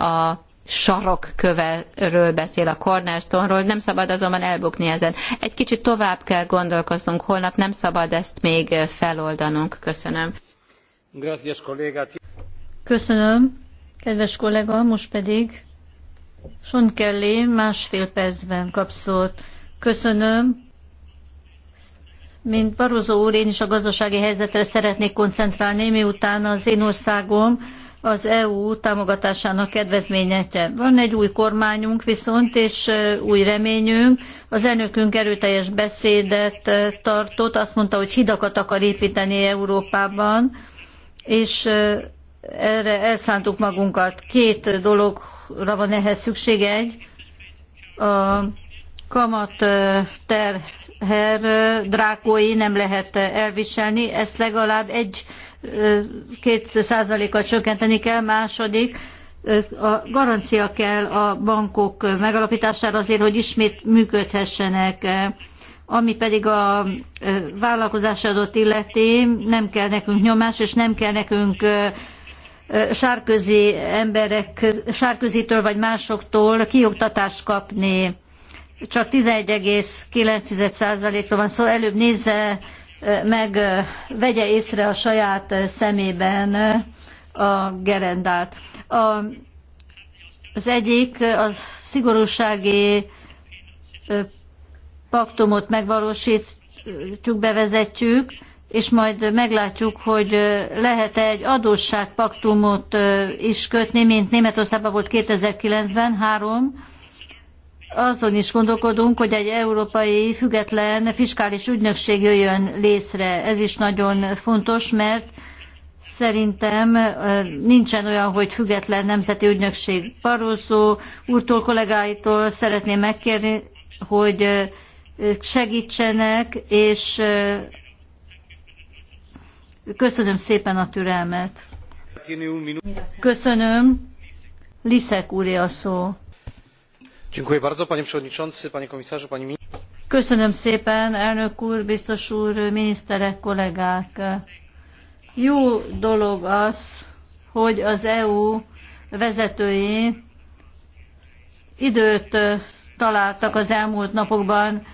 a sarokköveről beszél, a cornerstone-ról, nem szabad azonban elbukni ezen. Egy kicsit tovább kell gondolkoznunk, holnap nem szabad ezt még feloldanunk. Köszönöm. Köszönöm, kedves kollega, most pedig Son Kelly másfél percben Köszönöm. Mint Barozó úr, én is a gazdasági helyzetre szeretnék koncentrálni, miután az én országom az EU támogatásának kedvezményetje. Van egy új kormányunk viszont, és új reményünk. Az elnökünk erőteljes beszédet tartott, azt mondta, hogy hidakat akar építeni Európában, és erre elszántuk magunkat. Két dolog kamatokra van ehhez szükség egy. A kamat terher drákói nem lehet elviselni, ezt legalább egy-két százalékkal csökkenteni kell. Második, a garancia kell a bankok megalapítására azért, hogy ismét működhessenek. Ami pedig a vállalkozásadót illeti, nem kell nekünk nyomás, és nem kell nekünk sárközi emberek, sárközitől vagy másoktól kioktatást kapni. Csak 11,9%-ról van szó, szóval előbb nézze meg, vegye észre a saját szemében a gerendát. A, az egyik a szigorúsági paktumot megvalósítjuk, bevezetjük, és majd meglátjuk, hogy lehet-e egy adósságpaktumot is kötni, mint Németországban volt 2009-ben, három, azon is gondolkodunk, hogy egy európai független fiskális ügynökség jöjjön létre. Ez is nagyon fontos, mert szerintem nincsen olyan, hogy független nemzeti ügynökség. Barroso úrtól, kollégáitól szeretném megkérni, hogy segítsenek, és Köszönöm szépen a türelmet. Köszönöm. Liszek úr a szó. Köszönöm szépen, elnök úr, biztos úr, miniszterek, kollégák. Jó dolog az, hogy az EU vezetői időt eh, találtak az elmúlt napokban,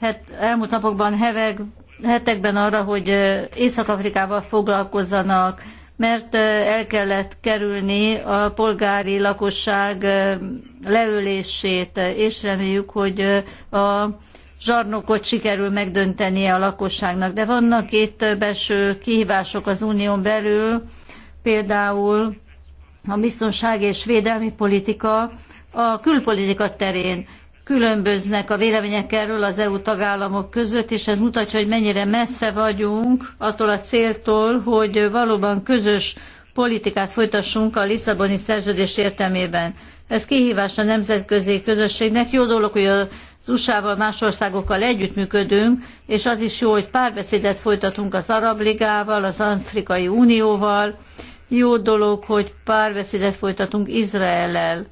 het, elmúlt napokban heveg hetekben arra, hogy Észak-Afrikával foglalkozzanak, mert el kellett kerülni a polgári lakosság leülését, és reméljük, hogy a zsarnokot sikerül megdöntenie a lakosságnak. De vannak itt belső kihívások az unión belül, például a biztonság és védelmi politika, a külpolitika terén különböznek a vélemények erről az EU tagállamok között, és ez mutatja, hogy mennyire messze vagyunk attól a céltól, hogy valóban közös politikát folytassunk a Lisszaboni szerződés értelmében. Ez kihívás a nemzetközi közösségnek. Jó dolog, hogy az USA-val, más országokkal együttműködünk, és az is jó, hogy párbeszédet folytatunk az Arab Ligával, az Afrikai Unióval. Jó dolog, hogy párbeszédet folytatunk Izraellel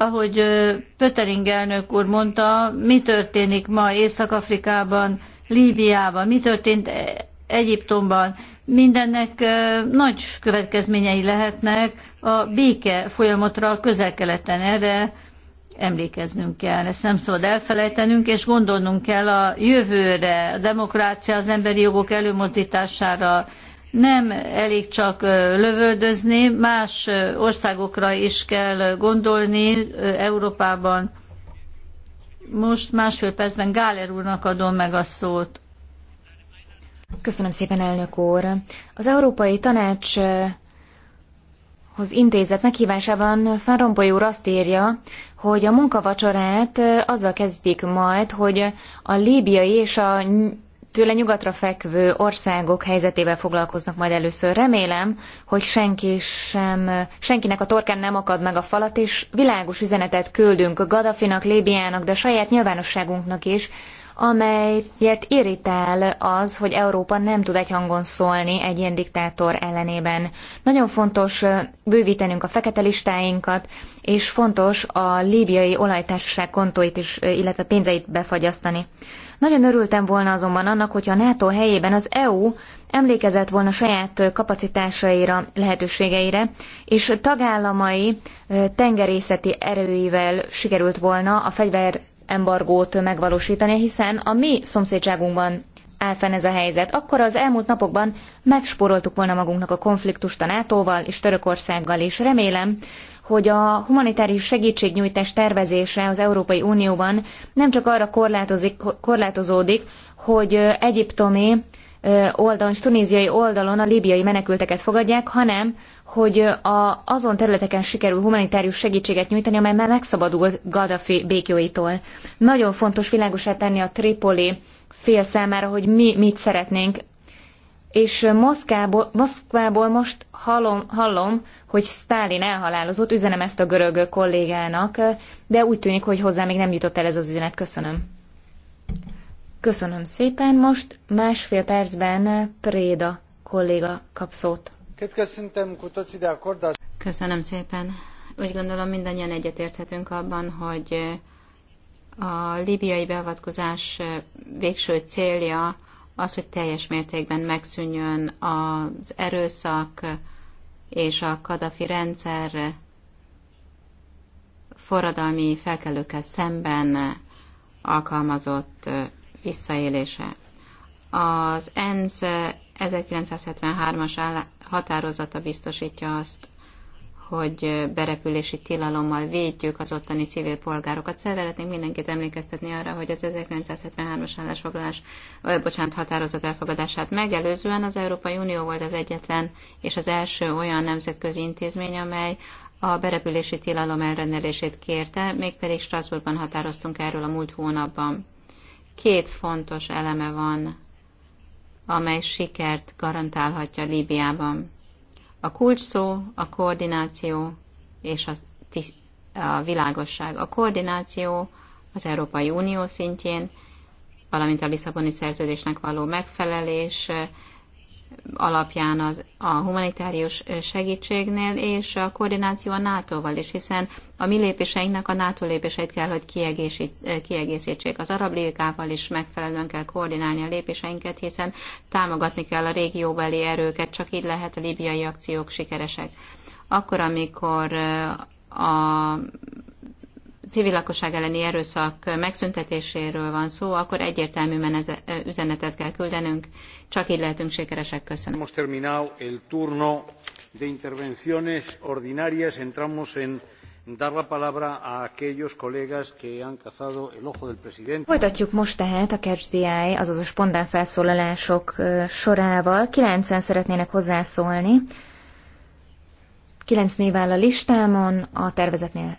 ahogy Pöttering elnök úr mondta, mi történik ma Észak-Afrikában, Líbiában, mi történt e- Egyiptomban. Mindennek nagy következményei lehetnek a béke folyamatra a közel-keleten. Erre emlékeznünk kell, ezt nem szabad elfelejtenünk, és gondolnunk kell a jövőre, a demokrácia, az emberi jogok előmozdítására, nem elég csak lövöldözni, más országokra is kell gondolni Európában. Most másfél percben Gáler úrnak adom meg a szót. Köszönöm szépen, elnök úr. Az Európai Tanács az intézet meghívásában Van Rompuy úr azt írja, hogy a munkavacsorát azzal kezdik majd, hogy a líbiai és a tőle nyugatra fekvő országok helyzetével foglalkoznak majd először. Remélem, hogy senki sem, senkinek a torkán nem akad meg a falat, és világos üzenetet küldünk Gaddafinak, Lébiának, de saját nyilvánosságunknak is, amelyet irritál az, hogy Európa nem tud egy hangon szólni egy ilyen diktátor ellenében. Nagyon fontos bővítenünk a fekete listáinkat, és fontos a líbiai olajtársaság kontóit is, illetve pénzeit befagyasztani. Nagyon örültem volna azonban annak, hogyha a NATO helyében az EU emlékezett volna saját kapacitásaira, lehetőségeire, és tagállamai tengerészeti erőivel sikerült volna a fegyver embargót megvalósítani, hiszen a mi szomszédságunkban áll fenn ez a helyzet, akkor az elmúlt napokban megspóroltuk volna magunknak a konfliktust a NATO-val és Törökországgal, és remélem, hogy a humanitárius segítségnyújtás tervezése az Európai Unióban nem csak arra korlátozik, korlátozódik, hogy egyiptomi oldalon és tunéziai oldalon a líbiai menekülteket fogadják, hanem hogy a, azon területeken sikerül humanitárius segítséget nyújtani, amely már megszabadult Gaddafi békjóitól. Nagyon fontos világosá tenni a Tripoli fél számára, hogy mi mit szeretnénk. És Moszkából, Moszkvából most hallom, hallom, hogy Stálin elhalálozott, üzenem ezt a görög kollégának, de úgy tűnik, hogy hozzá még nem jutott el ez az üzenet. Köszönöm. Köszönöm szépen. Most másfél percben Préda kolléga kap szót. Köszönöm szépen. Úgy gondolom mindannyian egyetérthetünk abban, hogy a libiai beavatkozás végső célja az, hogy teljes mértékben megszűnjön az erőszak és a Kadafi rendszer forradalmi felkelőkkel szemben alkalmazott visszaélése. Az ENSZ 1973-as határozata biztosítja azt, hogy berepülési tilalommal védjük az ottani civil polgárokat. Szóval szeretnék mindenkit emlékeztetni arra, hogy az 1973-as állásfoglalás, ö, bocsánat, határozat elfogadását megelőzően az Európai Unió volt az egyetlen és az első olyan nemzetközi intézmény, amely a berepülési tilalom elrendelését kérte, mégpedig Strasbourgban határoztunk erről a múlt hónapban. Két fontos eleme van amely sikert garantálhatja Líbiában. A kulcs szó a koordináció és a, tiszt, a világosság. A koordináció az Európai Unió szintjén, valamint a Lisszaboni szerződésnek való megfelelés, alapján az, a humanitárius segítségnél, és a koordináció a NATO-val is, hiszen a mi lépéseinknek a NATO lépéseit kell, hogy kiegészítsék. Az arab ligával is megfelelően kell koordinálni a lépéseinket, hiszen támogatni kell a régióbeli erőket, csak így lehet a libiai akciók sikeresek. Akkor, amikor a civil lakosság elleni erőszak megszüntetéséről van szó, akkor egyértelmű menez- üzenetet kell küldenünk, csak így lehetünk sikeresek. Köszönöm. Hemos terminado el turno de intervenciones ordinarias. Entramos en dar la palabra a aquellos colegas que han cazado el ojo del presidente. Folytatjuk most tehát a Catch the Eye, azaz a spontán felszólalások sorával. Kilencen szeretnének hozzászólni. Kilenc név áll a listámon, a tervezetnél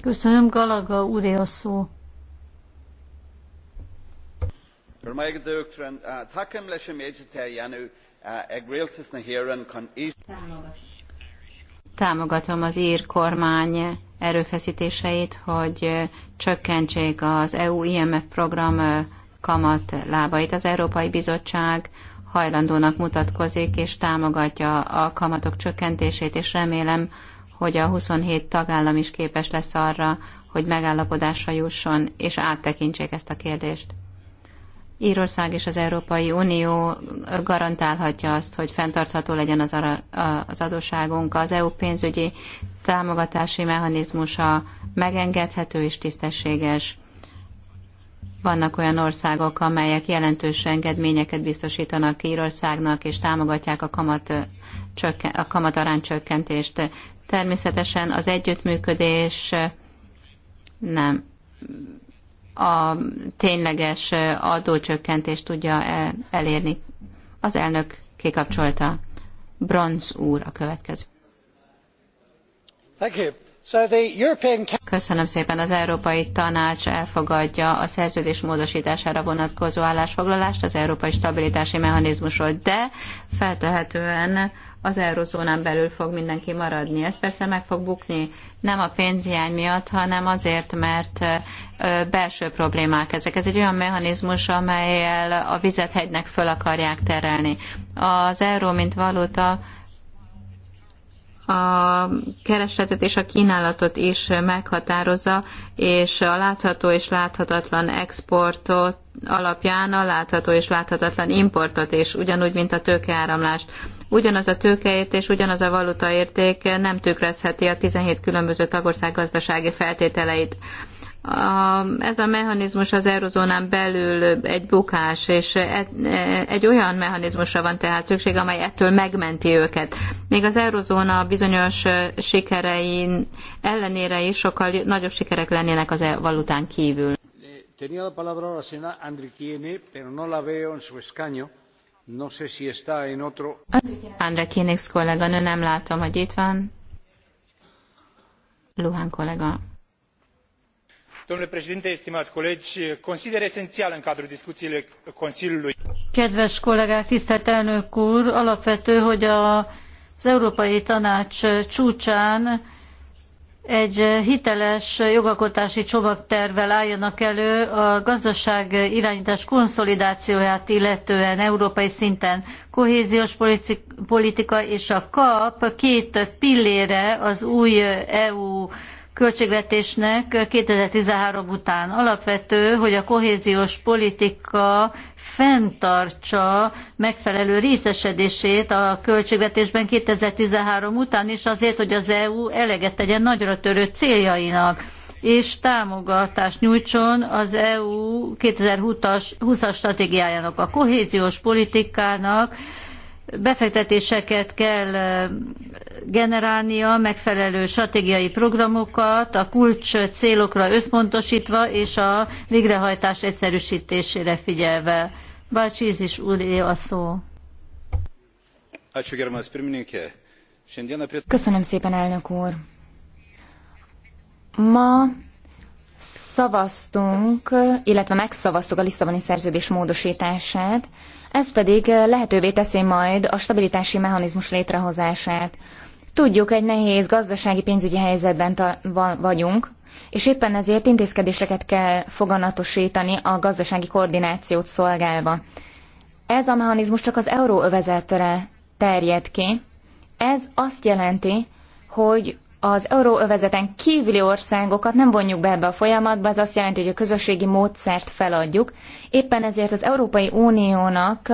Köszönöm, Galaga úré a szó. Támogatom az ír kormány erőfeszítéseit, hogy csökkentsék az EU-IMF program kamat lábait. Az Európai Bizottság hajlandónak mutatkozik, és támogatja a kamatok csökkentését, és remélem, hogy a 27 tagállam is képes lesz arra, hogy megállapodásra jusson, és áttekintsék ezt a kérdést. Írország és az Európai Unió garantálhatja azt, hogy fenntartható legyen az, ara, az adóságunk. Az EU pénzügyi támogatási mechanizmusa megengedhető és tisztességes. Vannak olyan országok, amelyek jelentős engedményeket biztosítanak Írországnak, és támogatják a kamat, csökken, a kamat arány csökkentést. Természetesen az együttműködés nem a tényleges adócsökkentést tudja e, elérni. Az elnök kikapcsolta. Bronz úr a következő. Thank you. Köszönöm szépen. Az Európai Tanács elfogadja a szerződés módosítására vonatkozó állásfoglalást az Európai Stabilitási Mechanizmusról, de feltehetően az eurozónán belül fog mindenki maradni. Ez persze meg fog bukni, nem a pénzhiány miatt, hanem azért, mert belső problémák ezek. Ez egy olyan mechanizmus, amelyel a vizet hegynek föl akarják terelni. Az euró, mint valuta, a keresletet és a kínálatot is meghatározza, és a látható és láthatatlan exportot alapján a látható és láthatatlan importot is, ugyanúgy, mint a tőkeáramlást. Ugyanaz a tőkeértés, ugyanaz a valutaérték nem tükrözheti a 17 különböző tagország gazdasági feltételeit a, ez a mechanizmus az eurozónán belül egy bukás, és e- e- egy olyan mechanizmusra van tehát szükség, amely ettől megmenti őket. Még az eurozóna bizonyos sikerein ellenére is sokkal nagyobb sikerek lennének az e- valután kívül. Tenía la palabra la señora pero no la veo en su escaño. No sé si está en otro... kolléganő, nem látom, hogy itt van. Luhán kollega consider esențial în cadrul discuțiilor consiliului kedves kollégák tisztelt elnök úr alapvető hogy az európai tanács csúcsán egy hiteles jogalkotási csomagtervvel álljanak elő a gazdaság irányítás konszolidációját illetően európai szinten. Kohéziós politika és a KAP két pillére az új EU költségvetésnek 2013 után. Alapvető, hogy a kohéziós politika fenntartsa megfelelő részesedését a költségvetésben 2013 után is azért, hogy az EU eleget tegyen nagyra törő céljainak és támogatást nyújtson az EU 2020-as stratégiájának, a kohéziós politikának befektetéseket kell generálnia, megfelelő stratégiai programokat, a kulcs célokra összpontosítva és a végrehajtás egyszerűsítésére figyelve. Bácsiz is úré a szó. Köszönöm szépen, elnök úr. Ma szavaztunk, illetve megszavaztuk a Lisszaboni szerződés módosítását, ez pedig lehetővé teszi majd a stabilitási mechanizmus létrehozását. Tudjuk, egy nehéz gazdasági pénzügyi helyzetben vagyunk, és éppen ezért intézkedéseket kell foganatosítani a gazdasági koordinációt szolgálva. Ez a mechanizmus csak az euróövezetre terjed ki. Ez azt jelenti, hogy az euróövezeten kívüli országokat nem vonjuk be ebbe a folyamatba, ez azt jelenti, hogy a közösségi módszert feladjuk. Éppen ezért az Európai Uniónak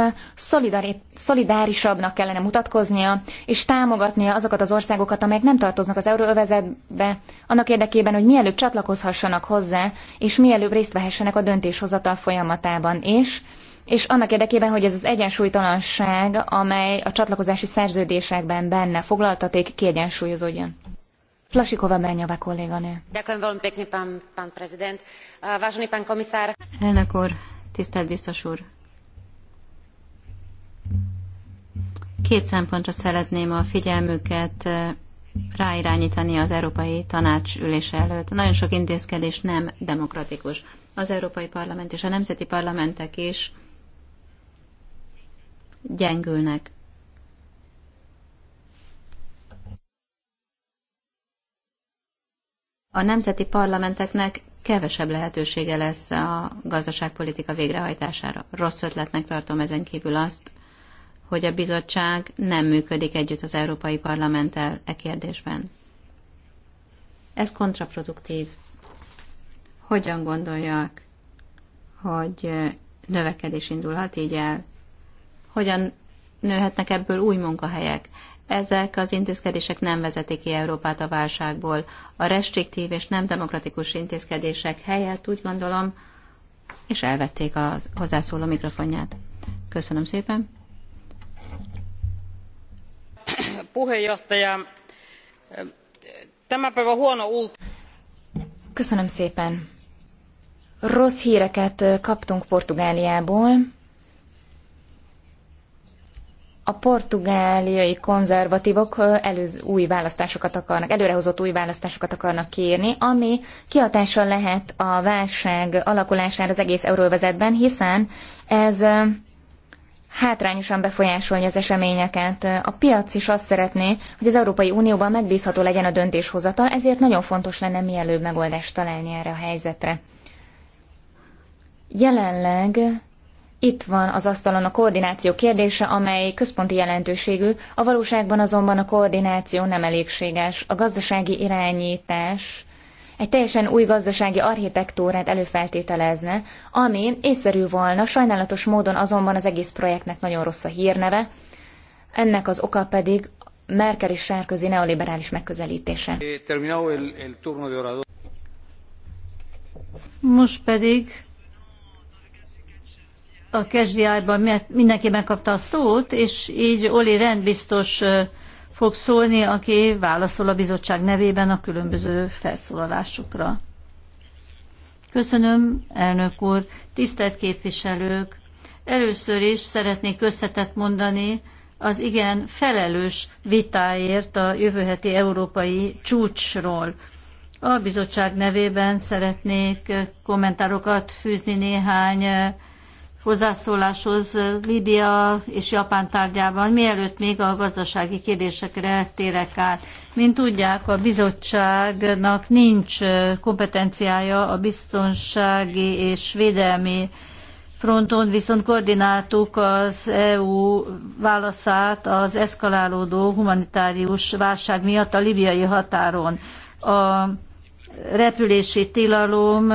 szolidárisabbnak kellene mutatkoznia, és támogatnia azokat az országokat, amelyek nem tartoznak az euróövezetbe, annak érdekében, hogy mielőbb csatlakozhassanak hozzá, és mielőbb részt vehessenek a döntéshozatal folyamatában. És és annak érdekében, hogy ez az egyensúlytalanság, amely a csatlakozási szerződésekben benne foglaltaték, kiegyensúlyozódjon. Plasikova Bernyova kolléganő. Elnök úr, tisztelt biztos úr! Két szempontra szeretném a figyelmüket eh, ráirányítani az Európai Tanács ülése előtt. Nagyon sok intézkedés nem demokratikus. Az Európai Parlament és a nemzeti parlamentek is gyengülnek. a nemzeti parlamenteknek kevesebb lehetősége lesz a gazdaságpolitika végrehajtására. Rossz ötletnek tartom ezen kívül azt, hogy a bizottság nem működik együtt az Európai Parlamenttel e kérdésben. Ez kontraproduktív. Hogyan gondolják, hogy növekedés indulhat így el? Hogyan nőhetnek ebből új munkahelyek? Ezek az intézkedések nem vezetik ki Európát a válságból. A restriktív és nem demokratikus intézkedések helyett úgy gondolom, és elvették a hozzászóló mikrofonját. Köszönöm szépen. Puheenjohtaja, tämä päivä huono út. Köszönöm szépen. Rossz híreket kaptunk Portugáliából a portugáliai konzervatívok előz új választásokat akarnak, előrehozott új választásokat akarnak kérni, ami kihatással lehet a válság alakulására az egész euróvezetben, hiszen ez hátrányosan befolyásolja az eseményeket. A piac is azt szeretné, hogy az Európai Unióban megbízható legyen a döntéshozatal, ezért nagyon fontos lenne mielőbb megoldást találni erre a helyzetre. Jelenleg itt van az asztalon a koordináció kérdése, amely központi jelentőségű, a valóságban azonban a koordináció nem elégséges. A gazdasági irányítás egy teljesen új gazdasági architektúrát előfeltételezne, ami észszerű volna, sajnálatos módon azonban az egész projektnek nagyon rossz a hírneve, ennek az oka pedig Merkel és Sárközi neoliberális megközelítése. Most pedig a kezdiájban mindenki megkapta a szót, és így Oli rendbiztos fog szólni, aki válaszol a bizottság nevében a különböző felszólalásokra. Köszönöm, elnök úr, tisztelt képviselők! Először is szeretnék összetett mondani az igen felelős vitáért a jövő heti európai csúcsról. A bizottság nevében szeretnék kommentárokat fűzni néhány hozzászóláshoz Líbia és Japán tárgyában, mielőtt még a gazdasági kérdésekre térek át. Mint tudják, a bizottságnak nincs kompetenciája a biztonsági és védelmi fronton, viszont koordináltuk az EU válaszát az eszkalálódó humanitárius válság miatt a libiai határon. A repülési tilalom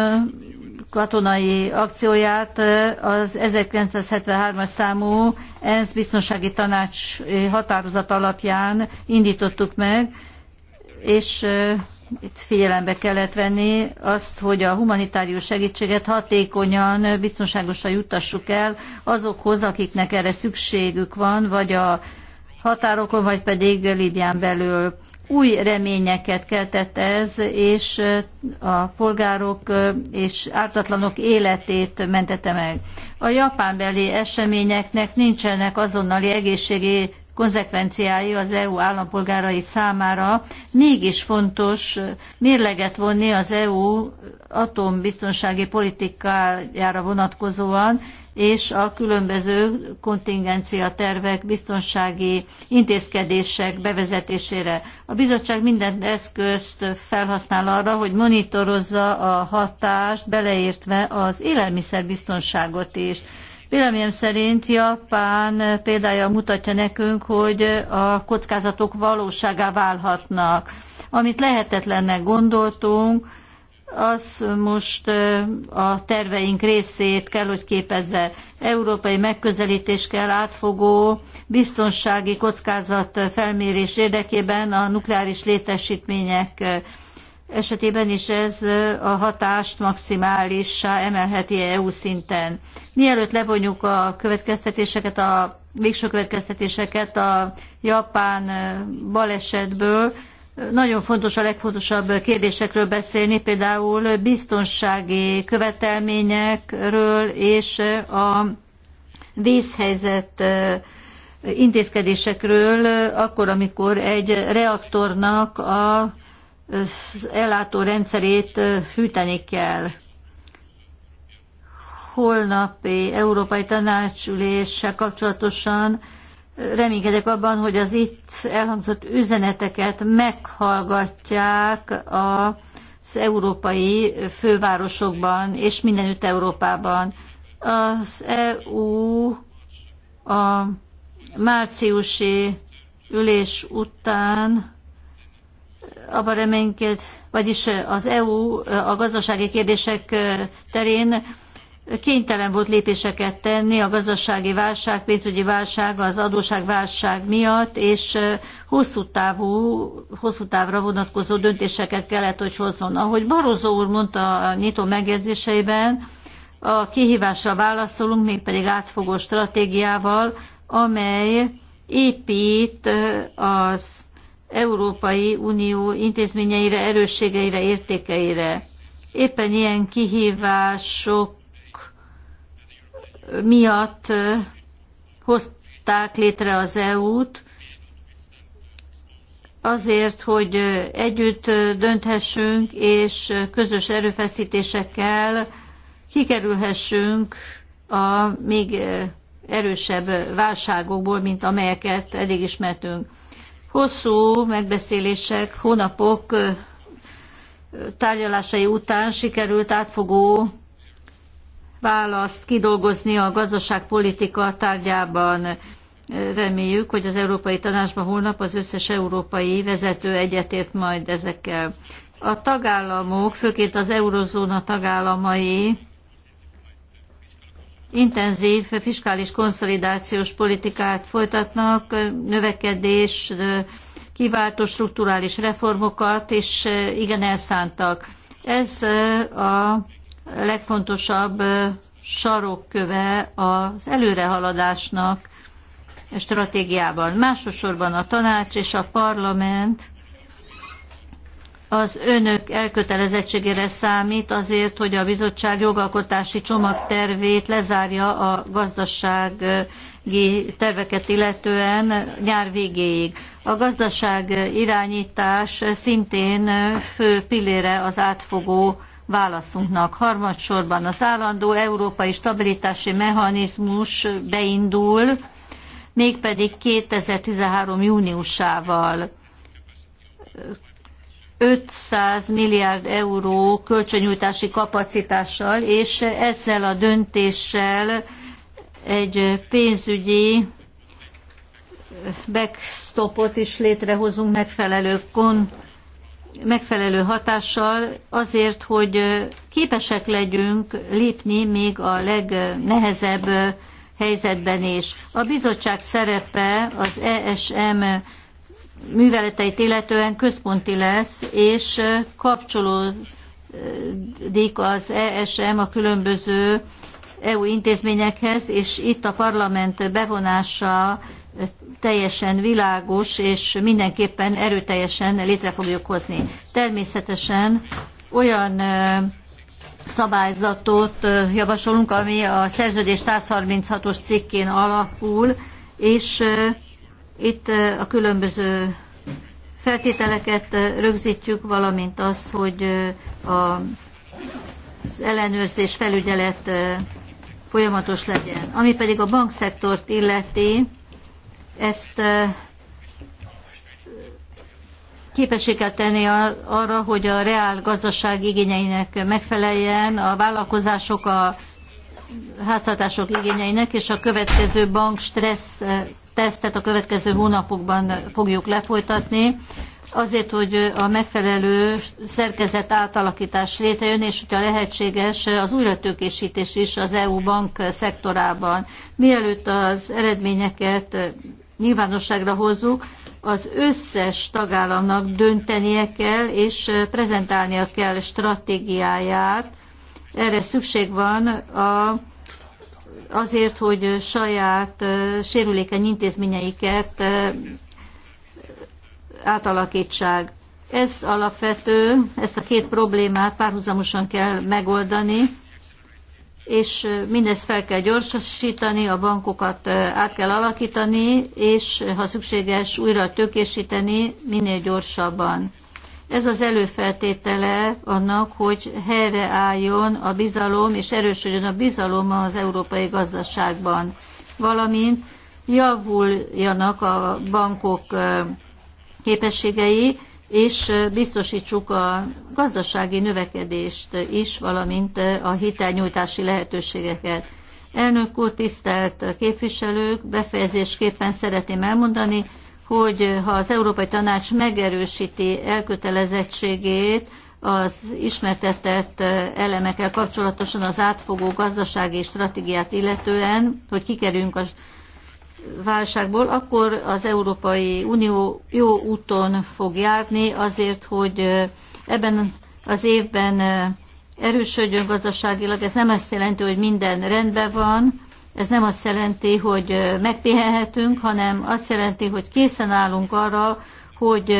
katonai akcióját az 1973-as számú ENSZ biztonsági tanács határozat alapján indítottuk meg, és itt figyelembe kellett venni azt, hogy a humanitárius segítséget hatékonyan, biztonságosan juttassuk el azokhoz, akiknek erre szükségük van, vagy a határokon, vagy pedig Líbián belül új reményeket keltett ez, és a polgárok és ártatlanok életét mentette meg. A japánbeli eseményeknek nincsenek azonnali egészségi konzekvenciái az EU állampolgárai számára, mégis fontos mérleget vonni az EU atombiztonsági politikájára vonatkozóan, és a különböző kontingencia tervek, biztonsági intézkedések bevezetésére. A bizottság minden eszközt felhasznál arra, hogy monitorozza a hatást, beleértve az élelmiszerbiztonságot is. Véleményem szerint Japán példája mutatja nekünk, hogy a kockázatok valóságá válhatnak. Amit lehetetlennek gondoltunk, az most a terveink részét kell, hogy képezze. Európai megközelítés kell átfogó biztonsági kockázat felmérés érdekében a nukleáris létesítmények esetében is ez a hatást maximálissá emelheti EU szinten. Mielőtt levonjuk a következtetéseket, a végső következtetéseket a japán balesetből, nagyon fontos a legfontosabb kérdésekről beszélni, például biztonsági követelményekről és a vészhelyzet intézkedésekről, akkor, amikor egy reaktornak az ellátó rendszerét hűteni kell. Holnapi Európai Tanácsüléssel kapcsolatosan reménykedek abban, hogy az itt elhangzott üzeneteket meghallgatják az európai fővárosokban és mindenütt Európában. Az EU a márciusi ülés után abban reményked, vagyis az EU a gazdasági kérdések terén kénytelen volt lépéseket tenni a gazdasági válság, pénzügyi válság, az adóságválság miatt, és hosszú, távú, hosszú távra vonatkozó döntéseket kellett, hogy hozzon. Ahogy Barozó úr mondta a nyitó megjegyzéseiben, a kihívásra válaszolunk, mégpedig átfogó stratégiával, amely épít az Európai Unió intézményeire, erősségeire, értékeire. Éppen ilyen kihívások miatt hozták létre az EU-t, azért, hogy együtt dönthessünk, és közös erőfeszítésekkel kikerülhessünk a még erősebb válságokból, mint amelyeket eddig ismertünk. Hosszú megbeszélések, hónapok tárgyalásai után sikerült átfogó választ kidolgozni a gazdaságpolitika tárgyában. Reméljük, hogy az Európai Tanácsban holnap az összes európai vezető egyetért majd ezekkel. A tagállamok, főként az eurozóna tagállamai intenzív fiskális konszolidációs politikát folytatnak, növekedés, kiváltó strukturális reformokat, és igen elszántak. Ez a legfontosabb sarokköve az előrehaladásnak stratégiában. Másosorban a tanács és a parlament az önök elkötelezettségére számít azért, hogy a bizottság jogalkotási csomagtervét lezárja a gazdasági terveket illetően nyár végéig. A gazdaság irányítás szintén fő pillére az átfogó válaszunknak. Harmadsorban az állandó európai stabilitási mechanizmus beindul, mégpedig 2013. júniusával 500 milliárd euró kölcsönnyújtási kapacitással, és ezzel a döntéssel egy pénzügyi backstopot is létrehozunk megfelelő kon- megfelelő hatással azért, hogy képesek legyünk lépni még a legnehezebb helyzetben is. A bizottság szerepe az ESM műveleteit illetően központi lesz, és kapcsolódik az ESM a különböző EU intézményekhez, és itt a parlament bevonása teljesen világos, és mindenképpen erőteljesen létre fogjuk hozni. Természetesen olyan szabályzatot javasolunk, ami a szerződés 136-os cikkén alapul, és itt a különböző feltételeket rögzítjük, valamint az, hogy az ellenőrzés felügyelet folyamatos legyen. Ami pedig a bankszektort illeti, ezt képessé kell tenni arra, hogy a reál gazdaság igényeinek megfeleljen, a vállalkozások a háztartások igényeinek, és a következő bank stressz tesztet a következő hónapokban fogjuk lefolytatni, azért, hogy a megfelelő szerkezet átalakítás létrejön, és hogyha lehetséges, az újratőkésítés is az EU bank szektorában. Mielőtt az eredményeket nyilvánosságra hozzuk, az összes tagállamnak döntenie kell, és prezentálnia kell stratégiáját. Erre szükség van a, azért, hogy saját sérülékeny intézményeiket átalakítsák. Ez alapvető, ezt a két problémát párhuzamosan kell megoldani, és mindezt fel kell gyorsítani, a bankokat át kell alakítani, és ha szükséges, újra tökésíteni minél gyorsabban. Ez az előfeltétele annak, hogy helyreálljon a bizalom, és erősödjön a bizalom az európai gazdaságban, valamint javuljanak a bankok képességei, és biztosítsuk a gazdasági növekedést is, valamint a hitelnyújtási lehetőségeket. Elnök úr, tisztelt képviselők, befejezésképpen szeretném elmondani, hogy ha az Európai Tanács megerősíti elkötelezettségét az ismertetett elemekkel kapcsolatosan az átfogó gazdasági stratégiát illetően, hogy kikerüljünk a válságból, akkor az Európai Unió jó úton fog járni azért, hogy ebben az évben erősödjön gazdaságilag. Ez nem azt jelenti, hogy minden rendben van, ez nem azt jelenti, hogy megpihenhetünk, hanem azt jelenti, hogy készen állunk arra, hogy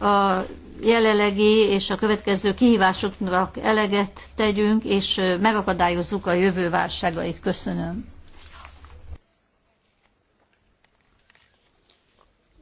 a jelenlegi és a következő kihívásoknak eleget tegyünk, és megakadályozzuk a jövő válságait. Köszönöm.